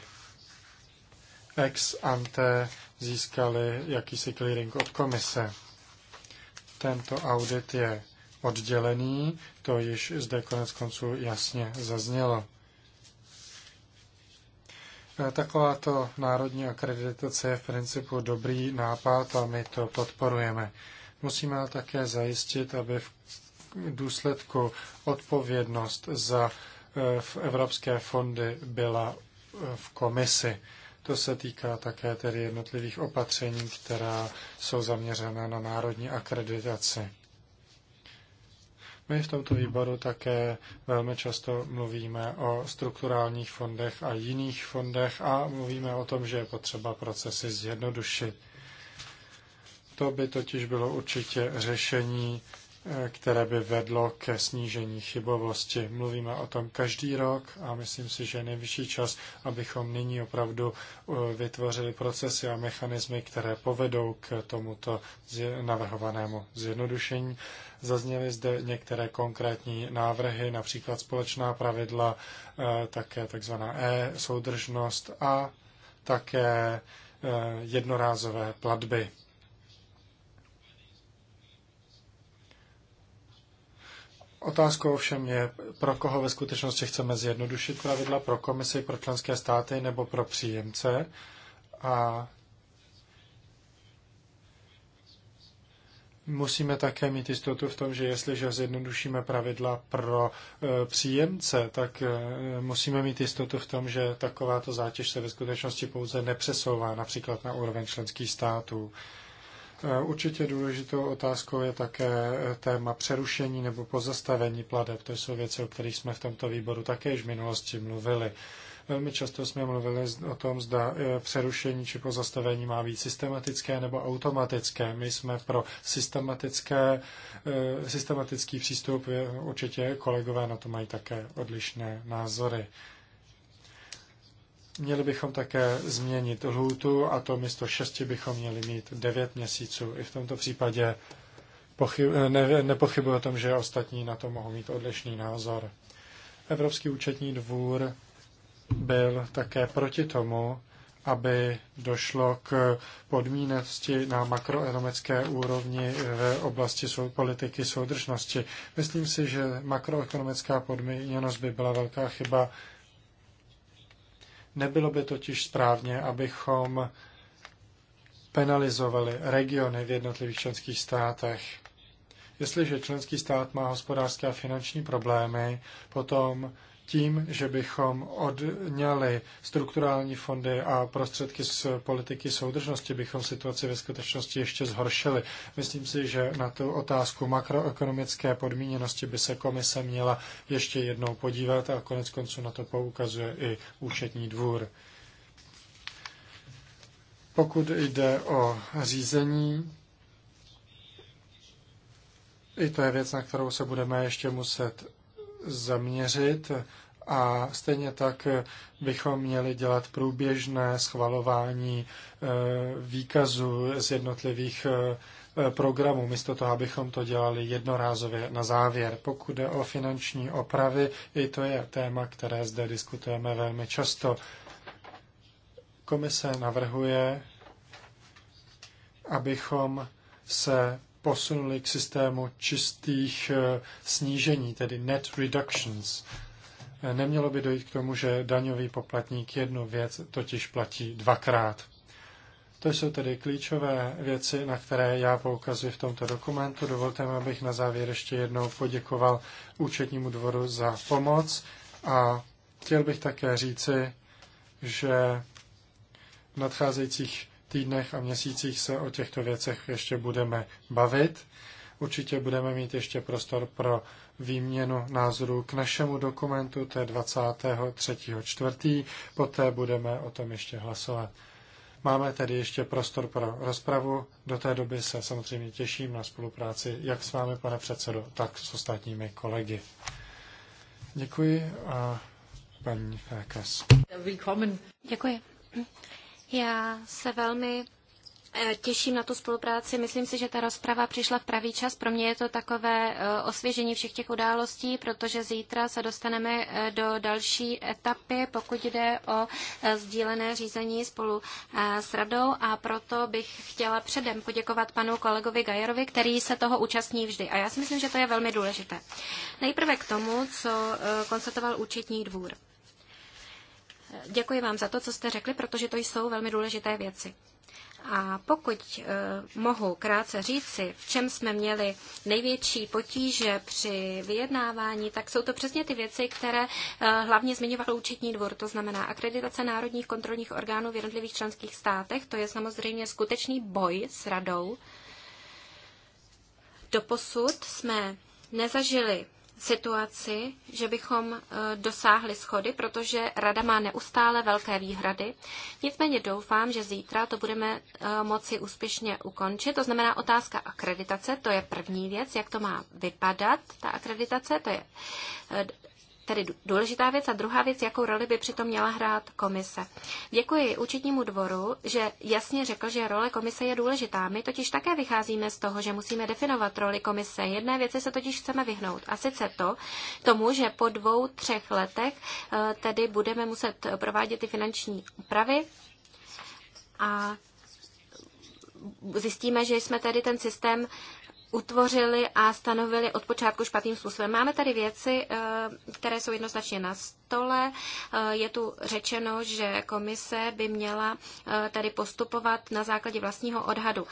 ex ante získali jakýsi clearing od komise. Tento audit je oddělený, to již zde konec konců jasně zaznělo. E, takováto národní akreditace je v principu dobrý nápad a my to podporujeme. Musíme ale také zajistit, aby v důsledku odpovědnost za e, v evropské fondy byla e, v komisi. To se týká také tedy jednotlivých opatření, která jsou zaměřena na národní akreditaci. My v tomto výboru také velmi často mluvíme o strukturálních fondech a jiných fondech a mluvíme o tom, že je potřeba procesy zjednodušit. To by totiž bylo určitě řešení které by vedlo ke snížení chybovosti. Mluvíme o tom každý rok a myslím si, že je nejvyšší čas, abychom nyní opravdu eh, vytvořili procesy a mechanismy, které povedou k tomuto navrhovanému zjednodušení. Zazněly zde některé konkrétní návrhy, například společná pravidla, eh, také takzvaná e-soudržnost a také eh, jednorázové platby. Otázkou ovšem je, pro koho ve skutečnosti chceme zjednodušit pravidla, pro komisi, pro členské státy nebo pro příjemce. A musíme také mít jistotu v tom, že jestliže zjednodušíme pravidla pro e, příjemce, tak e, musíme mít jistotu v tom, že takováto zátěž se ve skutečnosti pouze nepřesouvá například na úroveň členských států. E, Eh, určitě důležitou otázkou je také eh, téma přerušení nebo pozastavení pladeb. To jsou věci, o kterých jsme v tomto výboru také již v minulosti mluvili. Velmi často jsme mluvili o tom, zda eh, přerušení či pozastavení má být systematické nebo automatické. My jsme pro systematické, systematický přístup, určitě kolegové na to mají také odlišné názory. Měli bychom také změnit lhůtu a to místo 6 bychom měli mít 9 měsíců. I v tomto případě pochyb- ne- nepochybuji o tom, že ostatní na to mohou mít odlišný názor. Evropský účetní dvůr byl také proti tomu, aby došlo k podmíněnosti na makroekonomické úrovni v oblasti politiky soudržnosti. Myslím si, že makroekonomická podmíněnost by byla velká chyba Nebylo by totiž správně, abychom penalizovali regiony v jednotlivých členských státech. Jestliže členský stát má hospodářské a finanční problémy, potom tím, že bychom odňali strukturální fondy a prostředky z politiky soudržnosti, bychom situaci ve skutečnosti ještě zhoršili. Myslím si, že na tu otázku makroekonomické podmíněnosti by se komise měla ještě jednou podívat a konec konců na to poukazuje i účetní dvůr. Pokud jde o řízení, i to je věc, na kterou se budeme ještě muset zaměřit a stejně tak bychom měli dělat průběžné schvalování eh, výkazu z jednotlivých eh, programů, místo toho, abychom to dělali jednorázově na závěr. Pokud jde o finanční opravy, i to je téma, které zde diskutujeme velmi často. Komise navrhuje, abychom se posunuli k systému čistých eh, snížení, tedy net reductions. Eh, nemělo by dojít k tomu, že daňový poplatník jednu věc totiž platí dvakrát. To jsou tedy klíčové věci, na které já poukazuji v tomto dokumentu. Dovolte mi, abych na závěr ještě jednou poděkoval účetnímu dvoru za pomoc a chtěl bych také říci, že v nadcházejících týdnech a měsících se o těchto věcech ještě budeme bavit. Určitě budeme mít ještě prostor pro výměnu názorů k našemu dokumentu, to je 23. čtvrtý, poté budeme o tom ještě hlasovat. Máme tedy ještě prostor pro rozpravu. Do té doby se samozřejmě těším na spolupráci jak s vámi, pane předsedo, tak s ostatními kolegy. Děkuji a paní Fékas. Děkuji. Já se velmi eh, těším na tu spolupráci. Myslím si, že ta rozprava přišla v pravý čas. Pro mě je to takové eh, osvěžení všech těch událostí, protože zítra se dostaneme eh, do další etapy, pokud jde o sdílené řízení spolu s radou a proto bych chtěla předem poděkovat panu kolegovi Gajerovi, který se toho účastní vždy. A já si myslím, že to je velmi důležité. Nejprve k tomu, co konstatoval účetní dvůr. Děkuji vám za to, co jste řekli, protože to jsou velmi důležité věci. A pokud e, mohu krátce říci, v čem jsme měli největší potíže při vyjednávání, tak jsou to přesně ty věci, které e, hlavně zmiňoval účetní dvor, to znamená akreditace národních kontrolních orgánů v jednotlivých členských státech. To je samozřejmě skutečný boj s radou. Doposud jsme nezažili situaci, že bychom e, dosáhli schody, protože Rada má neustále velké výhrady. Nicméně doufám, že zítra to budeme e, moci úspěšně ukončit. To znamená otázka akreditace, to je první věc, jak to má vypadat, ta akreditace, to je e, tedy důležitá věc a druhá věc, jakou roli by přitom měla hrát komise. Děkuji účetnímu dvoru, že jasně řekl, že role komise je důležitá. My totiž také vycházíme z toho, že musíme definovat roli komise. Jedné věci se totiž chceme vyhnout. A sice to, tomu, že po dvou, třech letech eh, tedy budeme muset provádět ty finanční úpravy a zjistíme, že jsme tedy ten systém utvořili a stanovili od počátku špatným způsobem. Máme tady věci, eh, které jsou jednoznačně na stole. Eh, je tu řečeno, že komise by měla eh, tady postupovat na základě vlastního odhadu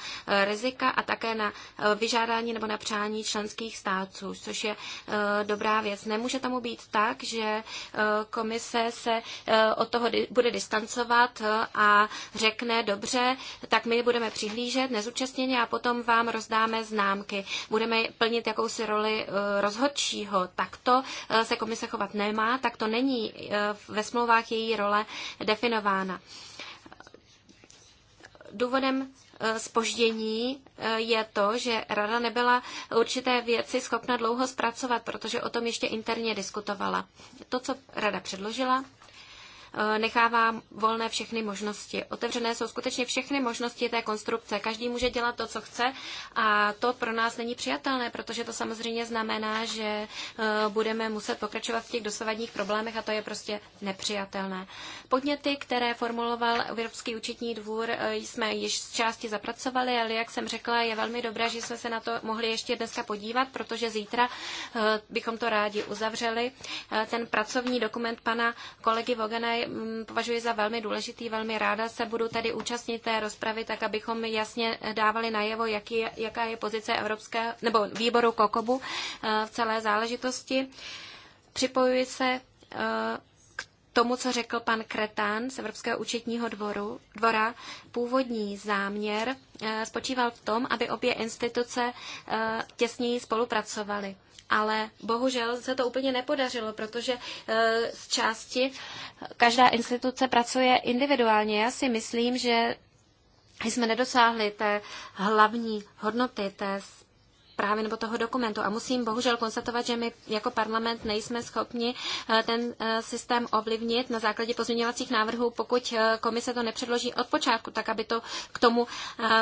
rizika a také na vyžádání nebo na přání členských států, což je dobrá věc. Nemůže tomu být tak, že komise se od toho bude distancovat a řekne, dobře, tak my budeme přihlížet nezúčastněně a potom vám rozdáme známky roky, budeme plnit jakousi roli eh, rozhodčího. Takto eh, se komise chovat nemá, tak to není eh, ve smlouvách její role definována. Důvodem spoždění je to, že rada nebyla určité věci schopna dlouho zpracovat, protože o tom ještě interně diskutovala. To, co rada předložila, Eh, nechává volné všechny možnosti. Otevřené jsou skutečně všechny možnosti té konstrukce. Každý může dělat to, co chce a to pro nás není přijatelné, protože to samozřejmě znamená, že eh, budeme muset pokračovat v těch dosavadních problémech a to je prostě nepřijatelné. Podněty, které formuloval Evropský účetní dvůr, eh, jsme již z části zapracovali, ale jak jsem řekla, je velmi dobré, že jsme se na to mohli ještě dneska podívat, protože zítra bychom to rádi uzavřeli. Ten pracovní dokument pana kolegy Vogana považuji za velmi důležitý. Velmi ráda se budu tady účastnit té rozpravy, tak abychom jasně dávali najevo, jaký, je, jaká je pozice Evropské, nebo výboru Kokobu eh, v celé záležitosti. Připojuji se eh, k tomu, co řekl pan Kretán z Evropského účetního dvoru, dvora. Původní záměr eh, spočíval v tom, aby obě instituce těsněji spolupracovaly ale bohužel se to úplně nepodařilo, protože eh, z části každá instituce pracuje individuálně. Já si myslím, že jsme nedosáhli té hlavní hodnoty, té zprávy nebo toho dokumentu. A musím bohužel konstatovat, že my jako parlament nejsme schopni eh, ten eh, systém ovlivnit na základě pozměňovacích návrhů, pokud eh, komise to nepředloží od počátku, tak aby to k tomu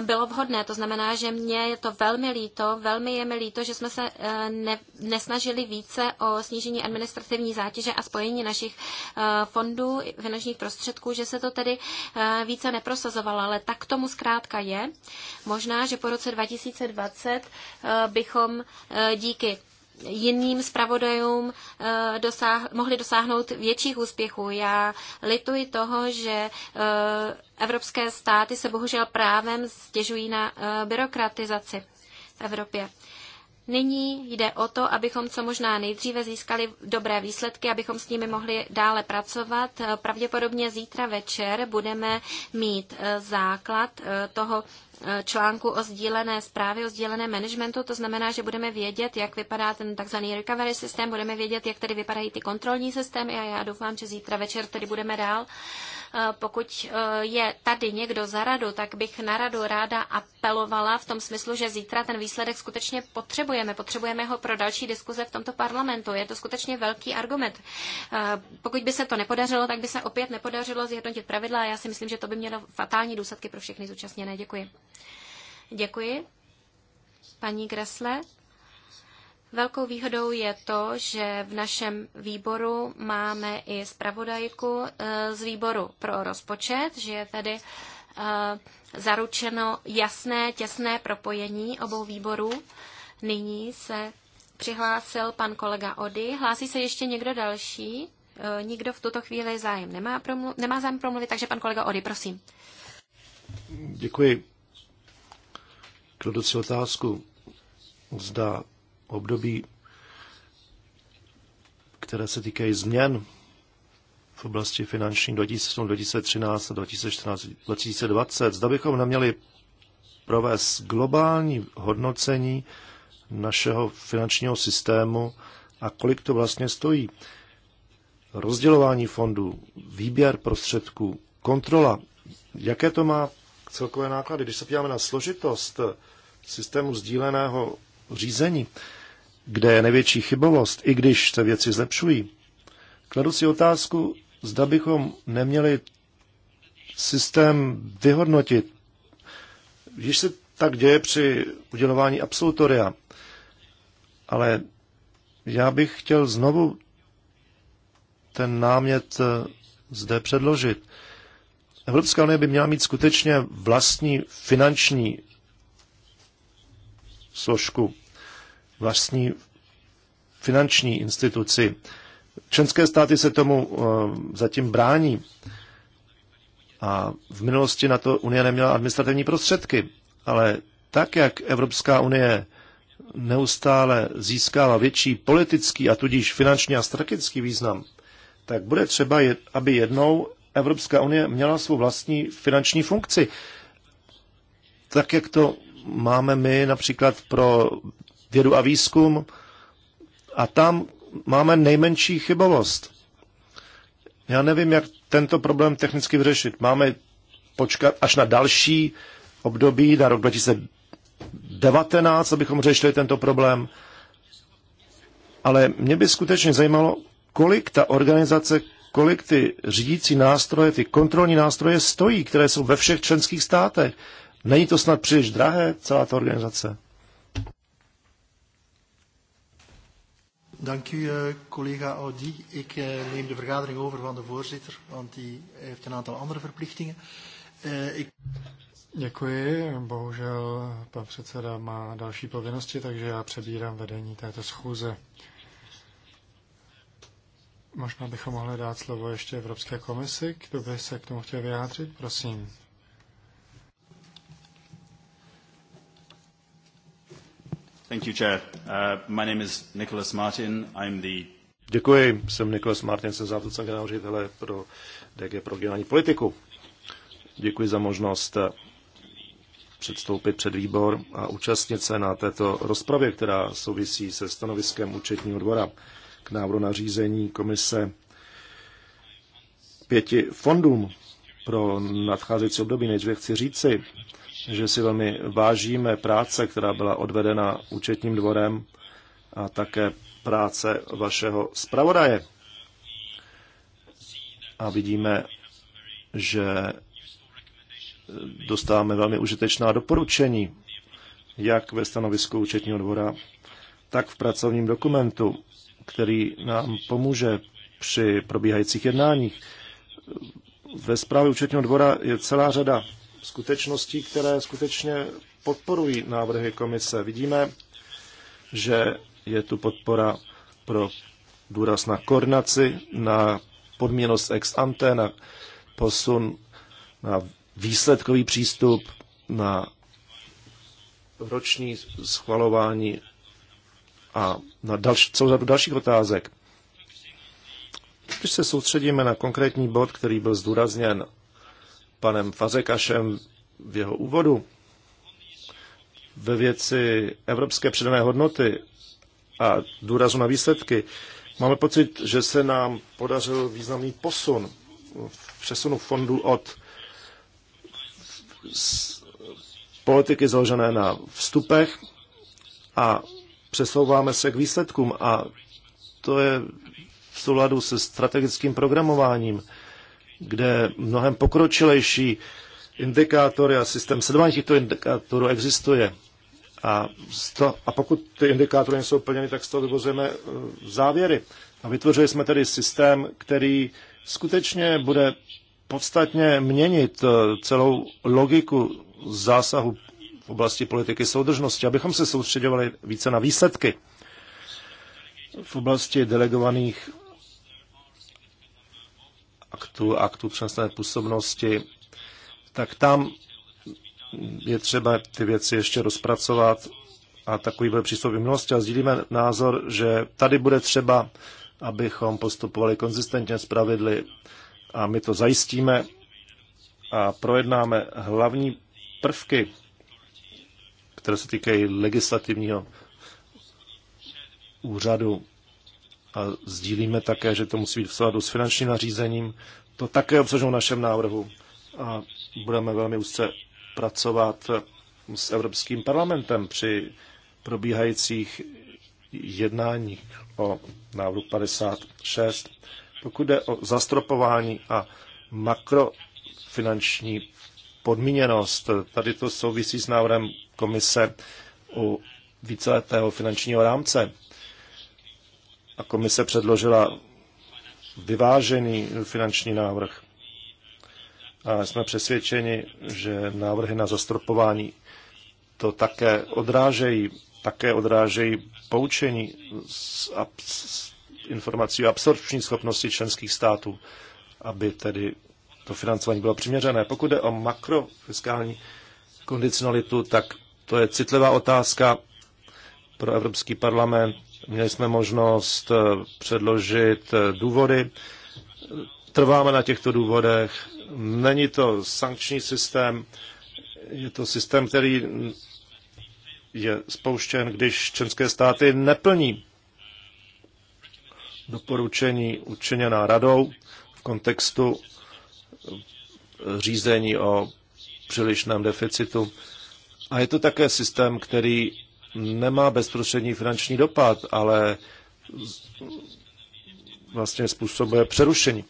bylo vhodné. To znamená, že mně je to velmi líto, velmi je mi líto, že jsme se ne, nesnažili více o snížení administrativní zátěže a spojení našich fondů, finančních prostředků, že se to tedy více neprosazovalo, ale tak tomu zkrátka je. Možná, že po roce 2020 bychom eh, díky jiným zpravodajům eh, dosáh, mohli dosáhnout větších úspěchů. Já lituji toho, že eh, evropské státy se bohužel právem stěžují na byrokratizaci v Evropě. Nyní jde o to, abychom co možná nejdříve získali dobré výsledky, abychom s nimi mohli dále pracovat. Eh, pravděpodobně zítra večer budeme mít eh, základ eh, toho článku o sdílené zprávy, o sdílené managementu. To znamená, že budeme vědět, jak vypadá ten tzv. recovery systém, budeme vědět, jak tedy vypadají ty kontrolní systémy a já doufám, že zítra večer tedy budeme dál uh, Eh, pokud eh, je tady někdo za radu, tak bych na radu ráda apelovala v tom smyslu, že zítra ten výsledek skutečně potřebujeme. Potřebujeme ho pro další diskuze v tomto parlamentu. Je to skutečně velký argument. Eh, pokud by se to nepodařilo, tak by se opět nepodařilo zjednotit pravidla a já si myslím, že to by mělo fatální důsledky pro všechny zúčastněné. Děkuji. Děkuji. Paní Gressle, Velkou výhodou je to, že v našem výboru máme i zpravodajku eh, z výboru pro rozpočet, že je tady eh, zaručeno jasné, těsné propojení obou výborů. Nyní se přihlásil pan kolega Ody. Hlásí se ještě někdo další? Eh, nikdo v tuto chvíli zájem nemá, promlu- nemá zájem promluvit, takže pan kolega Ody, prosím. Děkuji. si otázku, zda období, které se týkají změn v oblasti finanční 2013, 2014, 2020. Zda bychom neměli provést globální hodnocení našeho finančního systému a kolik to vlastně stojí. Rozdělování fondů, výběr prostředků, kontrola, jaké to má celkové náklady. Když se podíváme na složitost systému sdíleného řízení, kde je největší chybovost, i když se věci zlepšují, kladu si otázku, zda bychom neměli systém vyhodnotit. když se tak děje při udělování absolutoria, ale já bych chtěl znovu ten námět eh, zde předložit. Evropská unie by měla mít skutečně vlastní finanční složku vlastní finanční instituci. Členské státy se tomu eh, zatím brání a v minulosti na to Unie neměla administrativní prostředky, ale tak, jak Evropská unie neustále získává větší politický a tudíž finanční a strategický význam, tak bude třeba, aby jednou Evropská unie měla svou vlastní finanční funkci. Tak, jak to máme my například pro vědu a výzkum a tam máme nejmenší chybovost. Já nevím, jak tento problém technicky vyřešit. Máme počkat až na další období, na rok 2019, abychom řešili tento problém. Ale mě by skutečně zajímalo, kolik ta organizace, kolik ty řídící nástroje, ty kontrolní nástroje stojí, které jsou ve všech členských státech. Není to snad příliš drahé, celá ta organizace? Dank u, eh, collega Audi. Ik eh, neem de vergadering over van de voorzitter, want die heeft een aantal andere verplichtingen. Eh, ik... Děkuji. Bohužel pan předseda má další povinnosti, takže já přebírám vedení této schůze. Možná bychom mohli dát slovo ještě Evropské komisi, kdo by se k tomu chtěl vyjádřit, prosím. Uh, Děkuji, jsem Nikolas Martin, jsem zástupcem generálního ředitele pro DG pro regionální politiku. Děkuji za možnost eh, předstoupit před výbor a účastnit se na této rozpravě, která souvisí se stanoviskem účetního dvora k návrhu na řízení komise pěti fondům pro nadcházející období. Nejdříve chci říci, že si velmi vážíme práce, která byla odvedena účetním dvorem a také práce vašeho zpravodaje. A vidíme, že dostáváme velmi užitečná doporučení, jak ve stanovisku účetního dvora, tak v pracovním dokumentu, který nám pomůže při probíhajících jednáních. Ve zprávě účetního dvora je celá řada skutečností, které skutečně podporují návrhy komise. Vidíme, že je tu podpora pro důraz na koordinaci, na podmínost ex ante, na posun, na výsledkový přístup, na roční schvalování a na další, celou řadu dalších otázek. Když se soustředíme na konkrétní bod, který byl zdůrazněn panem Fazekašem v jeho úvodu ve věci evropské přidané hodnoty a důrazu na výsledky, máme pocit, že se nám podařil významný posun v přesunu fondů od politiky založené na vstupech a přesouváme se k výsledkům a to je v souladu se strategickým programováním kde mnohem pokročilejší indikátory a systém sledování těchto indikátorů existuje. A, to, a pokud ty indikátory nejsou plněny, tak z toho vyvozujeme eh, závěry. A vytvořili jsme tedy systém, který skutečně bude podstatně měnit eh, celou logiku zásahu v oblasti politiky soudržnosti, abychom se soustředovali více na výsledky. V oblasti delegovaných aktu, aktu přenesené působnosti, tak tam je třeba ty věci ještě rozpracovat a takový byl přístup v minulosti a sdílíme názor, že tady bude třeba, abychom postupovali konzistentně s pravidly a my to zajistíme a projednáme hlavní prvky, které se týkají legislativního úřadu a sdílíme také, že to musí být v souladu s finančním nařízením. To také obsaženo v našem návrhu a budeme velmi úzce pracovat s Evropským parlamentem při probíhajících jednáních o návrhu 56. Pokud jde o zastropování a makrofinanční podmíněnost, tady to souvisí s návrhem komise u víceletého finančního rámce a komise předložila vyvážený finanční návrh. A jsme přesvědčeni, že návrhy na zastropování to také odrážejí, také odrážejí poučení z, abs, informací o absorpční schopnosti členských států, aby tedy to financování bylo přiměřené. Pokud jde o makrofiskální kondicionalitu, tak to je citlivá otázka pro Evropský parlament Měli jsme možnost eh, předložit eh, důvody. Trváme na těchto důvodech. Není to sankční systém, je to systém, který je spouštěn, když členské státy neplní doporučení učiněná radou v kontextu řízení o přílišném deficitu. A je to také systém, který nemá bezprostřední finanční dopad, ale vlastně způsobuje přerušení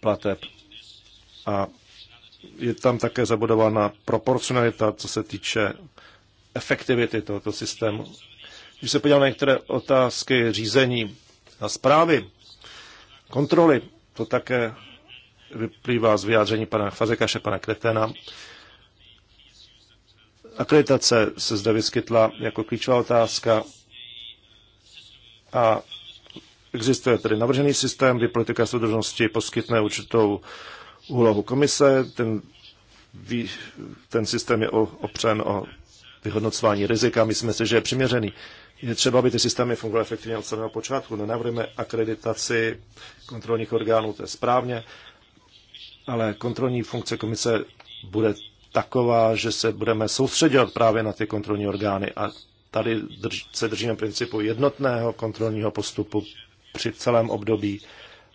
plateb. A je tam také zabudována proporcionalita, co se týče efektivity tohoto systému. Když se podíváme na některé otázky řízení a zprávy, kontroly, to také vyplývá z vyjádření pana Fazekaše, pana Kretena, Akreditace se zde vyskytla jako klíčová otázka a existuje tedy navržený systém, kdy politika soudržnosti poskytne určitou úlohu komise. Ten, ten systém je opřen o vyhodnocování rizika. Myslíme si, že je přiměřený. Je třeba, aby ty systémy fungovaly efektivně od samého počátku. Nenavrhujeme akreditaci kontrolních orgánů, to je správně, ale kontrolní funkce komise bude taková, že se budeme soustředit právě na ty kontrolní orgány a tady drž, se držíme principu jednotného kontrolního postupu při celém období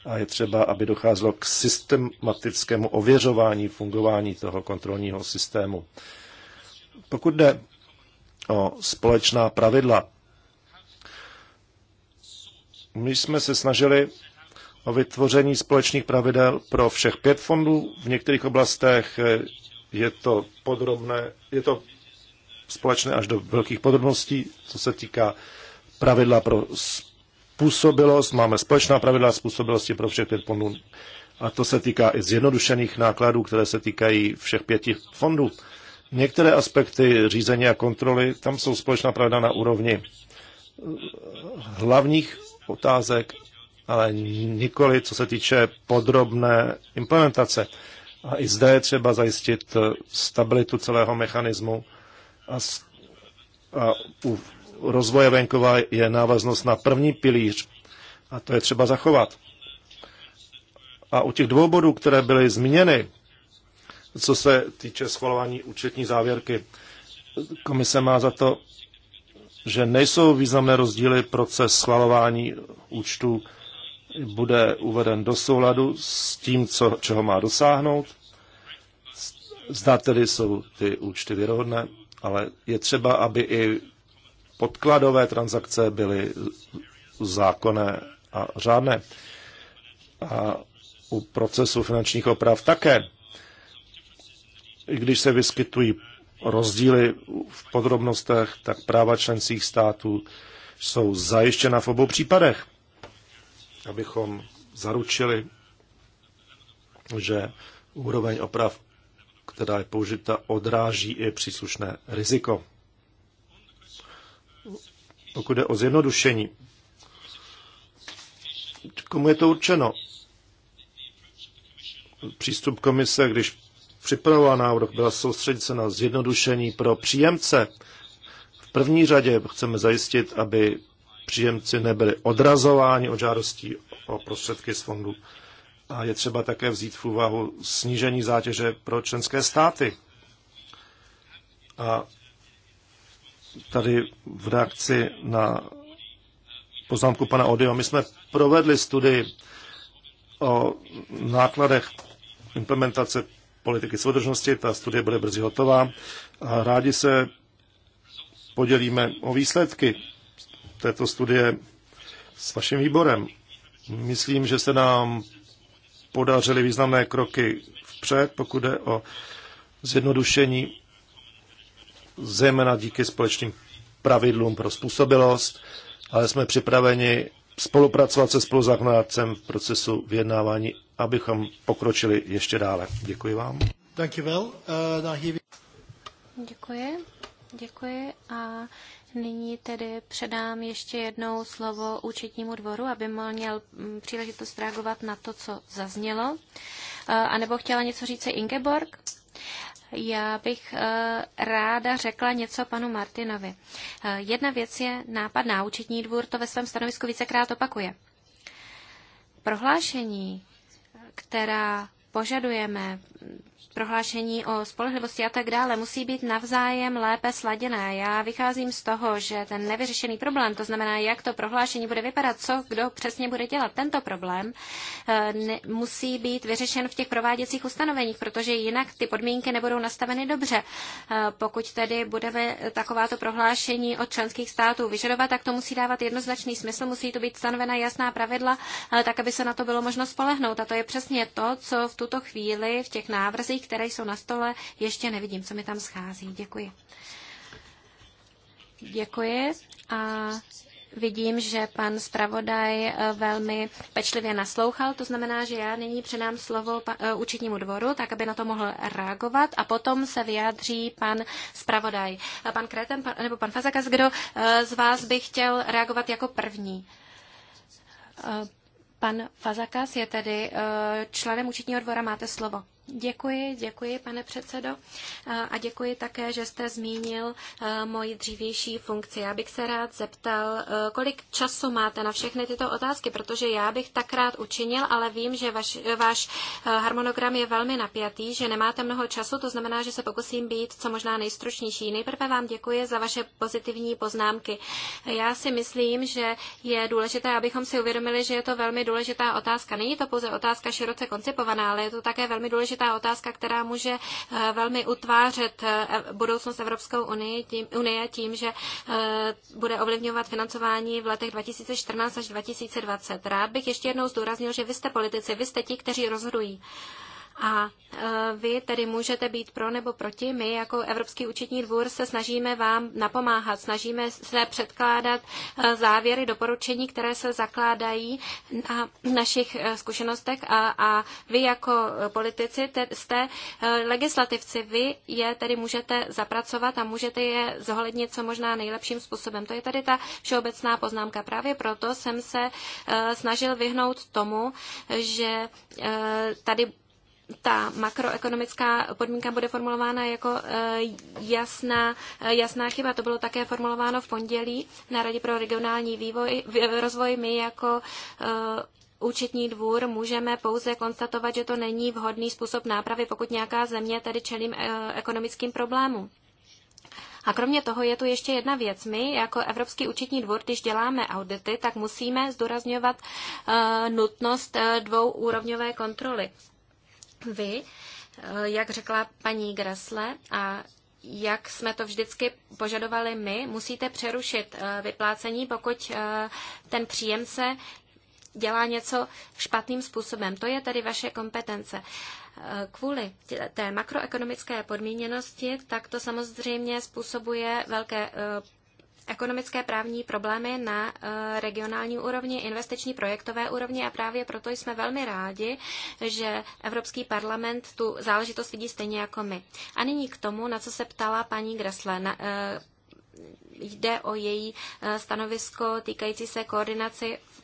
a je třeba, aby docházelo k systematickému ověřování fungování toho kontrolního systému. Pokud jde o společná pravidla, my jsme se snažili o vytvoření společných pravidel pro všech pět fondů. V některých oblastech je to podrobné, je to společné až do velkých podrobností, co se týká pravidla pro způsobilost. Máme společná pravidla způsobilosti pro všech pět fondů. A to se týká i zjednodušených nákladů, které se týkají všech pěti fondů. Některé aspekty řízení a kontroly, tam jsou společná pravidla na úrovni eh, hlavních otázek, ale nikoli co se týče podrobné implementace. A i zde je třeba zajistit eh, stabilitu celého mechanismu a, a u rozvoje venkova je návaznost na první pilíř a to je třeba zachovat. A u těch dvou bodů, které byly zmíněny, co se týče schvalování účetní závěrky, komise má za to, že nejsou významné rozdíly proces schvalování účtů bude uveden do souladu s tím, co, čeho má dosáhnout. Zda tedy jsou ty účty věrohodné, ale je třeba, aby i podkladové transakce byly zákonné a řádné. A u procesu finančních oprav také. I když se vyskytují rozdíly v podrobnostech, tak práva členských států jsou zajištěna v obou případech abychom zaručili, že úroveň oprav, která je použita, odráží i příslušné riziko. Pokud jde o zjednodušení, komu je to určeno? Přístup komise, když připravoval návrh, byla soustředit se na zjednodušení pro příjemce. V první řadě chceme zajistit, aby příjemci nebyli odrazováni od žádostí o prostředky z fondu. A je třeba také vzít v úvahu snížení zátěže pro členské státy. A tady v reakci na poznámku pana Odio, my jsme provedli studii o nákladech implementace politiky soudržnosti. Ta studie bude brzy hotová. A rádi se podělíme o výsledky této studie s vaším výborem. Myslím, že se nám podařily významné kroky vpřed, pokud jde o zjednodušení, zejména díky společným pravidlům pro způsobilost, ale jsme připraveni spolupracovat se spoluzákonodárcem v procesu vyjednávání, abychom pokročili ještě dále. Děkuji vám. Děkuji. Uh, děkuji. Děkuji a Nyní tedy předám ještě jednou slovo účetnímu dvoru, aby měl mm, příležitost reagovat na to, co zaznělo. A nebo chtěla něco říct Ingeborg? Já bych e, ráda řekla něco panu Martinovi. E, jedna věc je na Účetní dvůr to ve svém stanovisku vícekrát opakuje. Prohlášení, která požadujeme prohlášení o spolehlivosti a tak dále musí být navzájem lépe sladěné. Já vycházím z toho, že ten nevyřešený problém, to znamená, jak to prohlášení bude vypadat, co kdo přesně bude dělat, tento problém eh, musí být vyřešen v těch prováděcích ustanoveních, protože jinak ty podmínky nebudou nastaveny dobře. Eh, pokud tedy budeme takováto prohlášení od členských států vyžadovat, tak to musí dávat jednoznačný smysl, musí to být stanovena jasná pravidla, eh, tak aby se na to bylo možno spolehnout. A to je přesně to, co v tuto chvíli v těch návrzích které jsou na stole, ještě nevidím, co mi tam schází. Děkuji. Děkuji a vidím, že pan zpravodaj eh, velmi pečlivě naslouchal, to znamená, že já nyní předám slovo eh, účetnímu dvoru, tak aby na to mohl reagovat a potom se vyjádří pan zpravodaj. Pan Kreten pan, nebo pan Fazakas, kdo eh, z vás by chtěl reagovat jako první? Pan Fazakas je tedy členem účetního dvora, máte slovo. Děkuji, děkuji, pane předsedo. A děkuji také, že jste zmínil moji dřívější funkci. Já bych se rád zeptal, kolik času máte na všechny tyto otázky, protože já bych tak rád učinil, ale vím, že vaš, váš harmonogram je velmi napjatý, že nemáte mnoho času, to znamená, že se pokusím být co možná nejstručnější. Nejprve vám děkuji za vaše pozitivní poznámky. Já si myslím, že je důležité, abychom si uvědomili, že je to velmi důležitá otázka. Není to pouze otázka široce koncipovaná, ale je to také velmi důležitá důležitá otázka, která může eh, velmi utvářet eh, e, budoucnost Evropské unie tím, unie tím, že eh, bude ovlivňovat financování v letech 2014 až 2020. Rád bych ještě jednou zdůraznil, že vy jste politici, vy jste ti, kteří rozhodují. A e, vy tedy můžete být pro nebo proti. My jako Evropský účetní dvůr se snažíme vám napomáhat, snažíme se předkládat e, závěry, doporučení, které se zakládají na našich e, zkušenostech a, a vy jako politici te, jste legislativci, vy je tedy můžete zapracovat a můžete je zohlednit co možná nejlepším způsobem. To je tady ta všeobecná poznámka. Právě proto jsem se snažil vyhnout tomu, že tady ta makroekonomická podmínka bude formulována jako e, jasná, e, jasná chyba. To bylo také formulováno v pondělí na Radě pro regionální vývoj, e, rozvoj. My jako účetní dvůr můžeme pouze konstatovat, že to není vhodný způsob nápravy, pokud nějaká země tady čelí ekonomickým problémům. A kromě toho je tu ještě jedna věc. My jako Evropský účetní dvůr, když děláme audity, tak musíme zdůrazňovat uh, nutnost uh, dvouúrovňové kontroly vy, eh, jak řekla paní Grasle a jak jsme to vždycky požadovali my, musíte přerušit eh, vyplácení, pokud eh, ten příjemce dělá něco špatným způsobem. To je tedy vaše kompetence. Kvůli té makroekonomické podmíněnosti, tak to samozřejmě způsobuje velké ekonomické právní problémy na eh, regionální úrovni, investiční projektové úrovni a právě proto jsme velmi rádi, že Evropský parlament tu záležitost vidí stejně jako my. A nyní k tomu, na co se ptala paní Gressle. Na, eh, jde o její eh, stanovisko týkající se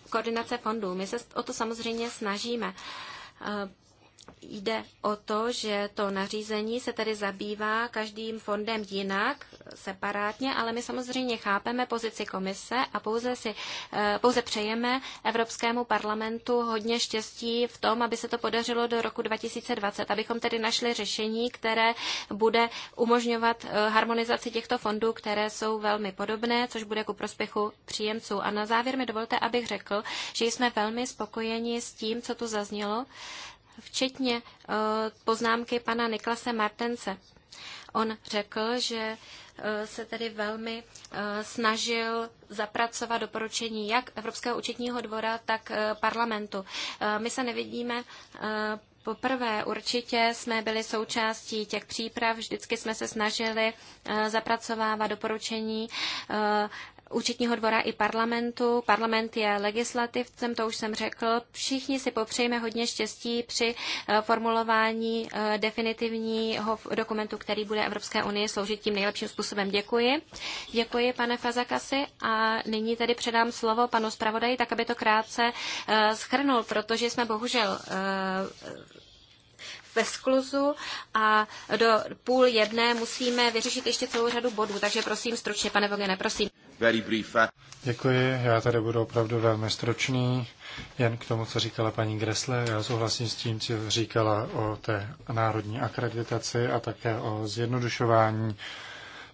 koordinace fondů. My se o to samozřejmě snažíme. Jde o to, že to nařízení se tedy zabývá každým fondem jinak, separátně, ale my samozřejmě chápeme pozici komise a pouze, si, eh, pouze přejeme Evropskému parlamentu hodně štěstí v tom, aby se to podařilo do roku 2020, abychom tedy našli řešení, které bude umožňovat eh, harmonizaci těchto fondů, které jsou velmi podobné, což bude ku prospěchu příjemců. A na závěr mi dovolte, abych řekl, že jsme velmi spokojeni s tím, co tu zaznělo včetně eh, poznámky pana Niklase Martence. On řekl, že eh, se tedy velmi eh, snažil zapracovat doporučení jak Evropského účetního dvora, tak parlamentu. My se nevidíme Poprvé určitě jsme byli součástí těch příprav, vždycky jsme se snažili zapracovávat doporučení účetního dvora i parlamentu. Parlament je legislativcem, to už jsem řekl. Všichni si popřejeme hodně štěstí při eh, formulování eh, definitivního dokumentu, který bude Evropské unii sloužit tím nejlepším způsobem. Děkuji. Děkuji, pane Fazakasi. A nyní tedy předám slovo panu zpravodaji, tak aby to krátce eh, schrnul, protože jsme bohužel ve skluzu a do půl jedné musíme vyřešit ještě celou řadu bodů, takže prosím stručně, pane Vogene, prosím. Eh? Děkuji, já tady budu opravdu velmi stročný. Jen k tomu, co říkala paní Gresle, já souhlasím s tím, co říkala o té národní akreditaci a také o zjednodušování.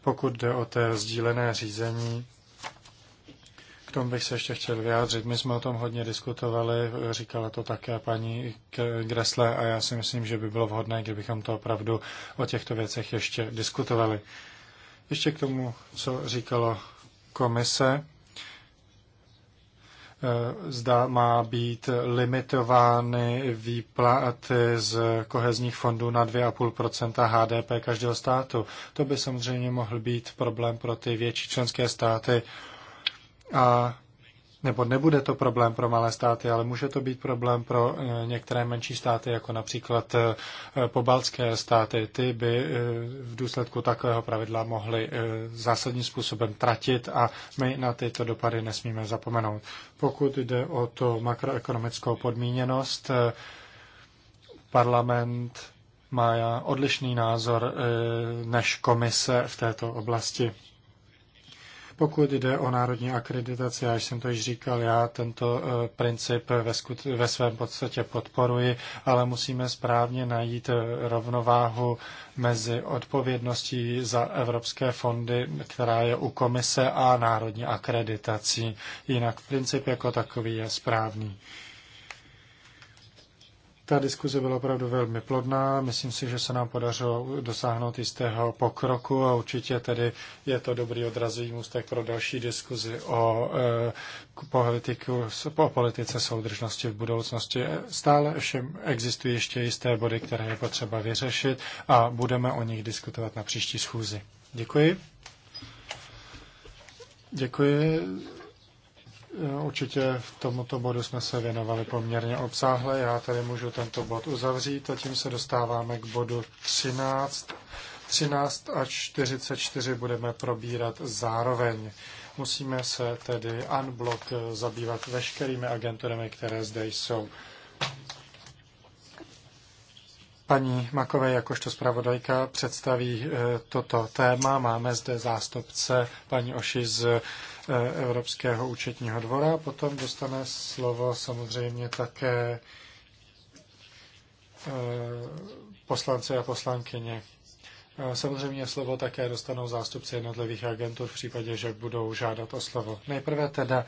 Pokud jde o té sdílené řízení, k tomu bych se ještě chtěl vyjádřit. My jsme o tom hodně diskutovali, říkala to také paní Gresle a já si myslím, že by bylo vhodné, kdybychom to opravdu o těchto věcech ještě diskutovali. Ještě k tomu, co říkalo komise, eh, zda má být limitovány výplaty z kohezních fondů na 2,5 HDP každého státu. To by samozřejmě mohl být problém pro ty větší členské státy a nebo nebude to problém pro malé státy, ale může to být problém pro eh, některé menší státy, jako například eh, pobaltské státy. Ty by eh, v důsledku takového pravidla mohly zásadním způsobem tratit a my na tyto dopady nesmíme zapomenout. Pokud jde o to makroekonomickou podmíněnost, parlament má odlišný názor než komise v této oblasti. Pokud jde o národní akreditaci, já jsem to již říkal, já tento eh, princip ve, skut- ve svém podstatě podporuji, ale musíme správně najít eh, rovnováhu mezi odpovědností za evropské fondy, která je u komise, a národní akreditací. Jinak princip jako takový je správný. Ta diskuze byla opravdu velmi plodná. Myslím si, že se nám podařilo dosáhnout jistého pokroku a určitě tedy je to dobrý odrazový můstek pro další diskuzi o, e, politiku, o politice soudržnosti v budoucnosti. Stále všem existují ještě jisté body, které je potřeba vyřešit a budeme o nich diskutovat na příští schůzi. Děkuji. Děkuji E, určitě v tomuto bodu jsme se věnovali poměrně obsáhle. Já tady můžu tento bod uzavřít a tím se dostáváme k bodu 13. 13 a 44 budeme probírat zároveň. Musíme se tedy unblock zabývat veškerými agenturami, které zde jsou. Paní Makové jakožto zpravodajka představí e, toto téma. Máme zde zástupce paní Oši z Eh, Evropského účetního dvora. Potom dostane slovo samozřejmě také eh, poslance a poslankyně. Eh, samozřejmě slovo také dostanou zástupci jednotlivých agentů v případě, že budou žádat o slovo. Nejprve teda,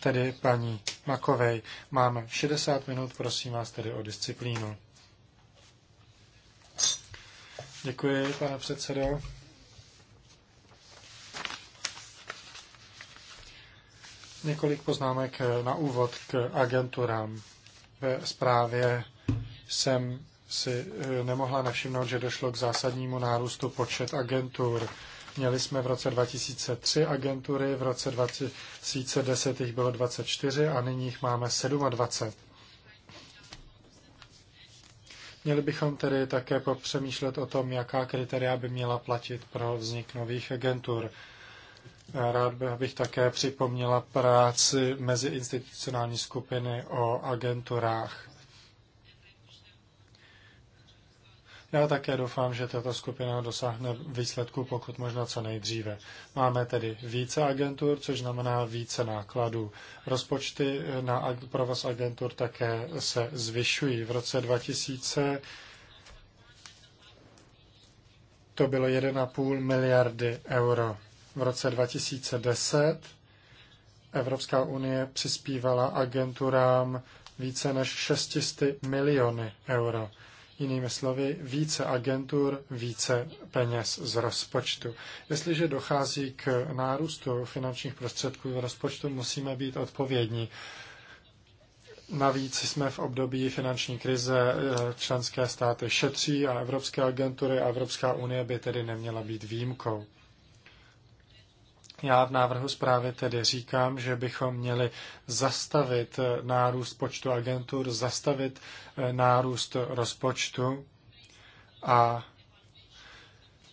tedy paní Makovej. Máme 60 minut, prosím vás tedy o disciplínu. Děkuji, pane předsedo. Několik poznámek eh, na úvod k agenturám. Ve zprávě jsem si eh, nemohla nevšimnout, že došlo k zásadnímu nárůstu počet agentur. Měli jsme v roce 2003 agentury, v roce 2010 jich bylo 24 a nyní jich máme 27. Měli bychom tedy také popřemýšlet o tom, jaká kritéria by měla platit pro vznik nových agentur. Rád bych také připomněla práci mezi institucionální skupiny o agenturách. Já také doufám, že tato skupina dosáhne výsledku pokud možno co nejdříve. Máme tedy více agentur, což znamená více nákladů. Rozpočty na provoz agentur také se zvyšují. V roce 2000 to bylo 1,5 miliardy euro. V roce 2010 Evropská unie přispívala agenturám více než 600 miliony euro. Jinými slovy, více agentur, více peněz z rozpočtu. Jestliže dochází k nárůstu finančních prostředků z rozpočtu, musíme být odpovědní. Navíc jsme v období finanční krize, eh, členské státy šetří a evropské agentury a Evropská unie by tedy neměla být výjimkou. Já v návrhu zprávy tedy říkám, že bychom měli zastavit eh, nárůst počtu agentur, zastavit eh, nárůst rozpočtu a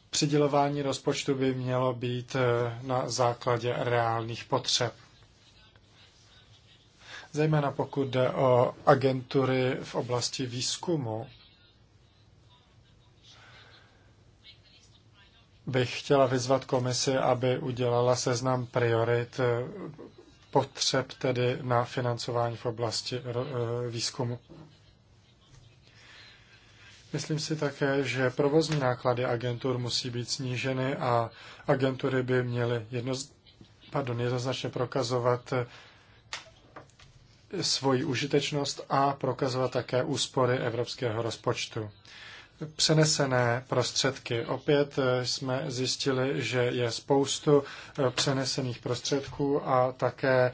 přidělování rozpočtu by mělo být eh, na základě reálných potřeb. Zejména pokud jde o agentury v oblasti výzkumu, bych chtěla vyzvat komisi, aby udělala seznam priorit eh, potřeb tedy na financování v oblasti eh, výzkumu. Myslím si také, že provozní náklady agentur musí být sníženy a agentury by měly jedno, pardon, jednoznačně prokazovat eh, svoji užitečnost a prokazovat také úspory evropského rozpočtu. Přenesené prostředky. Opět eh, jsme zjistili, že je spoustu eh, přenesených prostředků a také,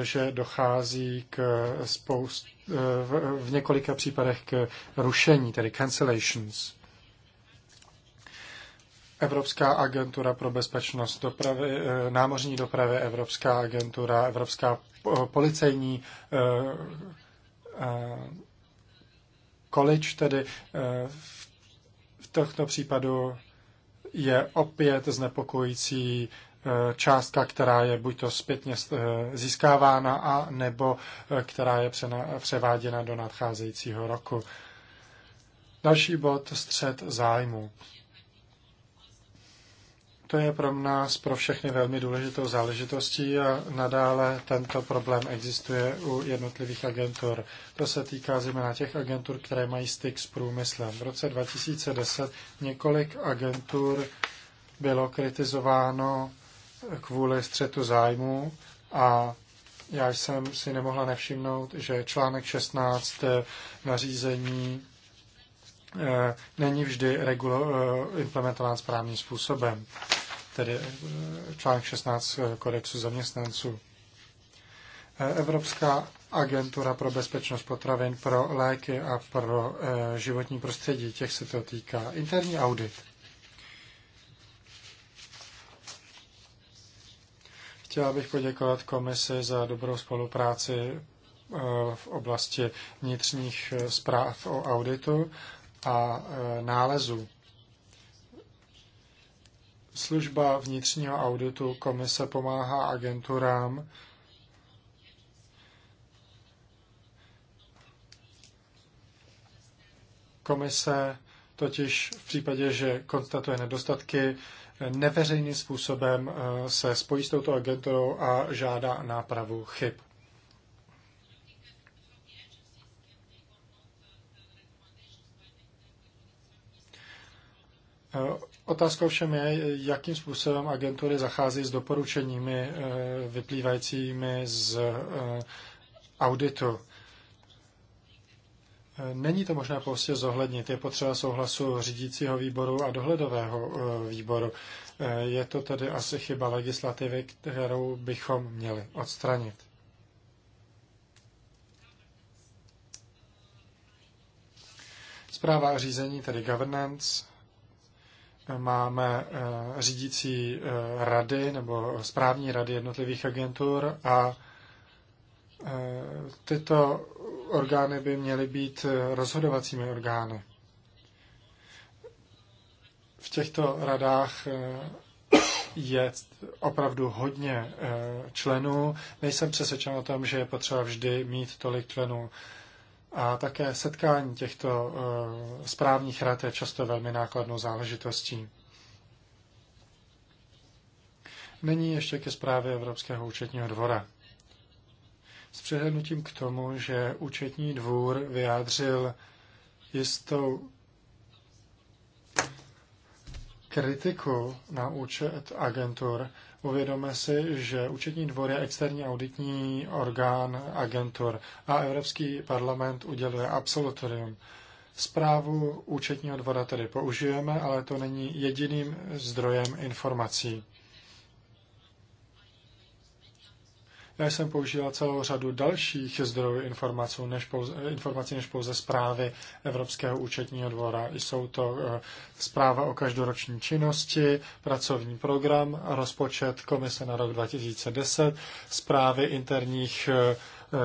eh, že dochází k spoust, v několika případech k rušení, tedy cancellations. Evropská agentura pro bezpečnost dopravy, námořní dopravy, Evropská agentura, Evropská policejní količ, tedy eh, v tomto případu je opět znepokojící eh, částka, která je buď to zpětně eh, získávána, a nebo která je převáděna do nadcházejícího roku. Další bod střed zájmu. To je pro nás, pro všechny velmi důležitou záležitostí a nadále tento problém existuje u jednotlivých agentur. To se týká zejména těch agentur, které mají styk s průmyslem. V roce 2010 několik agentur bylo kritizováno kvůli střetu zájmů a já jsem si nemohla nevšimnout, že článek 16 eh, nařízení eh, není vždy eh, implementován správným způsobem tedy eh, článek 16 eh, kodexu zaměstnanců. Eh, Evropská agentura pro bezpečnost potravin, pro léky a pro životní prostředí, těch se to týká. Interní audit. Chtěla bych poděkovat komisi za dobrou spolupráci v oblasti vnitřních zpráv o auditu a nálezů. Služba vnitřního auditu komise pomáhá agenturám Komise totiž v případě, že konstatuje nedostatky, neveřejným způsobem eh, se spojí s touto agenturou a žádá nápravu chyb. Eh, Otázka všem je, jakým způsobem agentury zachází s doporučeními eh, vyplývajícími z eh, auditu. Eh, není to možné prostě zohlednit. Je potřeba souhlasu řídícího výboru a dohledového výboru. Je to tedy asi chyba legislativy, kterou bychom měli odstranit. Zpráva řízení, tedy governance máme eh, řídící eh, rady nebo správní rady jednotlivých agentur a eh, tyto orgány by měly být rozhodovacími orgány. V těchto radách je opravdu hodně členů. Nejsem přesvědčen o tom, že je potřeba vždy mít tolik členů. A také setkání těchto eh, správních rad je často velmi nákladnou záležitostí. Není ještě ke zprávě Evropského účetního dvora. S přehlednutím k tomu, že účetní dvůr vyjádřil jistou kritiku na účet agentur, Uvědomme si, že účetní dvor je externí auditní orgán agentur a Evropský parlament uděluje absolutorium. Zprávu účetního dvora tedy použijeme, ale to není jediným zdrojem informací. Já jsem použila celou řadu dalších zdrojů informací než pouze, informací než pouze zprávy Evropského účetního dvora. Jsou to eh, zpráva o každoroční činnosti, pracovní program, rozpočet komise na rok 2010, zprávy interních eh, eh,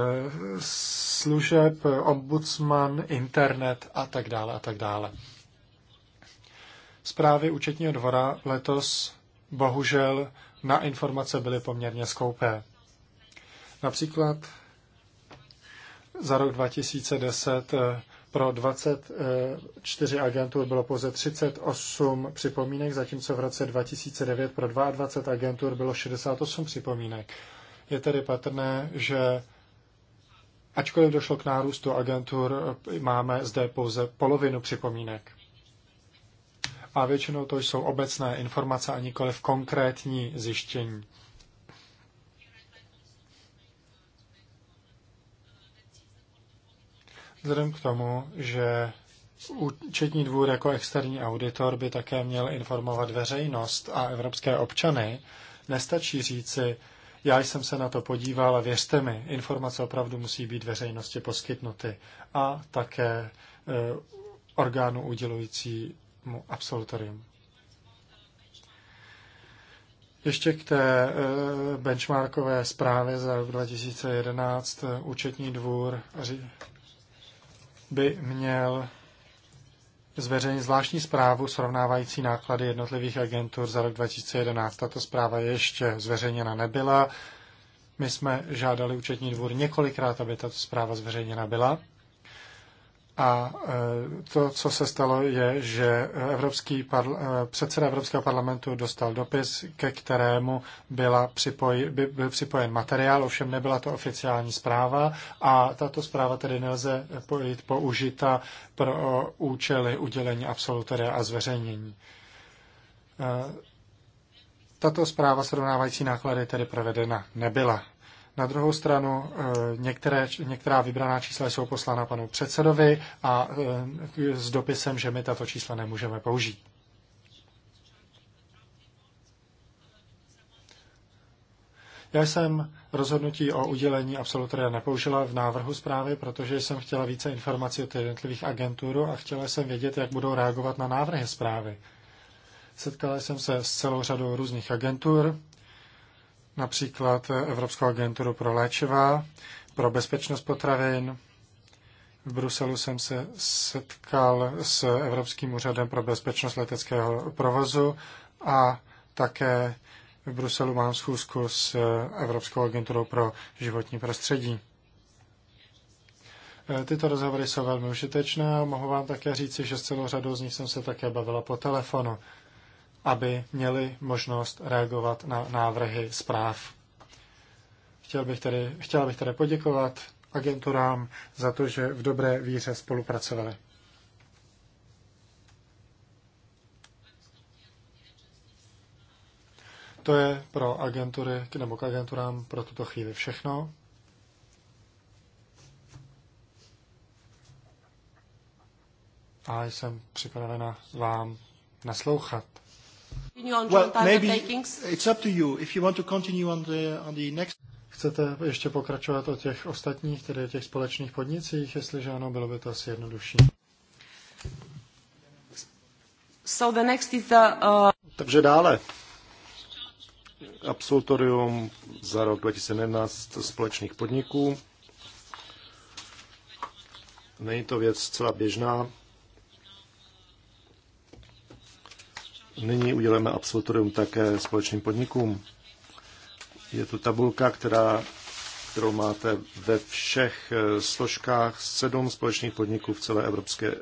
služeb, ombudsman, internet a tak dále a tak dále. Zprávy účetního dvora letos bohužel na informace byly poměrně skoupé. Například za rok 2010 eh, pro 24 eh, agentur bylo pouze 38 připomínek, zatímco v roce 2009 pro 22 agentur bylo 68 připomínek. Je tedy patrné, že ačkoliv došlo k nárůstu agentur, eh, máme zde pouze polovinu připomínek. A většinou to jsou obecné informace a nikoliv konkrétní zjištění. Vzhledem k tomu, že účetní dvůr jako externí auditor by také měl informovat veřejnost a evropské občany, nestačí říci, já jsem se na to podíval a věřte mi, informace opravdu musí být veřejnosti poskytnuty a také e, orgánu udělujícímu absolutorium. Ještě k té eh, benchmarkové zprávě za rok 2011 eh, účetní dvůr by měl zveřejnit zvláštní zprávu srovnávající náklady jednotlivých agentur za rok 2011. Tato zpráva ještě zveřejněna nebyla. My jsme žádali účetní dvůr několikrát, aby tato zpráva zveřejněna byla. A e, to, co se stalo, je, že Evropský parl- e, předseda Evropského parlamentu dostal dopis, ke kterému byla připoj- by, byl připojen materiál, ovšem nebyla to oficiální zpráva a tato zpráva tedy nelze pojít použita pro účely udělení absolutoria a zveřejnění. E, tato zpráva srovnávající náklady tedy provedena nebyla. Na druhou stranu eh, některé, některá vybraná čísla jsou poslána panu předsedovi a eh, s dopisem, že my tato čísla nemůžeme použít. Já jsem rozhodnutí o udělení absolutoria nepoužila v návrhu zprávy, protože jsem chtěla více informací od jednotlivých agentů a chtěla jsem vědět, jak budou reagovat na návrhy zprávy. Setkala jsem se s celou řadou různých agentur, například Evropskou agenturu pro léčiva, pro bezpečnost potravin. V Bruselu jsem se setkal s Evropským úřadem pro bezpečnost leteckého provozu a také v Bruselu mám schůzku s Evropskou agenturou pro životní prostředí. Tyto rozhovory jsou velmi užitečné a mohu vám také říci, že s celou řadou z nich jsem se také bavila po telefonu aby měli možnost reagovat na návrhy zpráv. Chtěl bych tedy, chtěla bych tedy poděkovat agenturám za to, že v dobré víře spolupracovali. To je pro agentury nebo k agenturám pro tuto chvíli všechno. A jsem připravena vám naslouchat well, maybe it's up to you. If you want to continue on the, on the next... Chcete ještě pokračovat o těch ostatních, tedy těch společných podnicích? Jestliže ano, bylo by to asi jednodušší. So the next is the, uh... Takže dále. Absolutorium za rok 2011 společných podniků. Není to věc celá běžná, Nyní uděláme absolutorium také společným podnikům. Je tu tabulka, která, kterou máte ve všech eh, složkách sedm společných podniků v celé Evropské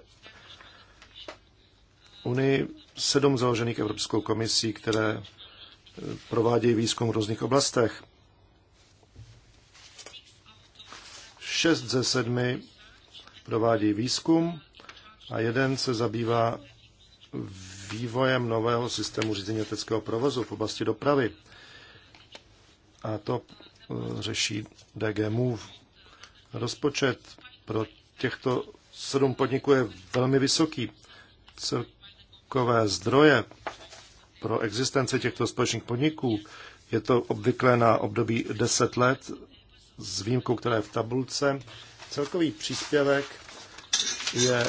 unii, sedm založených Evropskou komisí, které eh, provádějí výzkum v různých oblastech. Šest ze sedmi provádí výzkum a jeden se zabývá vývojem nového systému řízení leteckého provozu v oblasti dopravy. A to e, řeší DG Move. Rozpočet pro těchto sedm podniků je velmi vysoký. Celkové zdroje pro existenci těchto společných podniků je to obvykle na období 10 let s výjimkou, která je v tabulce. Celkový příspěvek je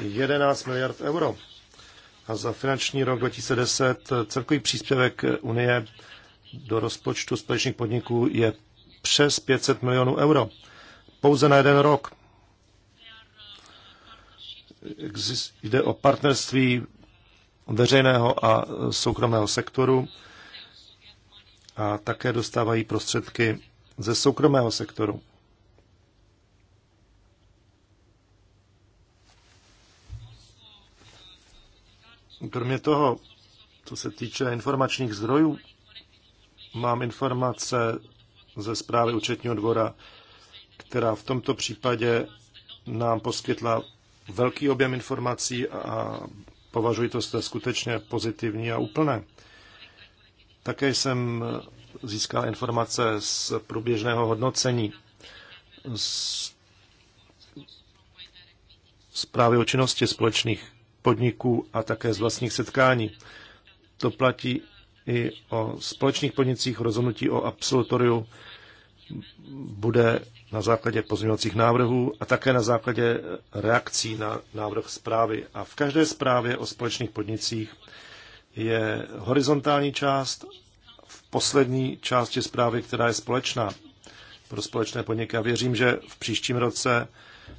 11 miliard euro a za finanční rok 2010 celkový příspěvek Unie do rozpočtu společných podniků je přes 500 milionů euro. Pouze na jeden rok. Jde o partnerství veřejného a soukromého sektoru a také dostávají prostředky ze soukromého sektoru. Kromě toho, co se týče informačních zdrojů, mám informace ze zprávy účetního dvora, která v tomto případě nám poskytla velký objem informací a považuji to za skutečně pozitivní a úplné. Také jsem získal informace z průběžného hodnocení z zprávy o činnosti společných podniků a také z vlastních setkání. To platí i o společných podnicích. Rozhodnutí o absolutoriu bude na základě pozměňovacích návrhů a také na základě reakcí na návrh zprávy. A v každé zprávě o společných podnicích je horizontální část v poslední části zprávy, která je společná pro společné podniky. A věřím, že v příštím roce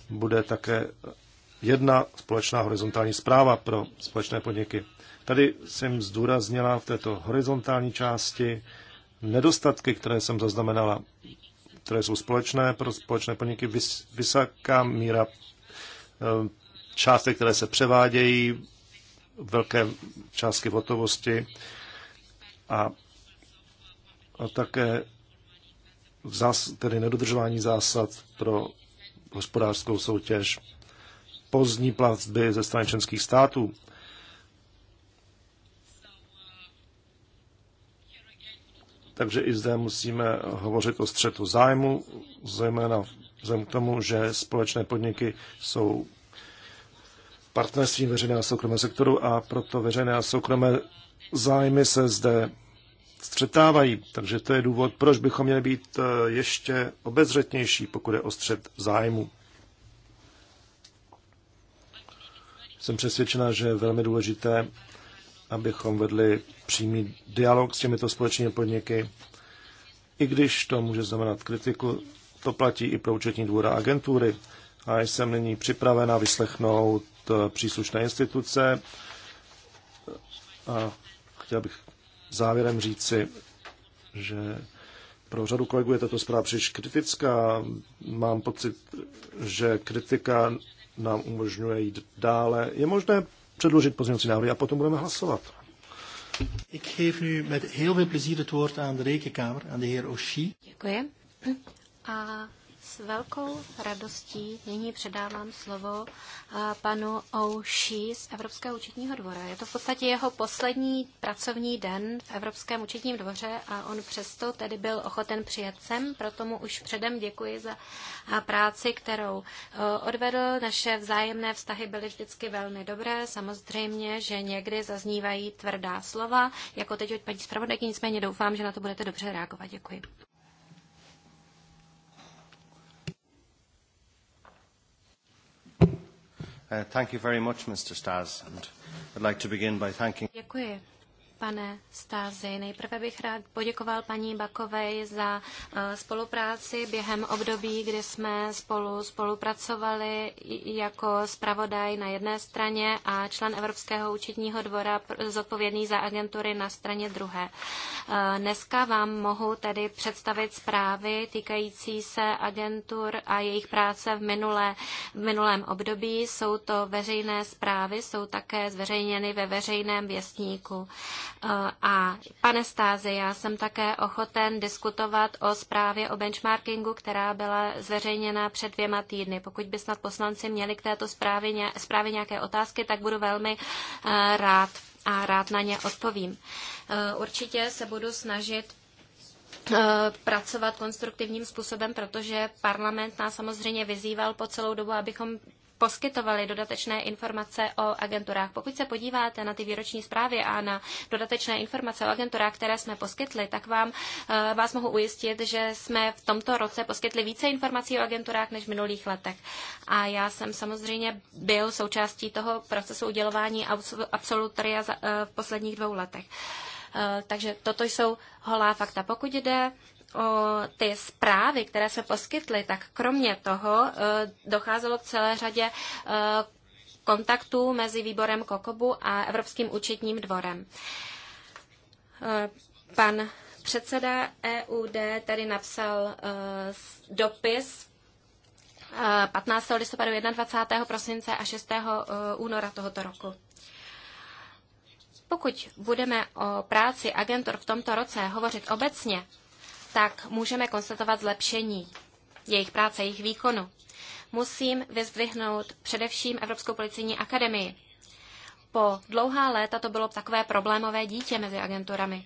bude také jedna společná horizontální zpráva pro společné podniky. Tady jsem zdůraznila v této horizontální části nedostatky, které jsem zaznamenala, které jsou společné pro společné podniky, vys, vysoká míra eh, částek, které se převádějí, velké částky v hotovosti a, a také zás, tedy nedodržování zásad pro hospodářskou soutěž pozdní platby ze strany členských států. Takže i zde musíme hovořit o střetu zájmu, zejména vzhledem k tomu, že společné podniky jsou partnerstvím veřejného a soukromého sektoru a proto veřejné a soukromé zájmy se zde střetávají. Takže to je důvod, proč bychom měli být eh, ještě obezřetnější, pokud je o střet zájmu. Jsem přesvědčena, že je velmi důležité, abychom vedli přímý dialog s těmito společnými podniky. I když to může znamenat kritiku, to platí i pro účetní dvůra agentury. A jsem nyní připravena vyslechnout eh, příslušné instituce. A chtěl bych závěrem říci, že pro řadu kolegů je tato zpráva příliš kritická. Mám pocit, že kritika nám umožňuje jít dále. Je možné předložit pozměňovací návrhy a potom budeme hlasovat. Ik geef nu met heel veel plezier het woord aan de Rekenkamer, aan de heer Oshie. Děkuji. A s velkou radostí nyní předávám slovo eh, panu Ouši z Evropského účetního dvora. Je to v podstatě jeho poslední pracovní den v Evropském účetním dvoře a on přesto tedy byl ochoten přijet sem, proto mu už předem děkuji za eh, práci, kterou eh, odvedl. Naše vzájemné vztahy byly vždycky velmi dobré. Samozřejmě, že někdy zaznívají tvrdá slova, jako teď od paní zpravodajky, nicméně doufám, že na to budete dobře reagovat. Děkuji. Děkuji pane Stázy, Nejprve bych rád poděkoval paní Bakovej za eh, spolupráci během období, kdy jsme spolu spolupracovali jako zpravodaj na jedné straně a člen Evropského účetního dvora zodpovědný za agentury na straně druhé. Eh, dneska vám mohu tedy představit zprávy týkající se agentur a jejich práce v, minulé, v minulém období. Jsou to veřejné zprávy, jsou také zveřejněny ve veřejném věstníku. A pane Stázi, já jsem také ochoten diskutovat o zprávě o benchmarkingu, která byla zveřejněna před dvěma týdny. Pokud by snad poslanci měli k této zprávě, zprávě nějaké otázky, tak budu velmi eh, rád a rád na ně odpovím. Eh, určitě se budu snažit eh, pracovat konstruktivním způsobem, protože parlament nás samozřejmě vyzýval po celou dobu, abychom poskytovali dodatečné informace o agenturách. Pokud se podíváte na ty výroční zprávy a na dodatečné informace o agenturách, které jsme poskytli, tak vám, eh, vás mohu ujistit, že jsme v tomto roce poskytli více informací o agenturách než v minulých letech. A já jsem samozřejmě byl součástí toho procesu udělování absolutoria eh, v posledních dvou letech. Eh, takže toto jsou holá fakta. Pokud jde ty zprávy, které jsme poskytli, tak kromě toho e, docházelo k celé řadě e, kontaktů mezi výborem Kokobu a Evropským účetním dvorem. E, pan předseda EUD tady napsal dopis 15. listopadu, 21. prosince a 6. února tohoto roku. Pokud budeme o práci agentur v tomto roce hovořit obecně, tak můžeme konstatovat zlepšení jejich práce, jejich výkonu. Musím vyzdvihnout především Evropskou policijní akademii. Po dlouhá léta to bylo takové problémové dítě mezi agenturami.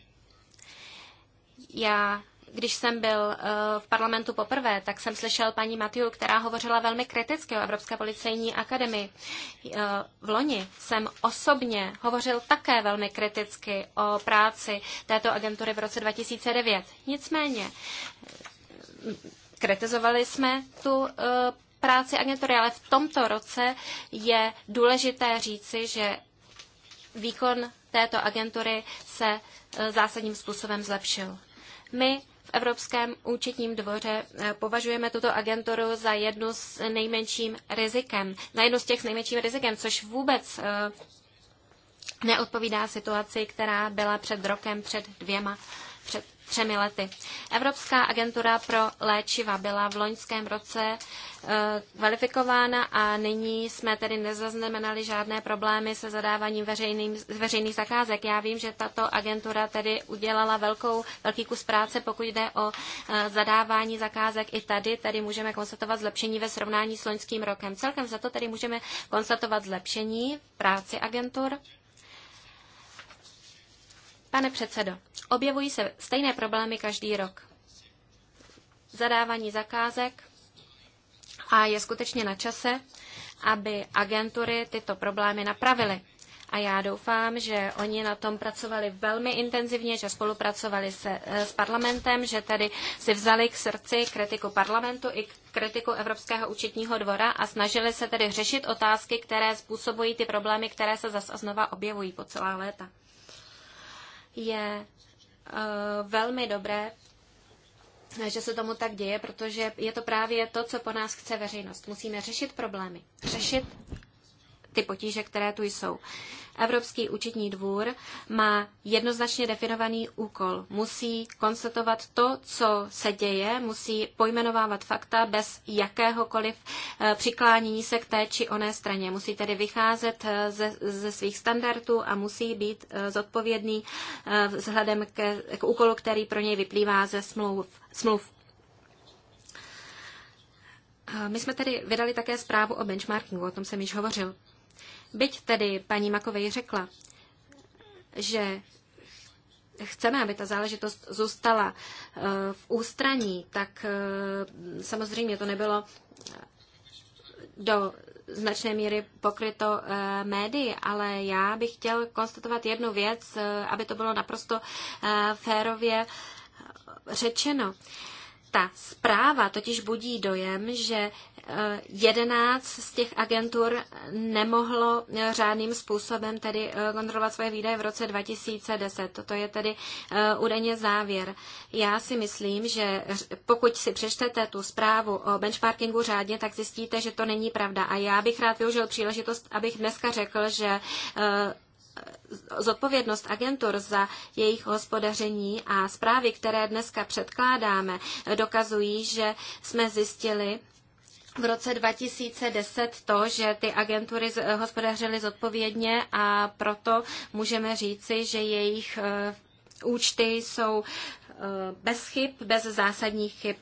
Já když jsem byl eh, v parlamentu poprvé, tak jsem slyšel paní Matiu, která hovořila velmi kriticky o Evropské policejní akademii. Eh, v loni jsem osobně hovořil také velmi kriticky o práci této agentury v roce 2009. Nicméně kritizovali jsme tu eh, práci agentury, ale v tomto roce je důležité říci, že výkon této agentury se zásadním způsobem zlepšil. My v Evropském účetním dvoře eh, považujeme tuto agenturu za jednu s nejmenším rizikem, na jednu z těch s nejmenším rizikem, což vůbec eh, neodpovídá situaci, která byla před rokem, před dvěma, před třemi lety. Evropská agentura pro léčiva byla v loňském roce eh, kvalifikována a nyní jsme tedy nezaznamenali žádné problémy se zadáváním veřejným, veřejných zakázek. Já vím, že tato agentura tedy udělala velkou, velký kus práce, pokud jde o eh, zadávání zakázek i tady. tedy můžeme konstatovat zlepšení ve srovnání s loňským rokem. Celkem za to tedy můžeme konstatovat zlepšení práci agentur. Pane předsedo, objevují se stejné problémy každý rok. Zadávání zakázek a je skutečně na čase, aby agentury tyto problémy napravily. A já doufám, že oni na tom pracovali velmi intenzivně, že spolupracovali se eh, s parlamentem, že tedy si vzali k srdci kritiku parlamentu i kritiku Evropského účetního dvora a snažili se tedy řešit otázky, které způsobují ty problémy, které se zase znova objevují po celá léta je eh, velmi dobré, že se tomu tak děje, protože je to právě to, co po nás chce veřejnost. Musíme řešit problémy, řešit ty potíže, které tu jsou. Evropský účetní dvůr má jednoznačně definovaný úkol. Musí konstatovat to, co se děje, musí pojmenovávat fakta bez jakéhokoliv eh, přiklánění se k té či oné straně. Musí tedy vycházet eh, ze, ze svých standardů a musí být eh, zodpovědný vzhledem ke, k úkolu, který pro něj vyplývá ze smluv. smluv. My jsme tedy vydali také zprávu o benchmarkingu, o tom jsem již hovořil. Byť tedy paní Makovej řekla, že chceme, aby ta záležitost zůstala eh, v ústraní, tak eh, samozřejmě to nebylo eh, do značné míry pokryto médii, ale já bych chtěl konstatovat jednu věc, aby to bylo naprosto férově řečeno. Ta zpráva totiž budí dojem, že 11 z těch agentur nemohlo řádným způsobem tedy eh, kontrolovat svoje výdaje v roce 2010. Toto je tedy eh, údajně závěr. Já si myslím, že pokud si přečtete tu zprávu o benchmarkingu řádně, tak zjistíte, že to není pravda. A já bych rád využil příležitost, abych dneska řekl, že eh, zodpovědnost agentur za jejich hospodaření a zprávy, které dneska předkládáme, dokazují, že jsme zjistili, v roce 2010 to, že ty agentury eh, hospodařily zodpovědně a proto můžeme říci, že jejich eh, účty jsou eh, bez chyb, bez zásadních chyb.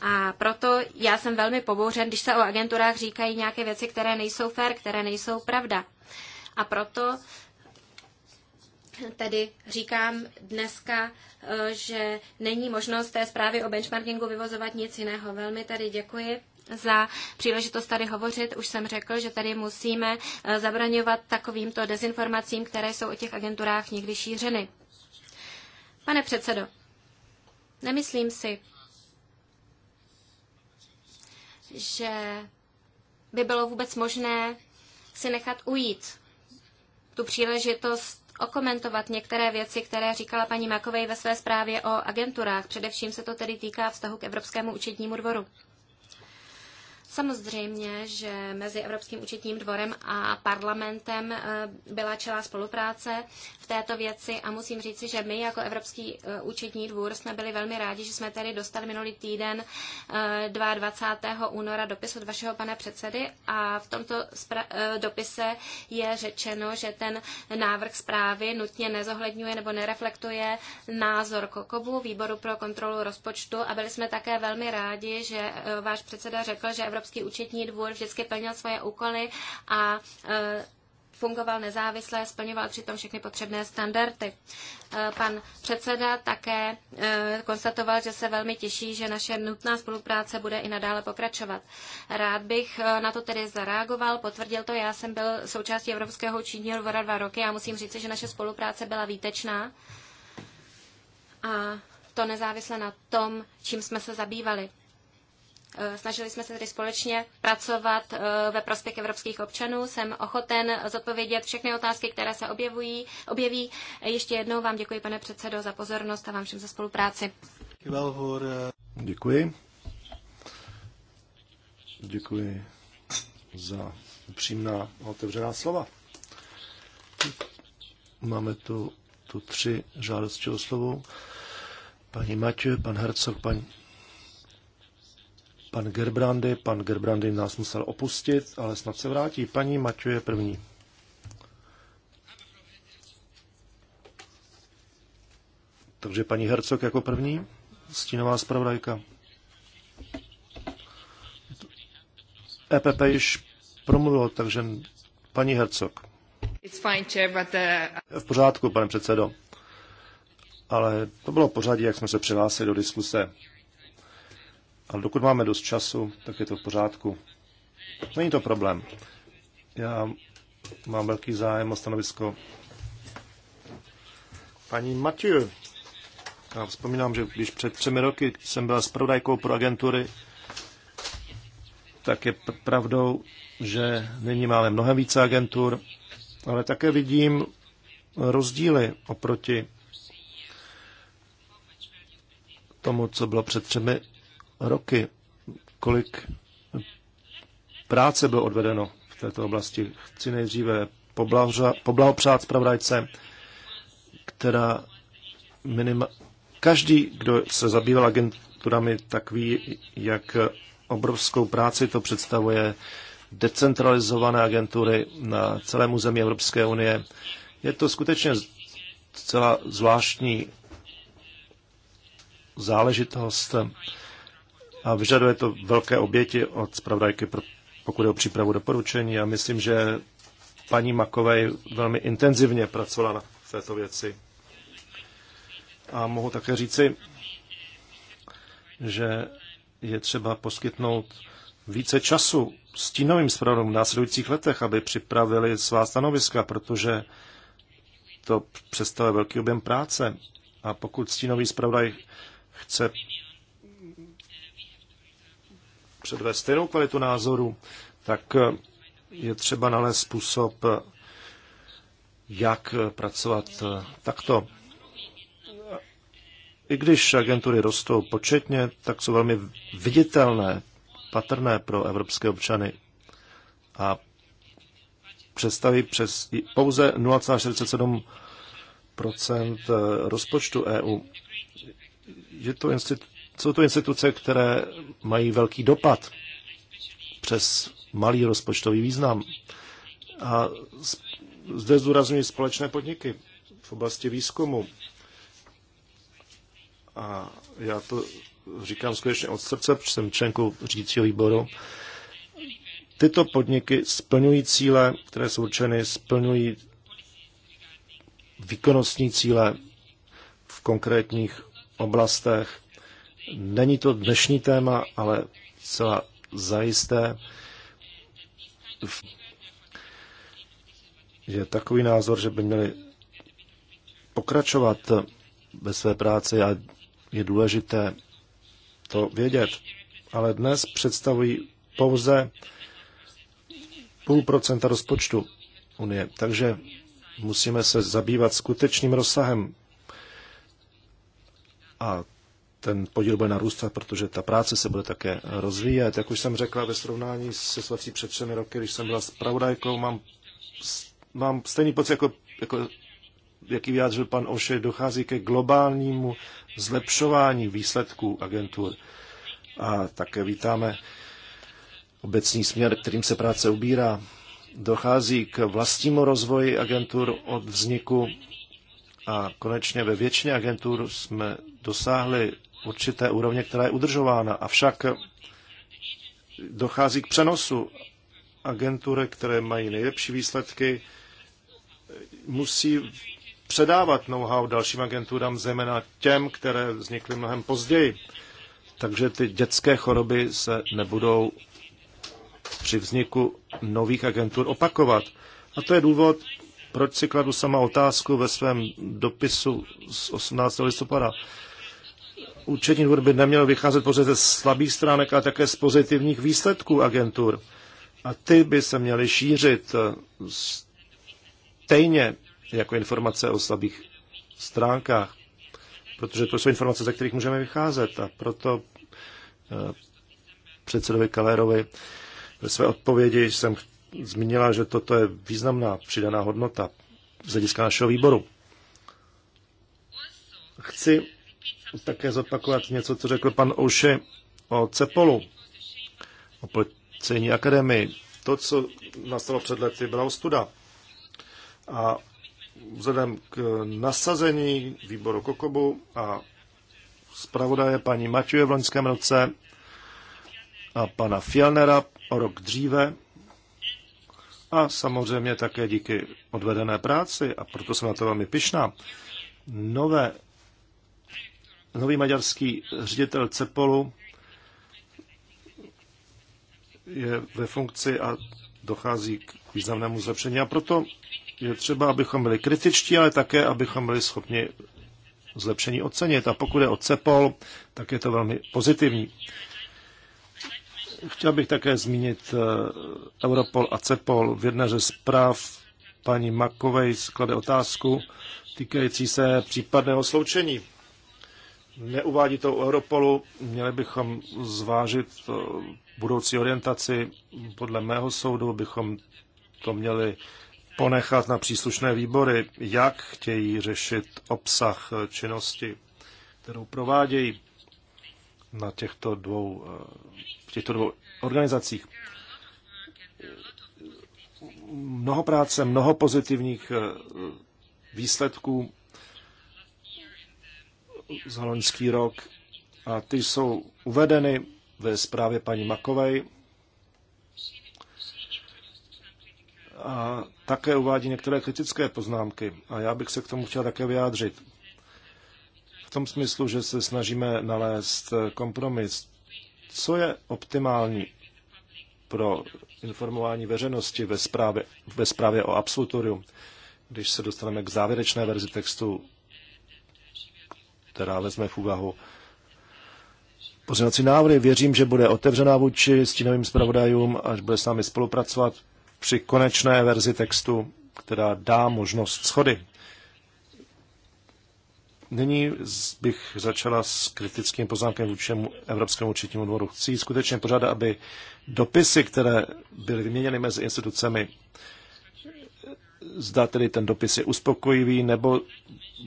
A proto já jsem velmi pobouřen, když se o agenturách říkají nějaké věci, které nejsou fér, které nejsou pravda. A proto tedy říkám dneska, že není možnost té zprávy o benchmarkingu vyvozovat nic jiného. Velmi tady děkuji za příležitost tady hovořit. Už jsem řekl, že tady musíme eh, zabraňovat takovýmto dezinformacím, které jsou o těch agenturách někdy šířeny. Pane předsedo, nemyslím si, že by bylo vůbec možné si nechat ujít tu příležitost okomentovat některé věci, které říkala paní Makovej ve své zprávě o agenturách. Především se to tedy týká vztahu k Evropskému účetnímu dvoru. Samozřejmě, že mezi Evropským účetním dvorem a parlamentem eh, byla čelá spolupráce v této věci a musím říci, že my jako Evropský eh, účetní dvůr jsme byli velmi rádi, že jsme tady dostali minulý týden 22. Eh, února dopis od vašeho pana předsedy a v tomto dopise je řečeno, že ten návrh zprávy nutně nezohledňuje nebo nereflektuje názor Kokobu, výboru pro kontrolu rozpočtu a byli jsme také velmi rádi, že váš předseda řekl, že Evropský Evropský účetní dvůr vždycky plnil svoje úkoly a e, fungoval nezávisle, splňoval přitom všechny potřebné standardy. E, pan předseda také e, konstatoval, že se velmi těší, že naše nutná spolupráce bude i nadále pokračovat. Rád bych na to tedy zareagoval, potvrdil to. Já jsem byl součástí Evropského činního dvora dva roky a musím říct, že naše spolupráce byla výtečná. A to nezávisle na tom, čím jsme se zabývali. Eh, snažili jsme se tedy společně pracovat eh, ve prospěch evropských občanů. Jsem ochoten zodpovědět všechny otázky, které se objevují, objeví. Ještě jednou vám děkuji, pane předsedo, za pozornost a vám všem za spolupráci. Děkuji. Děkuji za upřímná a otevřená slova. Máme tu, tu tři žádosti o slovo. Paní Matěj, pan Hercog, paní pan Gerbrandy. Pan Gerbrandy nás musel opustit, ale snad se vrátí. Paní je první. Takže paní Hercog jako první, stínová zpravodajka. EPP již promluvil, takže paní Hercog. V pořádku, pane předsedo. Ale to bylo pořadí, jak jsme se přihlásili do diskuse ale dokud máme dost času, tak je to v pořádku. Není to problém. Já mám velký zájem o stanovisko paní Matěj. Já vzpomínám, že když před třemi roky jsem byla zpravodajkou pro agentury, tak je pravdou, že nyní máme mnohem více agentur, ale také vidím rozdíly oproti tomu, co bylo před třemi roky, kolik práce bylo odvedeno v této oblasti. Chci nejdříve poblahopřát zpravodajce, která minima... každý, kdo se zabýval agenturami, tak ví, jak obrovskou práci to představuje decentralizované agentury na celém území Evropské unie. Je to skutečně zcela zvláštní záležitost a vyžaduje to velké oběti od zpravodajky, pokud je o přípravu doporučení a myslím, že paní Makovej velmi intenzivně pracovala na této věci. A mohu také říci, že je třeba poskytnout více času stínovým zpravodům v následujících letech, aby připravili svá stanoviska, protože to představuje velký objem práce. A pokud stínový zpravodaj chce předvést stejnou kvalitu názoru, tak eh, je třeba nalézt způsob, eh, jak eh, pracovat takto. I když agentury rostou početně, tak jsou velmi viditelné, patrné pro evropské občany a představí přes pouze 0,47 rozpočtu EU. Je to institut jsou to instituce, které mají velký dopad přes malý rozpočtový význam. A zde zdůrazňují společné podniky v oblasti výzkumu. A já to říkám skutečně od srdce, protože jsem členkou řídícího výboru. Tyto podniky splňují cíle, které jsou určeny, splňují výkonnostní cíle v konkrétních oblastech Není to dnešní téma, ale celá zajisté, je takový názor, že by měli pokračovat ve své práci a je důležité to vědět. Ale dnes představují pouze půl procenta rozpočtu Unie. Takže musíme se zabývat skutečným rozsahem. A ten podíl bude narůstat, protože ta práce se bude také rozvíjet. Jak už jsem řekla, ve srovnání se svací před třemi roky, když jsem byla zpravodajkou, mám, mám stejný pocit, jako, jako jaký vyjádřil pan Oše, dochází ke globálnímu zlepšování výsledků agentur. A také vítáme obecný směr, kterým se práce ubírá. Dochází k vlastnímu rozvoji agentur od vzniku a konečně ve většině agentur jsme dosáhli určité úrovně, která je udržována. Avšak dochází k přenosu agentury, které mají nejlepší výsledky, musí předávat know-how dalším agenturám, zejména těm, které vznikly mnohem později. Takže ty dětské choroby se nebudou při vzniku nových agentur opakovat. A to je důvod, proč si kladu sama otázku ve svém dopisu z 18. listopada účetní dvůr by neměl vycházet pouze ze slabých stránek, ale také z pozitivních výsledků agentur. A ty by se měly šířit eh, stejně jako informace o slabých stránkách, protože to jsou informace, ze kterých můžeme vycházet. A proto eh, předsedovi Kalérovi ve své odpovědi jsem zmínila, že toto je významná přidaná hodnota z hlediska našeho výboru. Chci také zopakovat něco, co řekl pan Oše o Cepolu, o policejní akademii. To, co nastalo před lety, byla ostuda. A vzhledem k nasazení výboru Kokobu a zpravodaje paní Maťuje v loňském roce a pana Fjellnera o rok dříve a samozřejmě také díky odvedené práci, a proto jsem na to velmi pišná, nové nový maďarský ředitel CEPOLu je ve funkci a dochází k významnému zlepšení. A proto je třeba, abychom byli kritičtí, ale také, abychom byli schopni zlepšení ocenit. A pokud je o CEPOL, tak je to velmi pozitivní. Chtěl bych také zmínit eh, Europol a CEPOL. V jedné ze zpráv paní Makovej sklade otázku týkající se případného sloučení neuvádí to u Europolu, měli bychom zvážit eh, budoucí orientaci. Podle mého soudu bychom to měli ponechat na příslušné výbory, jak chtějí řešit obsah eh, činnosti, kterou provádějí na těchto dvou, eh, v těchto dvou organizacích. Mnoho práce, mnoho pozitivních výsledků za loňský rok a ty jsou uvedeny ve zprávě paní Makovej. A také uvádí některé kritické poznámky a já bych se k tomu chtěl také vyjádřit. V tom smyslu, že se snažíme nalézt kompromis, co je optimální pro informování veřejnosti ve zprávě, ve zprávě o absolutorium, Když se dostaneme k závěrečné verzi textu, která vezme v úvahu pozměňovací návrhy. Věřím, že bude otevřená vůči stínovým zpravodajům, až bude s námi spolupracovat při konečné verzi textu, která dá možnost schody. Nyní bych začala s kritickým poznámkem vůči Evropskému účetnímu dvoru. Chci skutečně pořádat, aby dopisy, které byly vyměněny mezi institucemi, zda tedy ten dopis je uspokojivý, nebo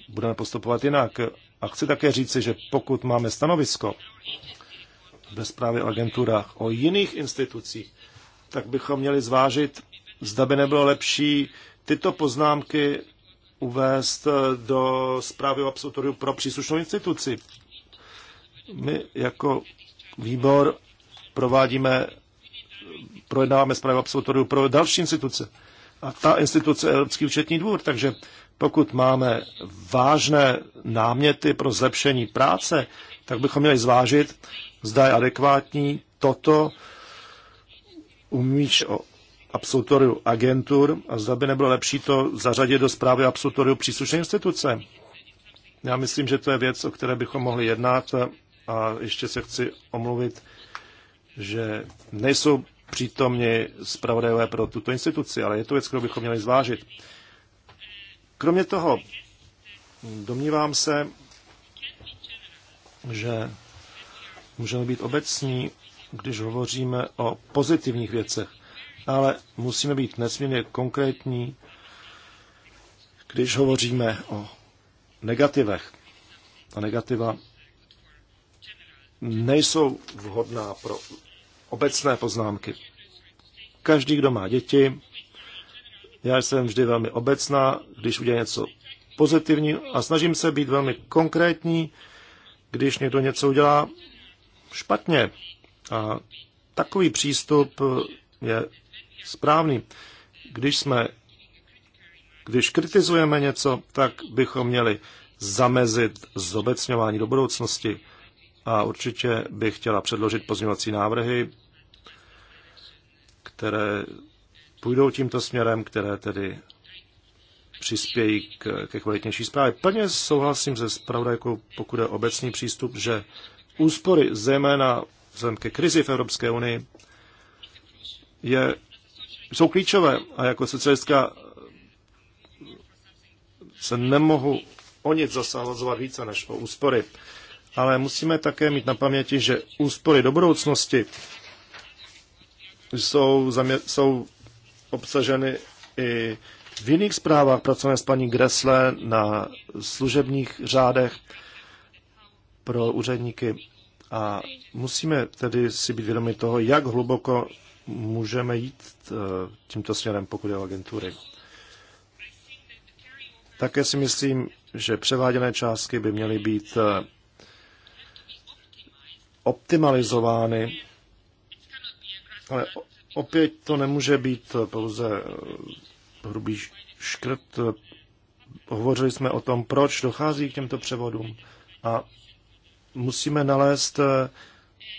budeme postupovat jinak. A chci také říci, že pokud máme stanovisko ve zprávě o agenturách o jiných institucích, tak bychom měli zvážit, zda by nebylo lepší tyto poznámky uvést eh, do zprávy o absolutoriu pro příslušnou instituci. My jako výbor provádíme, projednáváme zprávy o absolutoriu pro další instituce. A ta instituce je Evropský účetní dvůr, takže pokud máme vážné náměty pro zlepšení práce, tak bychom měli zvážit, zda je adekvátní toto umíš o absolutoriu agentur a zda by nebylo lepší to zařadit do zprávy absolutoriu příslušné instituce. Já myslím, že to je věc, o které bychom mohli jednat a ještě se chci omluvit, že nejsou přítomni zpravodajové pro tuto instituci, ale je to věc, kterou bychom měli zvážit. Kromě toho, domnívám se, že můžeme být obecní, když hovoříme o pozitivních věcech, ale musíme být nesmírně konkrétní, když hovoříme o negativech. A negativa nejsou vhodná pro obecné poznámky. Každý, kdo má děti, já jsem vždy velmi obecná, když udělám něco pozitivní a snažím se být velmi konkrétní, když někdo něco udělá špatně. A takový přístup je správný. Když jsme, když kritizujeme něco, tak bychom měli zamezit zobecňování do budoucnosti. A určitě bych chtěla předložit pozměňovací návrhy, které půjdou tímto směrem, které tedy přispějí k, ke kvalitnější zprávě. Plně souhlasím se spravodajkou, pokud je obecný přístup, že úspory, zejména vzhledem ke krizi v Evropské unii, je, jsou klíčové a jako socialistka se nemohu o nic zasahovat více než o úspory. Ale musíme také mít na paměti, že úspory do budoucnosti jsou, zamě- jsou obsaženy i v jiných zprávách pracované s paní Gresle na služebních řádech pro úředníky. A musíme tedy si být vědomi toho, jak hluboko můžeme jít eh, tímto směrem, pokud je o agentury. Také si myslím, že převáděné částky by měly být eh, optimalizovány, ale opět to nemůže být pouze eh, hrubý škrt. Hovořili jsme o tom, proč dochází k těmto převodům a musíme nalézt eh,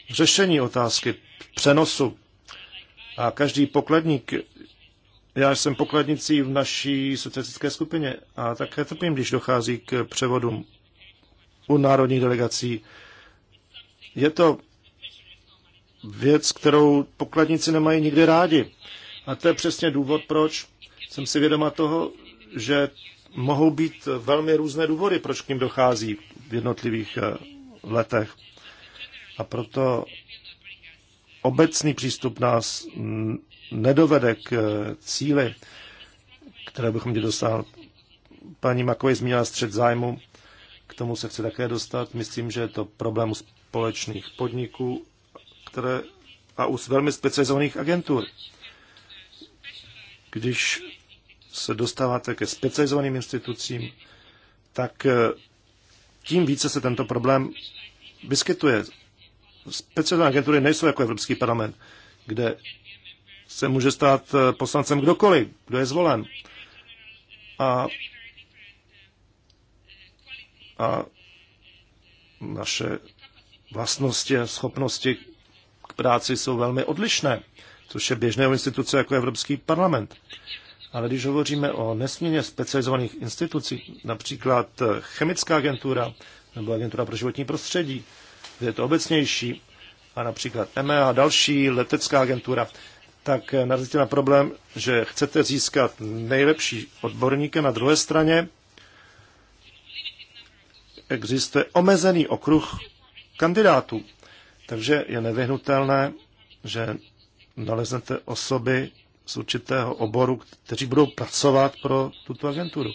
řešení otázky přenosu. A každý pokladník, já jsem pokladnicí v naší socialistické skupině a také trpím, když dochází k převodům u národních delegací. Je to věc, kterou pokladníci nemají nikdy rádi. A to je přesně důvod, proč jsem si vědoma toho, že mohou být velmi různé důvody, proč k ním dochází v jednotlivých eh, letech. A proto obecný přístup nás nedovede k eh, cíli, které bychom měli dosáhnout. Paní Makovej zmínila střed zájmu, k tomu se chce také dostat. Myslím, že je to problém společných podniků které, a u velmi specializovaných agentur. Když se dostáváte ke specializovaným institucím, tak eh, tím více se tento problém vyskytuje. Specializované agentury nejsou jako Evropský parlament, kde se může stát eh, poslancem kdokoliv, kdo je zvolen. A, a naše vlastnosti a schopnosti k práci jsou velmi odlišné, což je běžné u instituce jako Evropský parlament. Ale když hovoříme o nesmírně specializovaných institucích, například chemická agentura nebo agentura pro životní prostředí, kde je to obecnější, a například EMEA a další letecká agentura, tak narazíte na problém, že chcete získat nejlepší odborníka na druhé straně, existuje omezený okruh kandidátů. Takže je nevyhnutelné, že naleznete osoby z určitého oboru, kteří budou pracovat pro tuto agenturu.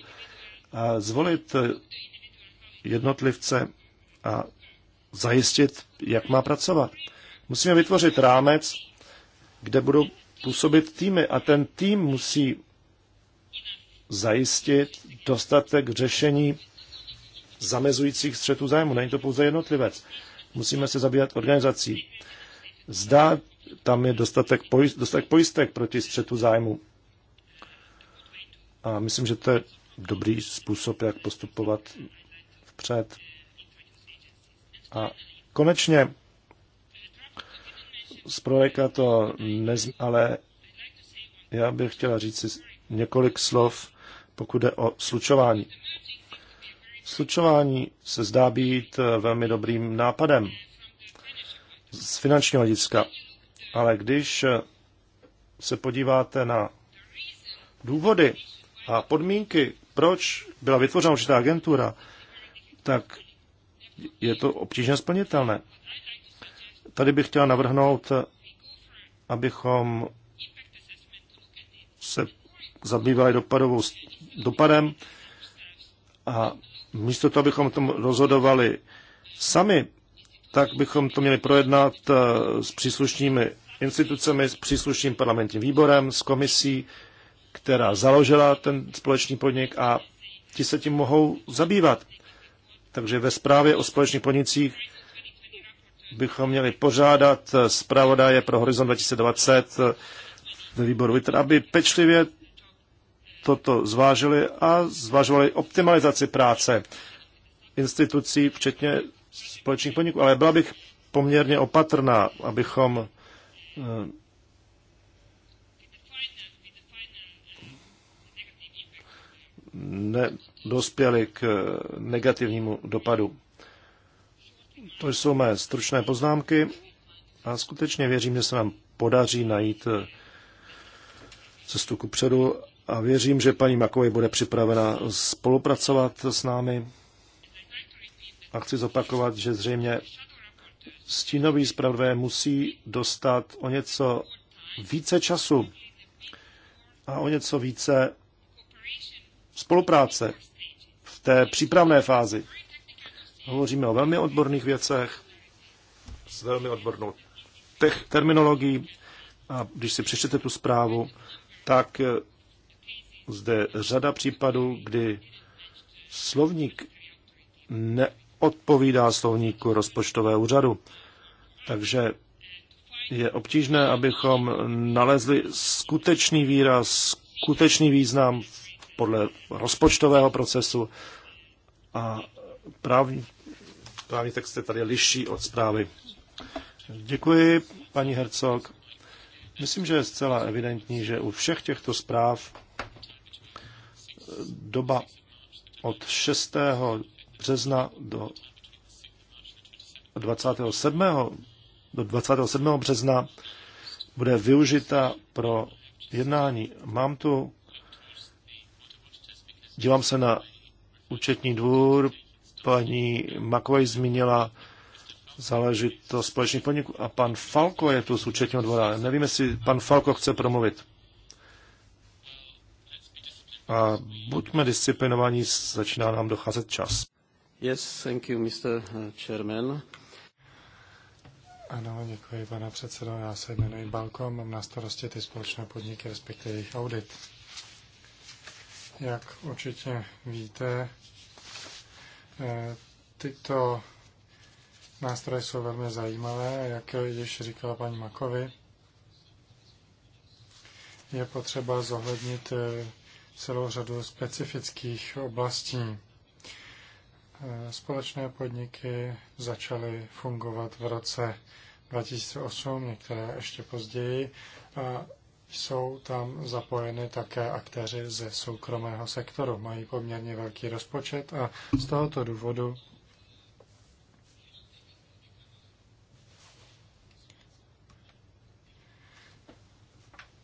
A zvolit jednotlivce a zajistit, jak má pracovat. Musíme vytvořit rámec, kde budou působit týmy a ten tým musí zajistit dostatek řešení zamezujících střetu zájmu. Není to pouze jednotlivec. Musíme se zabývat organizací. Zdá tam je dostatek, pojist, dostatek pojistek proti střetu zájmu. A myslím, že to je dobrý způsob, jak postupovat vpřed. A konečně z projeka to nezm, ale já bych chtěla říct si několik slov, pokud jde o slučování. Slučování se zdá být eh, velmi dobrým nápadem z finančního hlediska, ale když eh, se podíváte na důvody a podmínky, proč byla vytvořena určitá agentura, tak je to obtížně splnitelné. Tady bych chtěla navrhnout, eh, abychom se zabývali dopadovou, dopadem a místo toho, abychom tom rozhodovali sami, tak bychom to měli projednat eh, s příslušnými institucemi, s příslušným parlamentním výborem, s komisí, která založila ten společný podnik a ti se tím mohou zabývat. Takže ve zprávě o společných podnicích bychom měli požádat eh, zpravodaje pro Horizon 2020 eh, ve výboru Vítr, aby pečlivě toto zvážili a zvažovali optimalizaci práce institucí, včetně společných podniků. Ale byla bych poměrně opatrná, abychom eh, nedospěli k negativnímu dopadu. To jsou mé stručné poznámky a skutečně věřím, že se nám podaří najít eh, cestu ku předu a věřím, že paní Makovej bude připravena spolupracovat s námi. A chci zopakovat, že zřejmě stínový zpravodajé musí dostat o něco více času a o něco více spolupráce v té přípravné fázi. Hovoříme o velmi odborných věcech, s velmi odbornou terminologií a když si přečtete tu zprávu, tak eh, zde řada případů, kdy slovník neodpovídá slovníku rozpočtové úřadu. Takže je obtížné, abychom nalezli skutečný výraz, skutečný význam podle rozpočtového procesu a právní, právní text tady liší od zprávy. Děkuji, paní Hercog. Myslím, že je zcela evidentní, že u všech těchto zpráv doba od 6. března do 27. do 27. března bude využita pro jednání. Mám tu, dívám se na účetní dvůr, paní Makovej zmínila záležitost společných podniků a pan Falko je tu z účetního dvora. Nevím, jestli pan Falko chce promluvit a buďme disciplinovaní, začíná nám docházet čas. Yes, thank you, Mr. Uh, chairman. Ano, děkuji, pane předsedo. Já se jmenuji Balko, mám na starosti ty společné podniky, respektive jejich audit. Jak určitě víte, eh, tyto nástroje jsou velmi zajímavé, jak již říkala paní Makovi. Je potřeba zohlednit eh, celou řadu specifických oblastí. Eh, společné podniky začaly fungovat v roce 2008, některé ještě později, a jsou tam zapojeny také aktéři ze soukromého sektoru. Mají poměrně velký rozpočet a z tohoto důvodu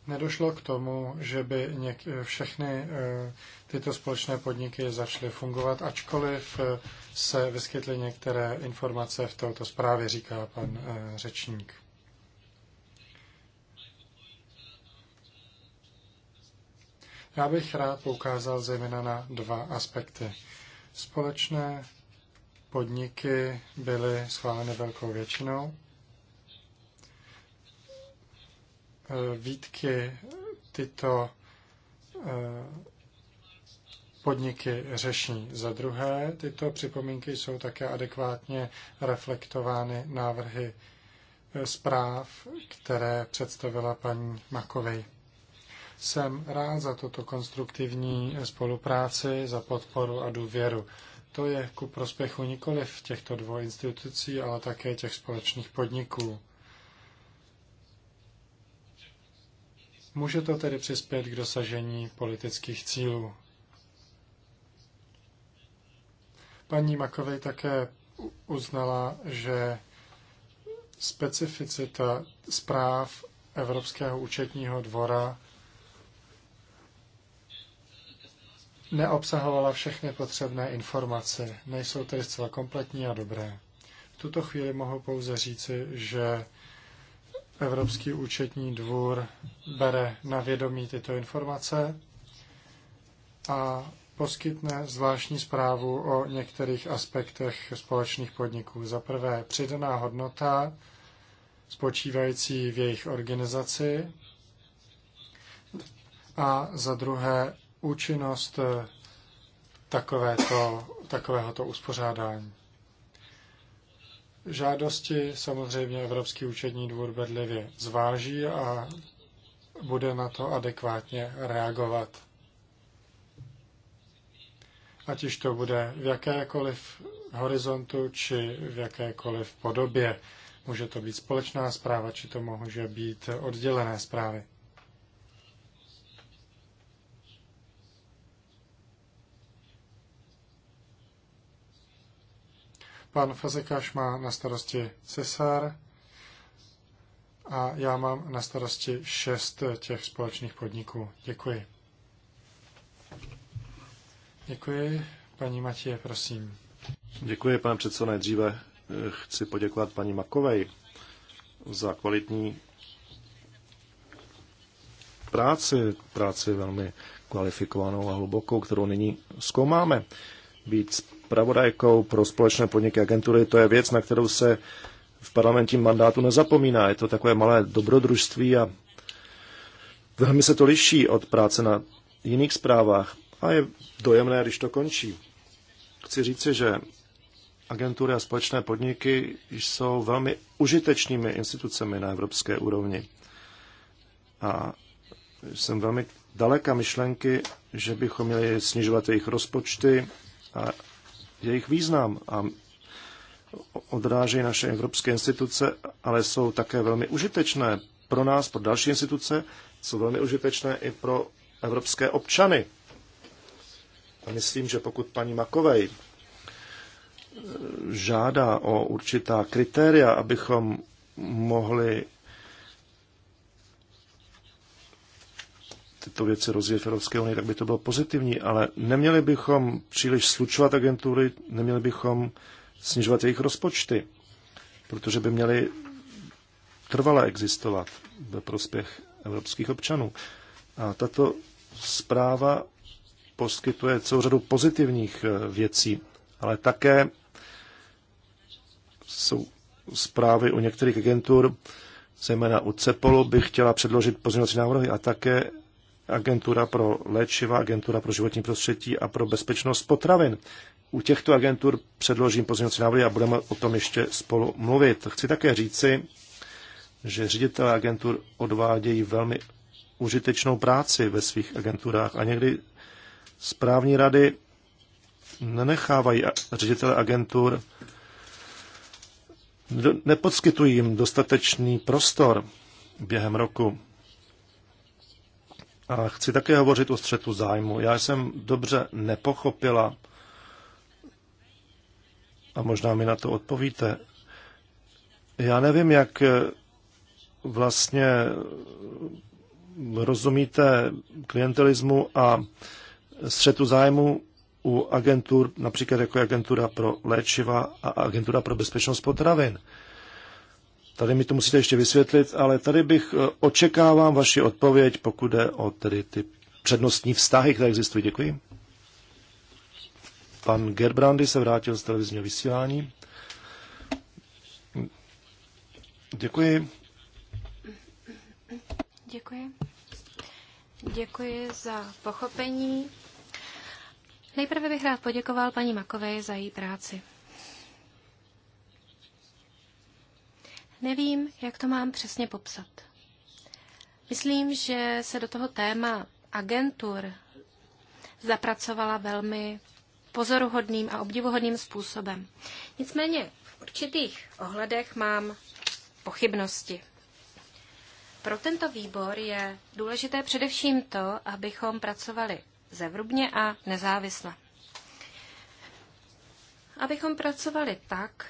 nedošlo k tomu, že by něk- všechny eh, tyto společné podniky začaly fungovat, ačkoliv eh, se vyskytly některé informace v této zprávě, říká pan eh, řečník. Já bych rád poukázal zejména na dva aspekty. Společné podniky byly schváleny velkou většinou Eh, výtky tyto eh, podniky řeší. Za druhé, tyto připomínky jsou také adekvátně reflektovány návrhy eh, zpráv, které představila paní Makovej. Jsem rád za toto konstruktivní spolupráci, za podporu a důvěru. To je ku prospěchu nikoli v těchto dvou institucí, ale také těch společných podniků. Může to tedy přispět k dosažení politických cílů. Paní Makovej také uznala, že specificita zpráv Evropského účetního dvora neobsahovala všechny potřebné informace, nejsou tedy zcela kompletní a dobré. V tuto chvíli mohu pouze říci, že Evropský účetní dvůr bere na vědomí tyto informace a poskytne zvláštní zprávu o některých aspektech společných podniků. Za prvé přidaná hodnota spočívající v jejich organizaci a za druhé účinnost takovéto, takovéhoto uspořádání. Žádosti samozřejmě Evropský účetní dvůr bedlivě zváží a bude na to adekvátně reagovat. Ať už to bude v jakékoliv horizontu či v jakékoliv podobě. Může to být společná zpráva, či to může být oddělené zprávy. Pan Fazekáš má na starosti Cesar a já mám na starosti šest těch společných podniků. Děkuji. Děkuji. Paní Matěje, prosím. Děkuji, pane předsedo. Nejdříve eh, chci poděkovat paní Makovej za kvalitní práci, práci velmi kvalifikovanou a hlubokou, kterou nyní zkoumáme. Být pravodajkou pro společné podniky agentury. To je věc, na kterou se v parlamentním mandátu nezapomíná. Je to takové malé dobrodružství a velmi se to liší od práce na jiných zprávách a je dojemné, když to končí. Chci říci, že agentury a společné podniky jsou velmi užitečnými institucemi na evropské úrovni. A jsem velmi daleka myšlenky, že bychom měli snižovat jejich rozpočty a jejich význam a odrážejí naše evropské instituce, ale jsou také velmi užitečné pro nás, pro další instituce, jsou velmi užitečné i pro evropské občany. A myslím, že pokud paní Makovej eh, žádá o určitá kritéria, abychom mohli tyto věci rozvíjet v Evropské unii, tak by to bylo pozitivní, ale neměli bychom příliš slučovat agentury, neměli bychom snižovat jejich rozpočty, protože by měly trvale existovat ve prospěch evropských občanů. A tato zpráva poskytuje celou řadu pozitivních eh, věcí, ale také jsou zprávy o některých agentur, zejména u CEPOLu, bych chtěla předložit pozměňovací návrhy a také agentura pro léčiva, agentura pro životní prostředí a pro bezpečnost potravin. U těchto agentur předložím pozměňovací návrhy a budeme o tom ještě spolu mluvit. Chci také říci, že ředitelé agentur odvádějí velmi užitečnou práci ve svých agenturách a někdy správní rady nenechávají ředitele agentur, nepodskytují jim dostatečný prostor během roku. A chci také hovořit o střetu zájmu. Já jsem dobře nepochopila, a možná mi na to odpovíte. Já nevím, jak eh, vlastně rozumíte klientelismu a střetu zájmu u agentur, například jako agentura pro léčiva a agentura pro bezpečnost potravin. Tady mi to musíte ještě vysvětlit, ale tady bych eh, očekávám vaši odpověď, pokud jde o tedy ty přednostní vztahy, které existují. Děkuji. Pan Gerbrandy se vrátil z televizního vysílání. Děkuji. Děkuji. Děkuji za pochopení. Nejprve bych rád poděkoval paní Makové za její práci. Nevím, jak to mám přesně popsat. Myslím, že se do toho téma agentur zapracovala velmi pozoruhodným a obdivuhodným způsobem. Nicméně v určitých ohledech mám pochybnosti. Pro tento výbor je důležité především to, abychom pracovali zevrubně a nezávisle. Abychom pracovali tak,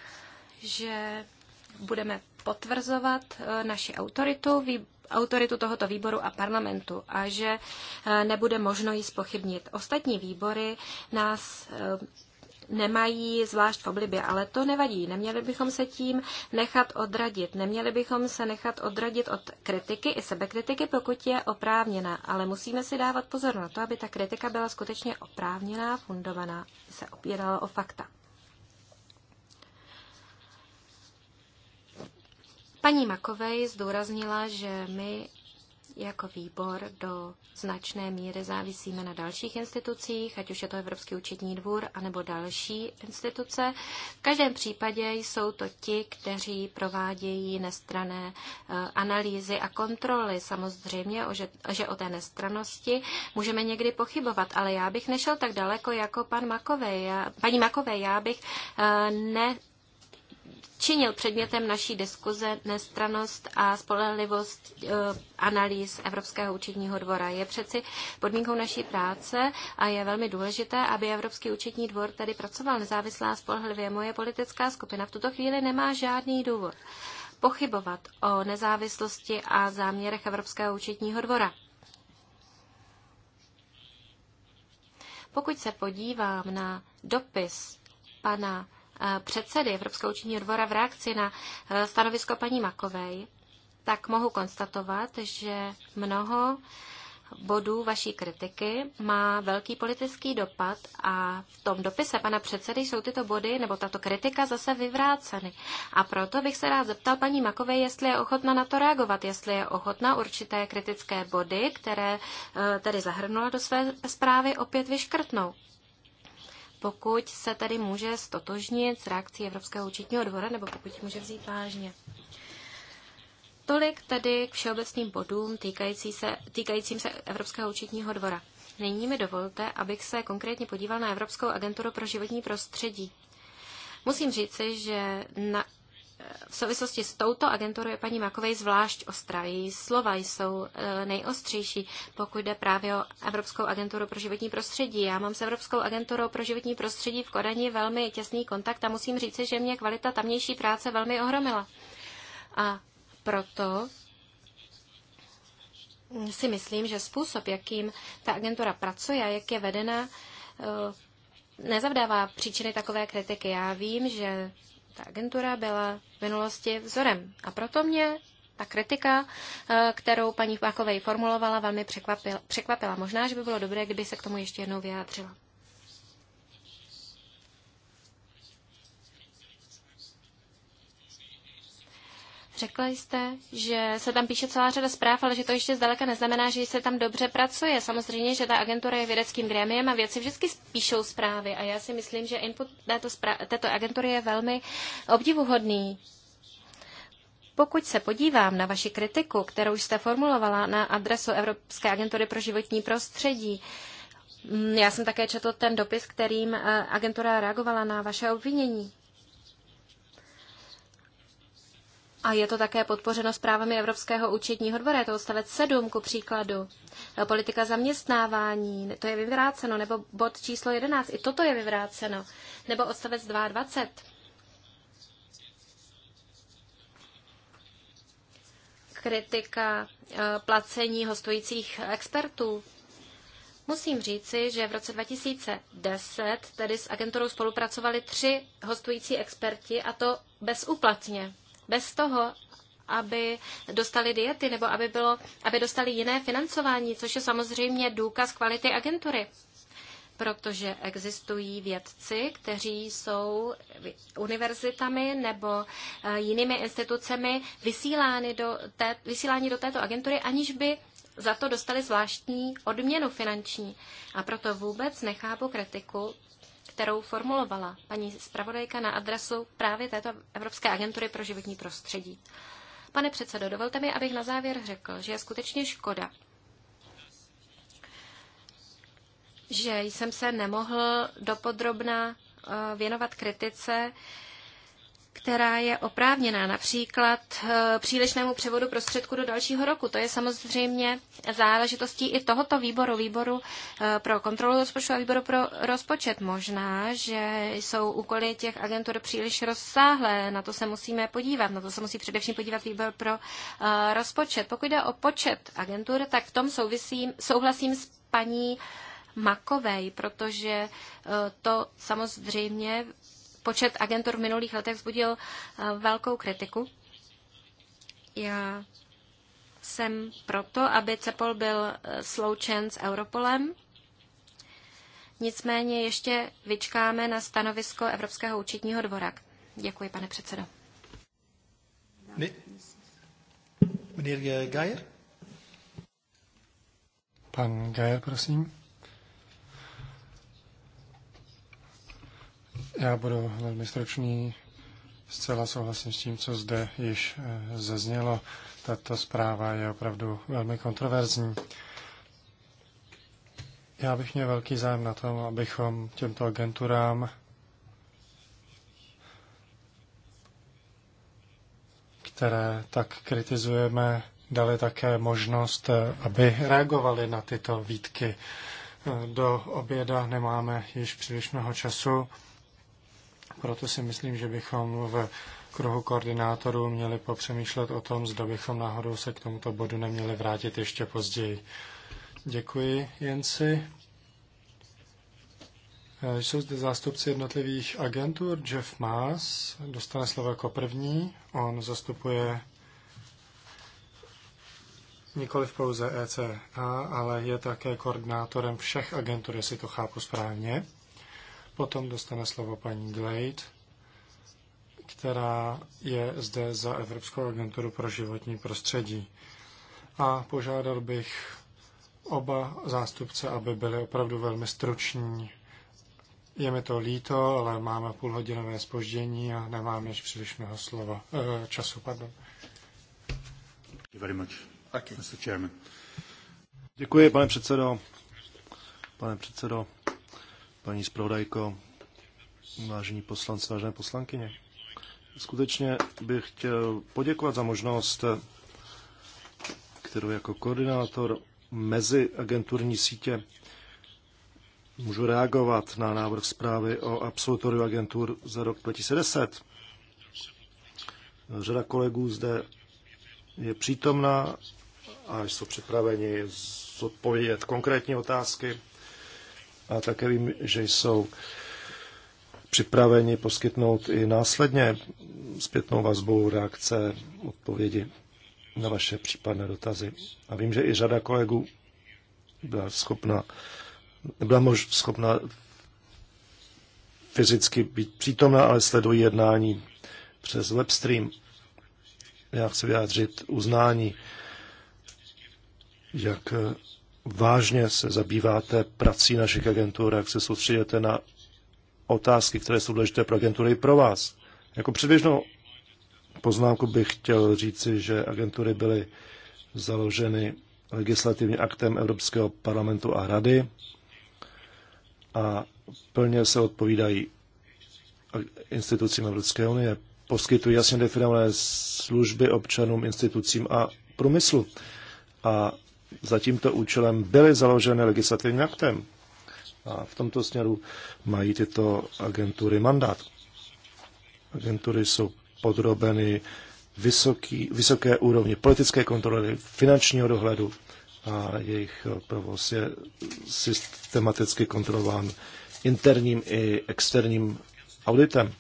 že budeme potvrzovat eh, naši autoritu, autoritu tohoto výboru a parlamentu a že eh, nebude možno ji spochybnit. Ostatní výbory nás eh, nemají, zvlášť v oblibě, ale to nevadí. Neměli bychom se tím nechat odradit. Neměli bychom se nechat odradit od kritiky i sebekritiky, pokud je oprávněná. Ale musíme si dávat pozor na to, aby ta kritika byla skutečně oprávněná, fundovaná, se opírala o fakta. Paní Makovej zdůraznila, že my jako výbor do značné míry závisíme na dalších institucích, ať už je to Evropský účetní dvůr, anebo další instituce. V každém případě jsou to ti, kteří provádějí nestrané eh, analýzy a kontroly. Samozřejmě, že o té nestranosti můžeme někdy pochybovat, ale já bych nešel tak daleko jako pan Makovej. paní Makovej, já bych eh, ne činil předmětem naší diskuze nestranost a spolehlivost eh, analýz Evropského účetního dvora. Je přeci podmínkou naší práce a je velmi důležité, aby Evropský účetní dvor tady pracoval nezávislá a spolehlivě. Moje politická skupina v tuto chvíli nemá žádný důvod pochybovat o nezávislosti a záměrech Evropského účetního dvora. Pokud se podívám na dopis pana Eh, předsedy Evropského učení odbora v reakci na eh, stanovisko paní Makovej, tak mohu konstatovat, že mnoho bodů vaší kritiky má velký politický dopad a v tom dopise pana předsedy jsou tyto body nebo tato kritika zase vyvráceny. A proto bych se rád zeptal paní Makové, jestli je ochotna na to reagovat, jestli je ochotna určité kritické body, které eh, tedy zahrnula do své zprávy, opět vyškrtnout pokud se tady může stotožnit s reakcí Evropského účetního dvora, nebo pokud může vzít vážně. Tolik tedy k všeobecným bodům týkající se, týkajícím se Evropského účetního dvora. Nyní mi dovolte, abych se konkrétně podíval na Evropskou agenturu pro životní prostředí. Musím říci, že na, v souvislosti s touto agenturou je paní Makovej zvlášť ostrá. Její slova jsou e, nejostřejší, pokud jde právě o Evropskou agenturu pro životní prostředí. Já mám s Evropskou agenturou pro životní prostředí v Kodani velmi těsný kontakt a musím říct, že mě kvalita tamnější práce velmi ohromila. A proto si myslím, že způsob, jakým ta agentura pracuje a jak je vedena, e, nezavdává příčiny takové kritiky. Já vím, že ta agentura byla v minulosti vzorem a proto mě ta kritika, eh, kterou paní Pákovej formulovala, velmi překvapila. překvapila. Možná, že by bylo dobré, kdyby se k tomu ještě jednou vyjádřila. Řekla jste, že se tam píše celá řada zpráv, ale že to ještě zdaleka neznamená, že se tam dobře pracuje. Samozřejmě, že ta agentura je vědeckým grémiem a věci vždycky píšou zprávy. A já si myslím, že input této, této agentury je velmi obdivuhodný. Pokud se podívám na vaši kritiku, kterou jste formulovala na adresu Evropské agentury pro životní prostředí, mm, já jsem také četl ten dopis, kterým eh, agentura reagovala na vaše obvinění. A je to také podpořeno zprávami Evropského účetního dvora, je to odstavec 7 ku příkladu. Politika zaměstnávání, to je vyvráceno, nebo bod číslo 11, i toto je vyvráceno, nebo odstavec 22. Kritika eh, placení hostujících expertů. Musím říci, že v roce 2010 tedy s agenturou spolupracovali tři hostující experti a to bezúplatně bez toho, aby dostali diety nebo aby, bylo, aby dostali jiné financování, což je samozřejmě důkaz kvality agentury. Protože existují vědci, kteří jsou univerzitami nebo eh, jinými institucemi vysílány do, té, vysílání do této agentury, aniž by za to dostali zvláštní odměnu finanční. A proto vůbec nechápu kritiku kterou formulovala paní zpravodajka na adresu právě této Evropské agentury pro životní prostředí. Pane předsedo, dovolte mi, abych na závěr řekl, že je skutečně škoda, že jsem se nemohl dopodrobna eh, věnovat kritice která je oprávněná například eh, přílišnému převodu prostředku do dalšího roku. To je samozřejmě záležitostí i tohoto výboru, výboru eh, pro kontrolu rozpočtu a výboru pro rozpočet. Možná, že jsou úkoly těch agentur příliš rozsáhlé, na to se musíme podívat, na to se musí především podívat výbor pro eh, rozpočet. Pokud jde o počet agentur, tak v tom souvisím, souhlasím s paní Makovej, protože to samozřejmě počet agentur v minulých letech vzbudil eh, velkou kritiku. Já jsem proto, aby CEPOL byl eh, sloučen s Europolem. Nicméně ještě vyčkáme na stanovisko Evropského účetního dvora. Děkuji, pane předsedo. Pan Gajer, prosím. Já budu velmi stručný. Zcela souhlasím s tím, co zde již eh, zaznělo. Tato zpráva je opravdu velmi kontroverzní. Já bych měl velký zájem na tom, abychom těmto agenturám které tak kritizujeme, dali také možnost, eh, aby reagovali na tyto výtky. Eh, do oběda nemáme již příliš mnoho času. Proto si myslím, že bychom v kruhu koordinátorů měli popřemýšlet o tom, zda bychom náhodou se k tomuto bodu neměli vrátit ještě později. Děkuji, Jensi. Eh, jsou zde zástupci jednotlivých agentur. Jeff Maas dostane slovo jako první. On zastupuje nikoli v pouze ECA, ale je také koordinátorem všech agentur, jestli to chápu správně. Potom dostane slovo paní Glade, která je zde za Evropskou agenturu pro životní prostředí. A požádal bych oba zástupce, aby byli opravdu velmi struční. Je mi to líto, ale máme půlhodinové spoždění a nemám ještě příliš mnoho slova, eh, času. Pardon. Děkuji, pane předsedo. Pane předsedo, paní zpravodajko, vážení poslanci, vážené poslankyně. Skutečně bych chtěl poděkovat za možnost, kterou jako koordinátor mezi agenturní sítě můžu reagovat na návrh zprávy o absolutoriu agentur za rok 2010. Řada kolegů zde je přítomná a jsou připraveni zodpovědět konkrétní otázky a také vím, že jsou připraveni poskytnout i následně zpětnou vazbu, reakce, odpovědi na vaše případné dotazy. A vím, že i řada kolegů byla schopna, byla mož, schopna fyzicky být přítomna, ale sledují jednání přes webstream. Já chci vyjádřit uznání, jak vážně se zabýváte prací našich agentur, jak se soustředíte na otázky, které jsou důležité pro agentury i pro vás. Jako předběžnou poznámku bych chtěl říci, že agentury byly založeny legislativním aktem Evropského parlamentu a rady a plně se odpovídají institucím Evropské unie. Poskytují jasně definované služby občanům, institucím a průmyslu. A za tímto účelem byly založeny legislativním aktem. A v tomto směru mají tyto agentury mandát. Agentury jsou podrobeny vysoký, vysoké úrovni politické kontroly, finančního dohledu a jejich provoz je systematicky kontrolován interním i externím auditem.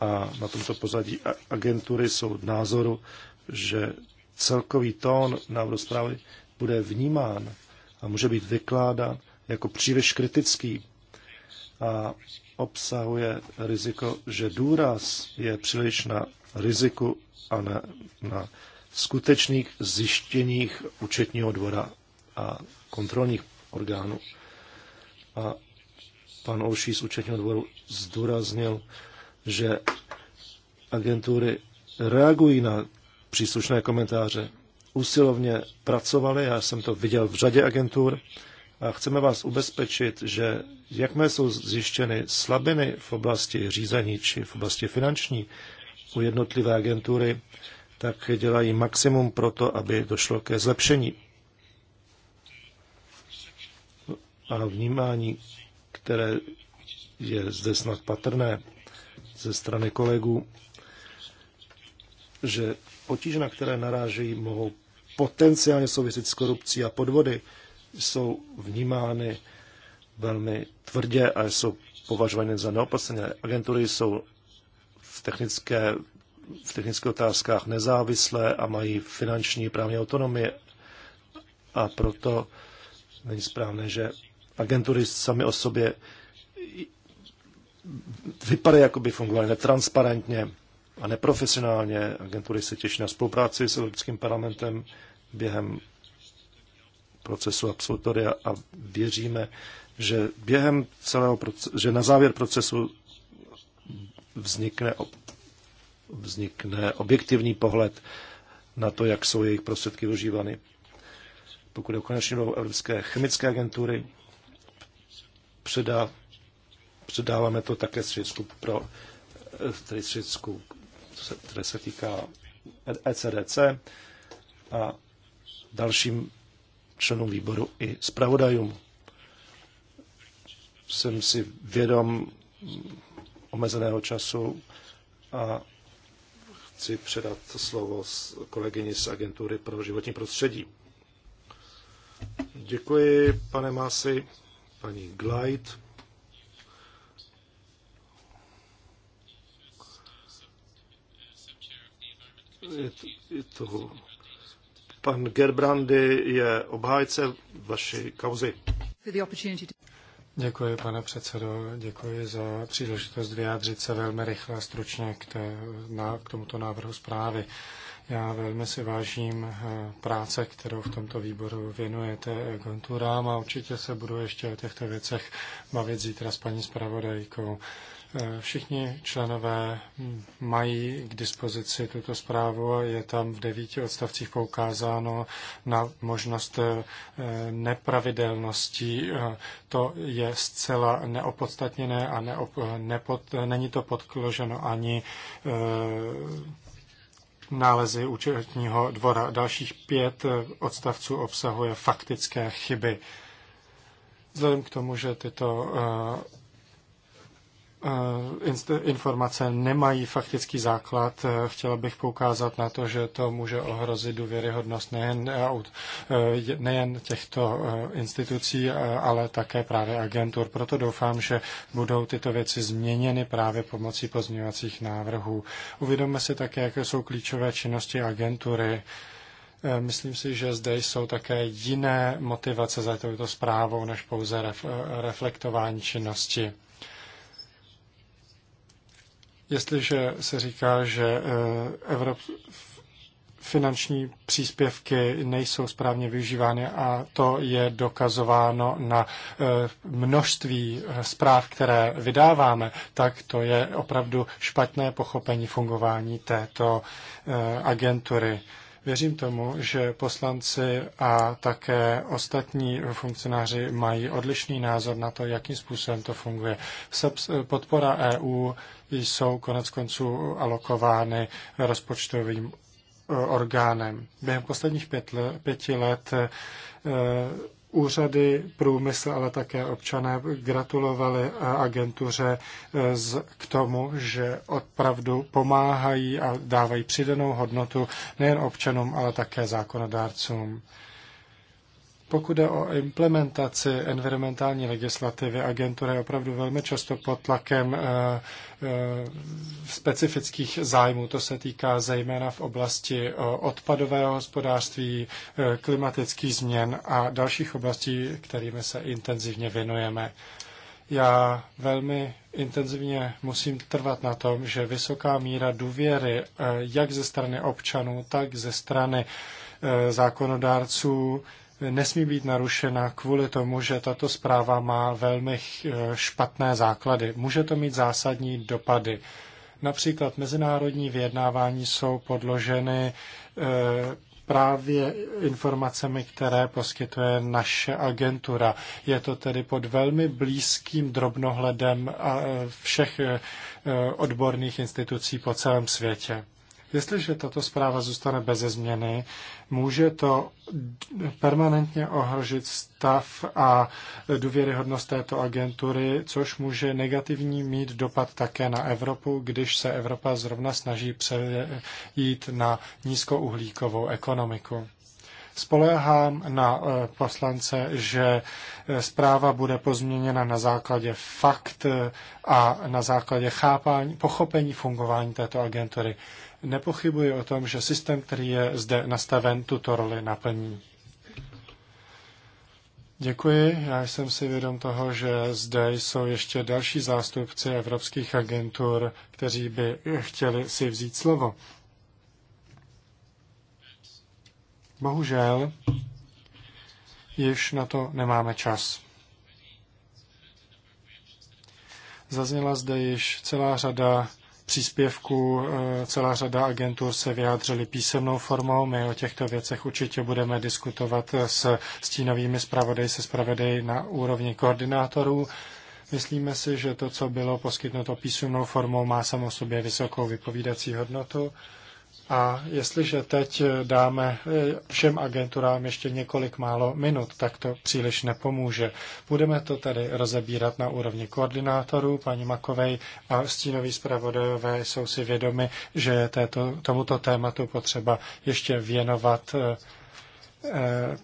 A na tomto pozadí agentury jsou názoru, že celkový tón návrhu zprávy bude vnímán a může být vykládán jako příliš kritický a obsahuje riziko, že důraz je příliš na riziku a na na skutečných zjištěních účetního dvora a kontrolních orgánů. A pan Olší z účetního dvoru zdůraznil, že agentury reagují na příslušné komentáře usilovně pracovali, já jsem to viděl v řadě agentur, a chceme vás ubezpečit, že jakmile jsou zjištěny slabiny v oblasti řízení či v oblasti finanční u jednotlivé agentury, tak dělají maximum pro to, aby došlo ke zlepšení a vnímání, které je zde snad patrné ze strany kolegů, že potíže, na které narážejí, mohou potenciálně souviset s korupcí a podvody, jsou vnímány velmi tvrdě a jsou považovány za neopatřené. Agentury jsou v, technické, v technických otázkách nezávislé a mají finanční právní autonomii a proto není správné, že agentury sami o sobě vypadají, jako by fungovaly netransparentně a neprofesionálně. Agentury se těší na spolupráci s Evropským parlamentem během procesu absolutoria a věříme, že během celého procesu, že na závěr procesu vznikne, vznikne objektivní pohled na to, jak jsou jejich prostředky využívány. Pokud je o konečně Evropské chemické agentury, předá, předáváme to také středisku pro tedy středisku které se týká ECDC a dalším členům výboru i zpravodajům. Jsem si vědom omezeného času a chci předat slovo s kolegyni z Agentury pro životní prostředí. Děkuji, pane Masi, paní Glide. je tu pan Gerbrandy je obhájce vaší kauzy. Děkuji, pane předsedo, děkuji za příležitost vyjádřit se velmi rychle a stručně k, té, na, k tomuto návrhu zprávy. Já velmi si vážím eh, práce, kterou v tomto výboru věnujete konturám a určitě se budu ještě o těchto věcech bavit zítra s paní zpravodajkou. Eh, všichni členové mají k dispozici tuto zprávu a je tam v devíti odstavcích poukázáno na možnost eh, nepravidelností. Eh, to je zcela neopodstatněné a neop, nepod, není to podkloženo ani nálezy účetního dvora. Dalších pět odstavců obsahuje faktické chyby. Vzhledem k tomu, že tyto Eh, informace nemají faktický základ. Eh, chtěla bych poukázat na to, že to může ohrozit důvěryhodnost nejen, eh, nejen těchto institucí, ale také právě agentur. Proto doufám, že budou tyto věci změněny právě pomocí pozměňovacích návrhů. Uvědomme si také, jaké jsou klíčové činnosti agentury. Myslím si, že zde jsou také jiné motivace za touto zprávou, než pouze reflektování činnosti. Jestliže se říká, že eh, Evrop, finanční příspěvky nejsou správně využívány a to je dokazováno na eh, množství zpráv, které vydáváme, tak to je opravdu špatné pochopení fungování této eh, agentury. Věřím tomu, že poslanci a také ostatní funkcionáři mají odlišný názor na to, jakým způsobem to funguje. Podpora EU jsou konec konců alokovány rozpočtovým e, orgánem. Během posledních pět let, pěti let e, úřady, průmysl, ale také občané gratulovali e, agentuře k tomu, že opravdu pomáhají a dávají přidanou hodnotu nejen občanům, ale také zákonodárcům. Pokud jde o implementaci environmentální legislativy, agentura je opravdu velmi často pod tlakem eh, eh, specifických zájmů. To se týká zejména v oblasti eh, odpadového hospodářství, klimatických změn a dalších oblastí, kterými se intenzivně věnujeme. Já velmi intenzivně musím trvat na tom, že vysoká míra důvěry jak ze strany občanů, tak ze strany zákonodárců nesmí být narušena kvůli tomu, že tato zpráva má velmi eh, špatné základy. Může to mít zásadní dopady. Například mezinárodní vyjednávání jsou podloženy eh, právě informacemi, které poskytuje naše agentura. Je to tedy pod velmi blízkým drobnohledem eh, všech odborných institucí po celém světě. Jestliže tato zpráva zůstane bez změny, může to permanentně ohrožit stav a důvěryhodnost této agentury, což může negativní mít dopad také na Evropu, když se Evropa zrovna snaží přejít na nízkouhlíkovou ekonomiku. Spoléhám na eh, poslance, že eh, zpráva bude pozměněna na základě fakt eh, a na základě chápání, pochopení fungování této agentury. Nepochybuji o tom, že systém, který je zde nastaven, tuto roli naplní. Děkuji. Já jsem si vědom toho, že zde jsou ještě další zástupci evropských agentur, kteří by chtěli si vzít slovo. Bohužel, již na to nemáme čas. Zazněla zde již celá řada příspěvků, eh, celá řada agentur se vyjádřili písemnou formou. My o těchto věcech určitě budeme diskutovat s stínovými zpravodaj, se zpravodaj na úrovni koordinátorů. Myslíme si, že to, co bylo poskytnuto písemnou formou, má samo sobě vysokou vypovídací hodnotu a jestliže teď dáme eh, všem agenturám ještě několik málo minut, tak to příliš nepomůže. Budeme to tedy rozebírat na úrovni koordinátorů. Paní Makovej a stínoví zpravodajové jsou si vědomi, že je této, tomuto tématu potřeba ještě věnovat eh,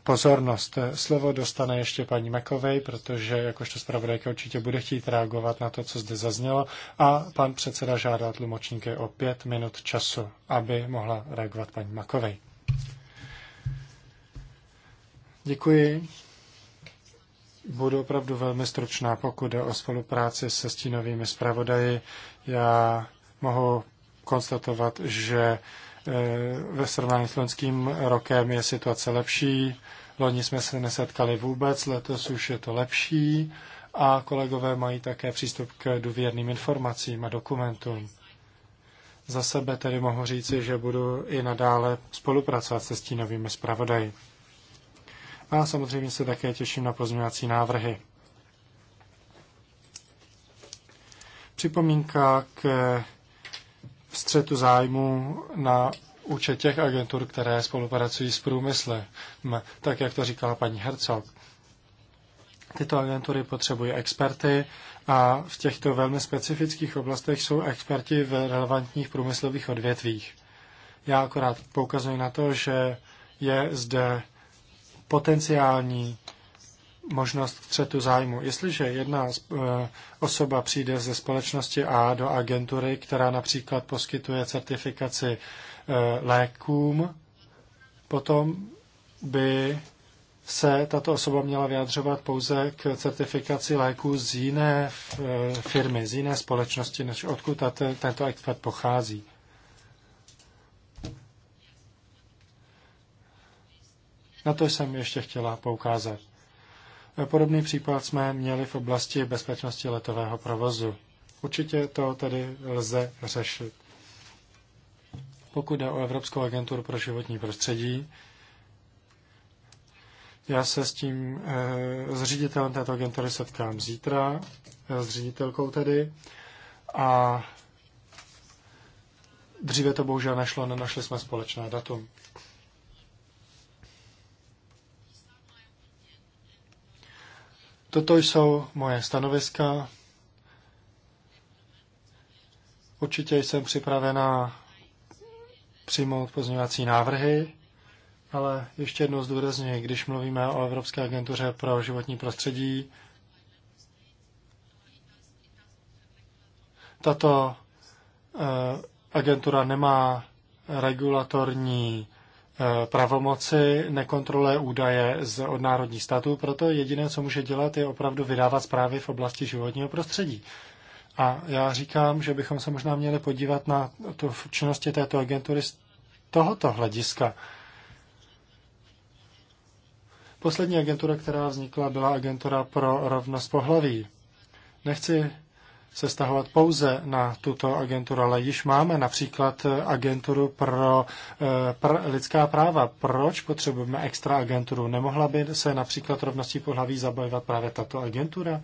pozornost. Slovo dostane ještě paní Mekovej, protože jakožto zpravodajka určitě bude chtít reagovat na to, co zde zaznělo. A pan předseda žádá tlumočníky o pět minut času, aby mohla reagovat paní Makovej. Děkuji. Budu opravdu velmi stručná, pokud jde o spolupráci se stínovými zpravodaji. Já mohu konstatovat, že Eh, ve srovnání s loňským rokem je situace lepší. Loni jsme se nesetkali vůbec, letos už je to lepší a kolegové mají také přístup k důvěrným informacím a dokumentům. Za sebe tedy mohu říci, že budu i nadále spolupracovat se stínovými zpravodaji. A samozřejmě se také těším na pozměňovací návrhy. Připomínka k střetu zájmu na účet těch agentur, které spolupracují s průmyslem, tak jak to říkala paní Herzog. Tyto agentury potřebují experty a v těchto velmi specifických oblastech jsou experti v relevantních průmyslových odvětvích. Já akorát poukazuji na to, že je zde potenciální možnost střetu zájmu. Jestliže jedna eh, osoba přijde ze společnosti A do agentury, která například poskytuje certifikaci eh, lékům, potom by se tato osoba měla vyjadřovat pouze k certifikaci léků z jiné eh, firmy, z jiné společnosti, než odkud tato, tento expert pochází. Na to jsem ještě chtěla poukázat. Podobný případ jsme měli v oblasti bezpečnosti letového provozu. Určitě to tedy lze řešit. Pokud jde o Evropskou agenturu pro životní prostředí, já se s tím, eh, s ředitelem této agentury setkám zítra, eh, s ředitelkou tedy, a dříve to bohužel nešlo, nenašli jsme společné datum. Toto jsou moje stanoviska. Určitě jsem připravená přijmout pozměňovací návrhy, ale ještě jednou zdůrazněji, když mluvíme o Evropské agentuře pro životní prostředí, tato eh, agentura nemá regulatorní Eh, pravomoci, nekontroluje údaje z od národních států, proto jediné, co může dělat, je opravdu vydávat zprávy v oblasti životního prostředí. A já říkám, že bychom se možná měli podívat na tu činnosti této agentury z tohoto hlediska. Poslední agentura, která vznikla, byla agentura pro rovnost pohlaví. Nechci se stahovat pouze na tuto agenturu, ale již máme například eh, agenturu pro, eh, pro lidská práva. Proč potřebujeme extra agenturu? Nemohla by se například rovností pohlaví zabývat právě tato agentura?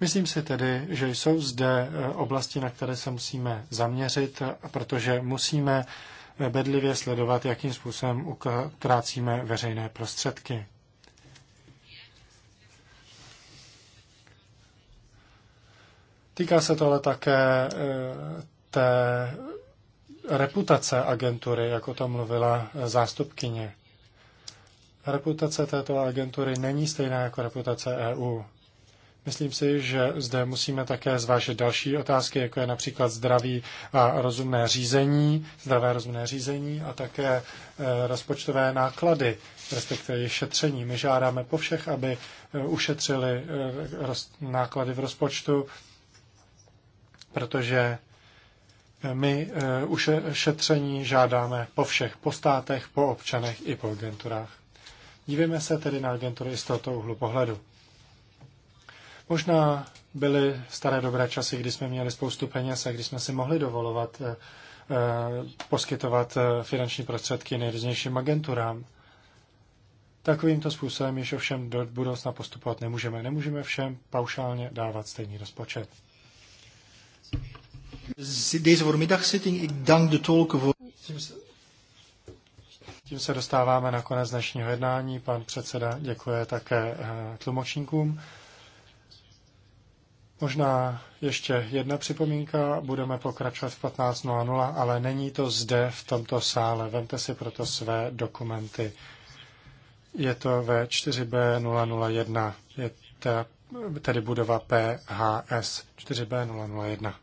Myslím si tedy, že jsou zde eh, oblasti, na které se musíme zaměřit, protože musíme bedlivě sledovat, jakým způsobem utrácíme veřejné prostředky. Týká se to ale také eh, té reputace agentury, jak o tom mluvila eh, zástupkyně. Reputace této agentury není stejná jako reputace EU. Myslím si, že zde musíme také zvážit další otázky, jako je například zdraví a rozumné řízení, zdravé rozumné řízení a také eh, rozpočtové náklady, respektive šetření. My žádáme po všech, aby ušetřili náklady v rozpočtu protože my eh, už šetření žádáme po všech, po státech, po občanech i po agenturách. Dívejme se tedy na agentury z tohoto úhlu pohledu. Možná byly staré dobré časy, kdy jsme měli spoustu peněz a kdy jsme si mohli dovolovat eh, eh, poskytovat finanční prostředky nejrůznějším agenturám. Takovýmto způsobem již ovšem do budoucna postupovat nemůžeme. Nemůžeme všem paušálně dávat stejný rozpočet deze voormiddagzitting, ik dank de tolken voor... Tím se dostáváme na konec dnešního jednání. Pan předseda děkuje také eh, tlumočníkům. Možná ještě jedna připomínka. Budeme pokračovat v 15.00, ale není to zde v tomto sále. Vemte si proto své dokumenty. Je to ve 4B001. Je ta No, tedy budova PHS 4B001.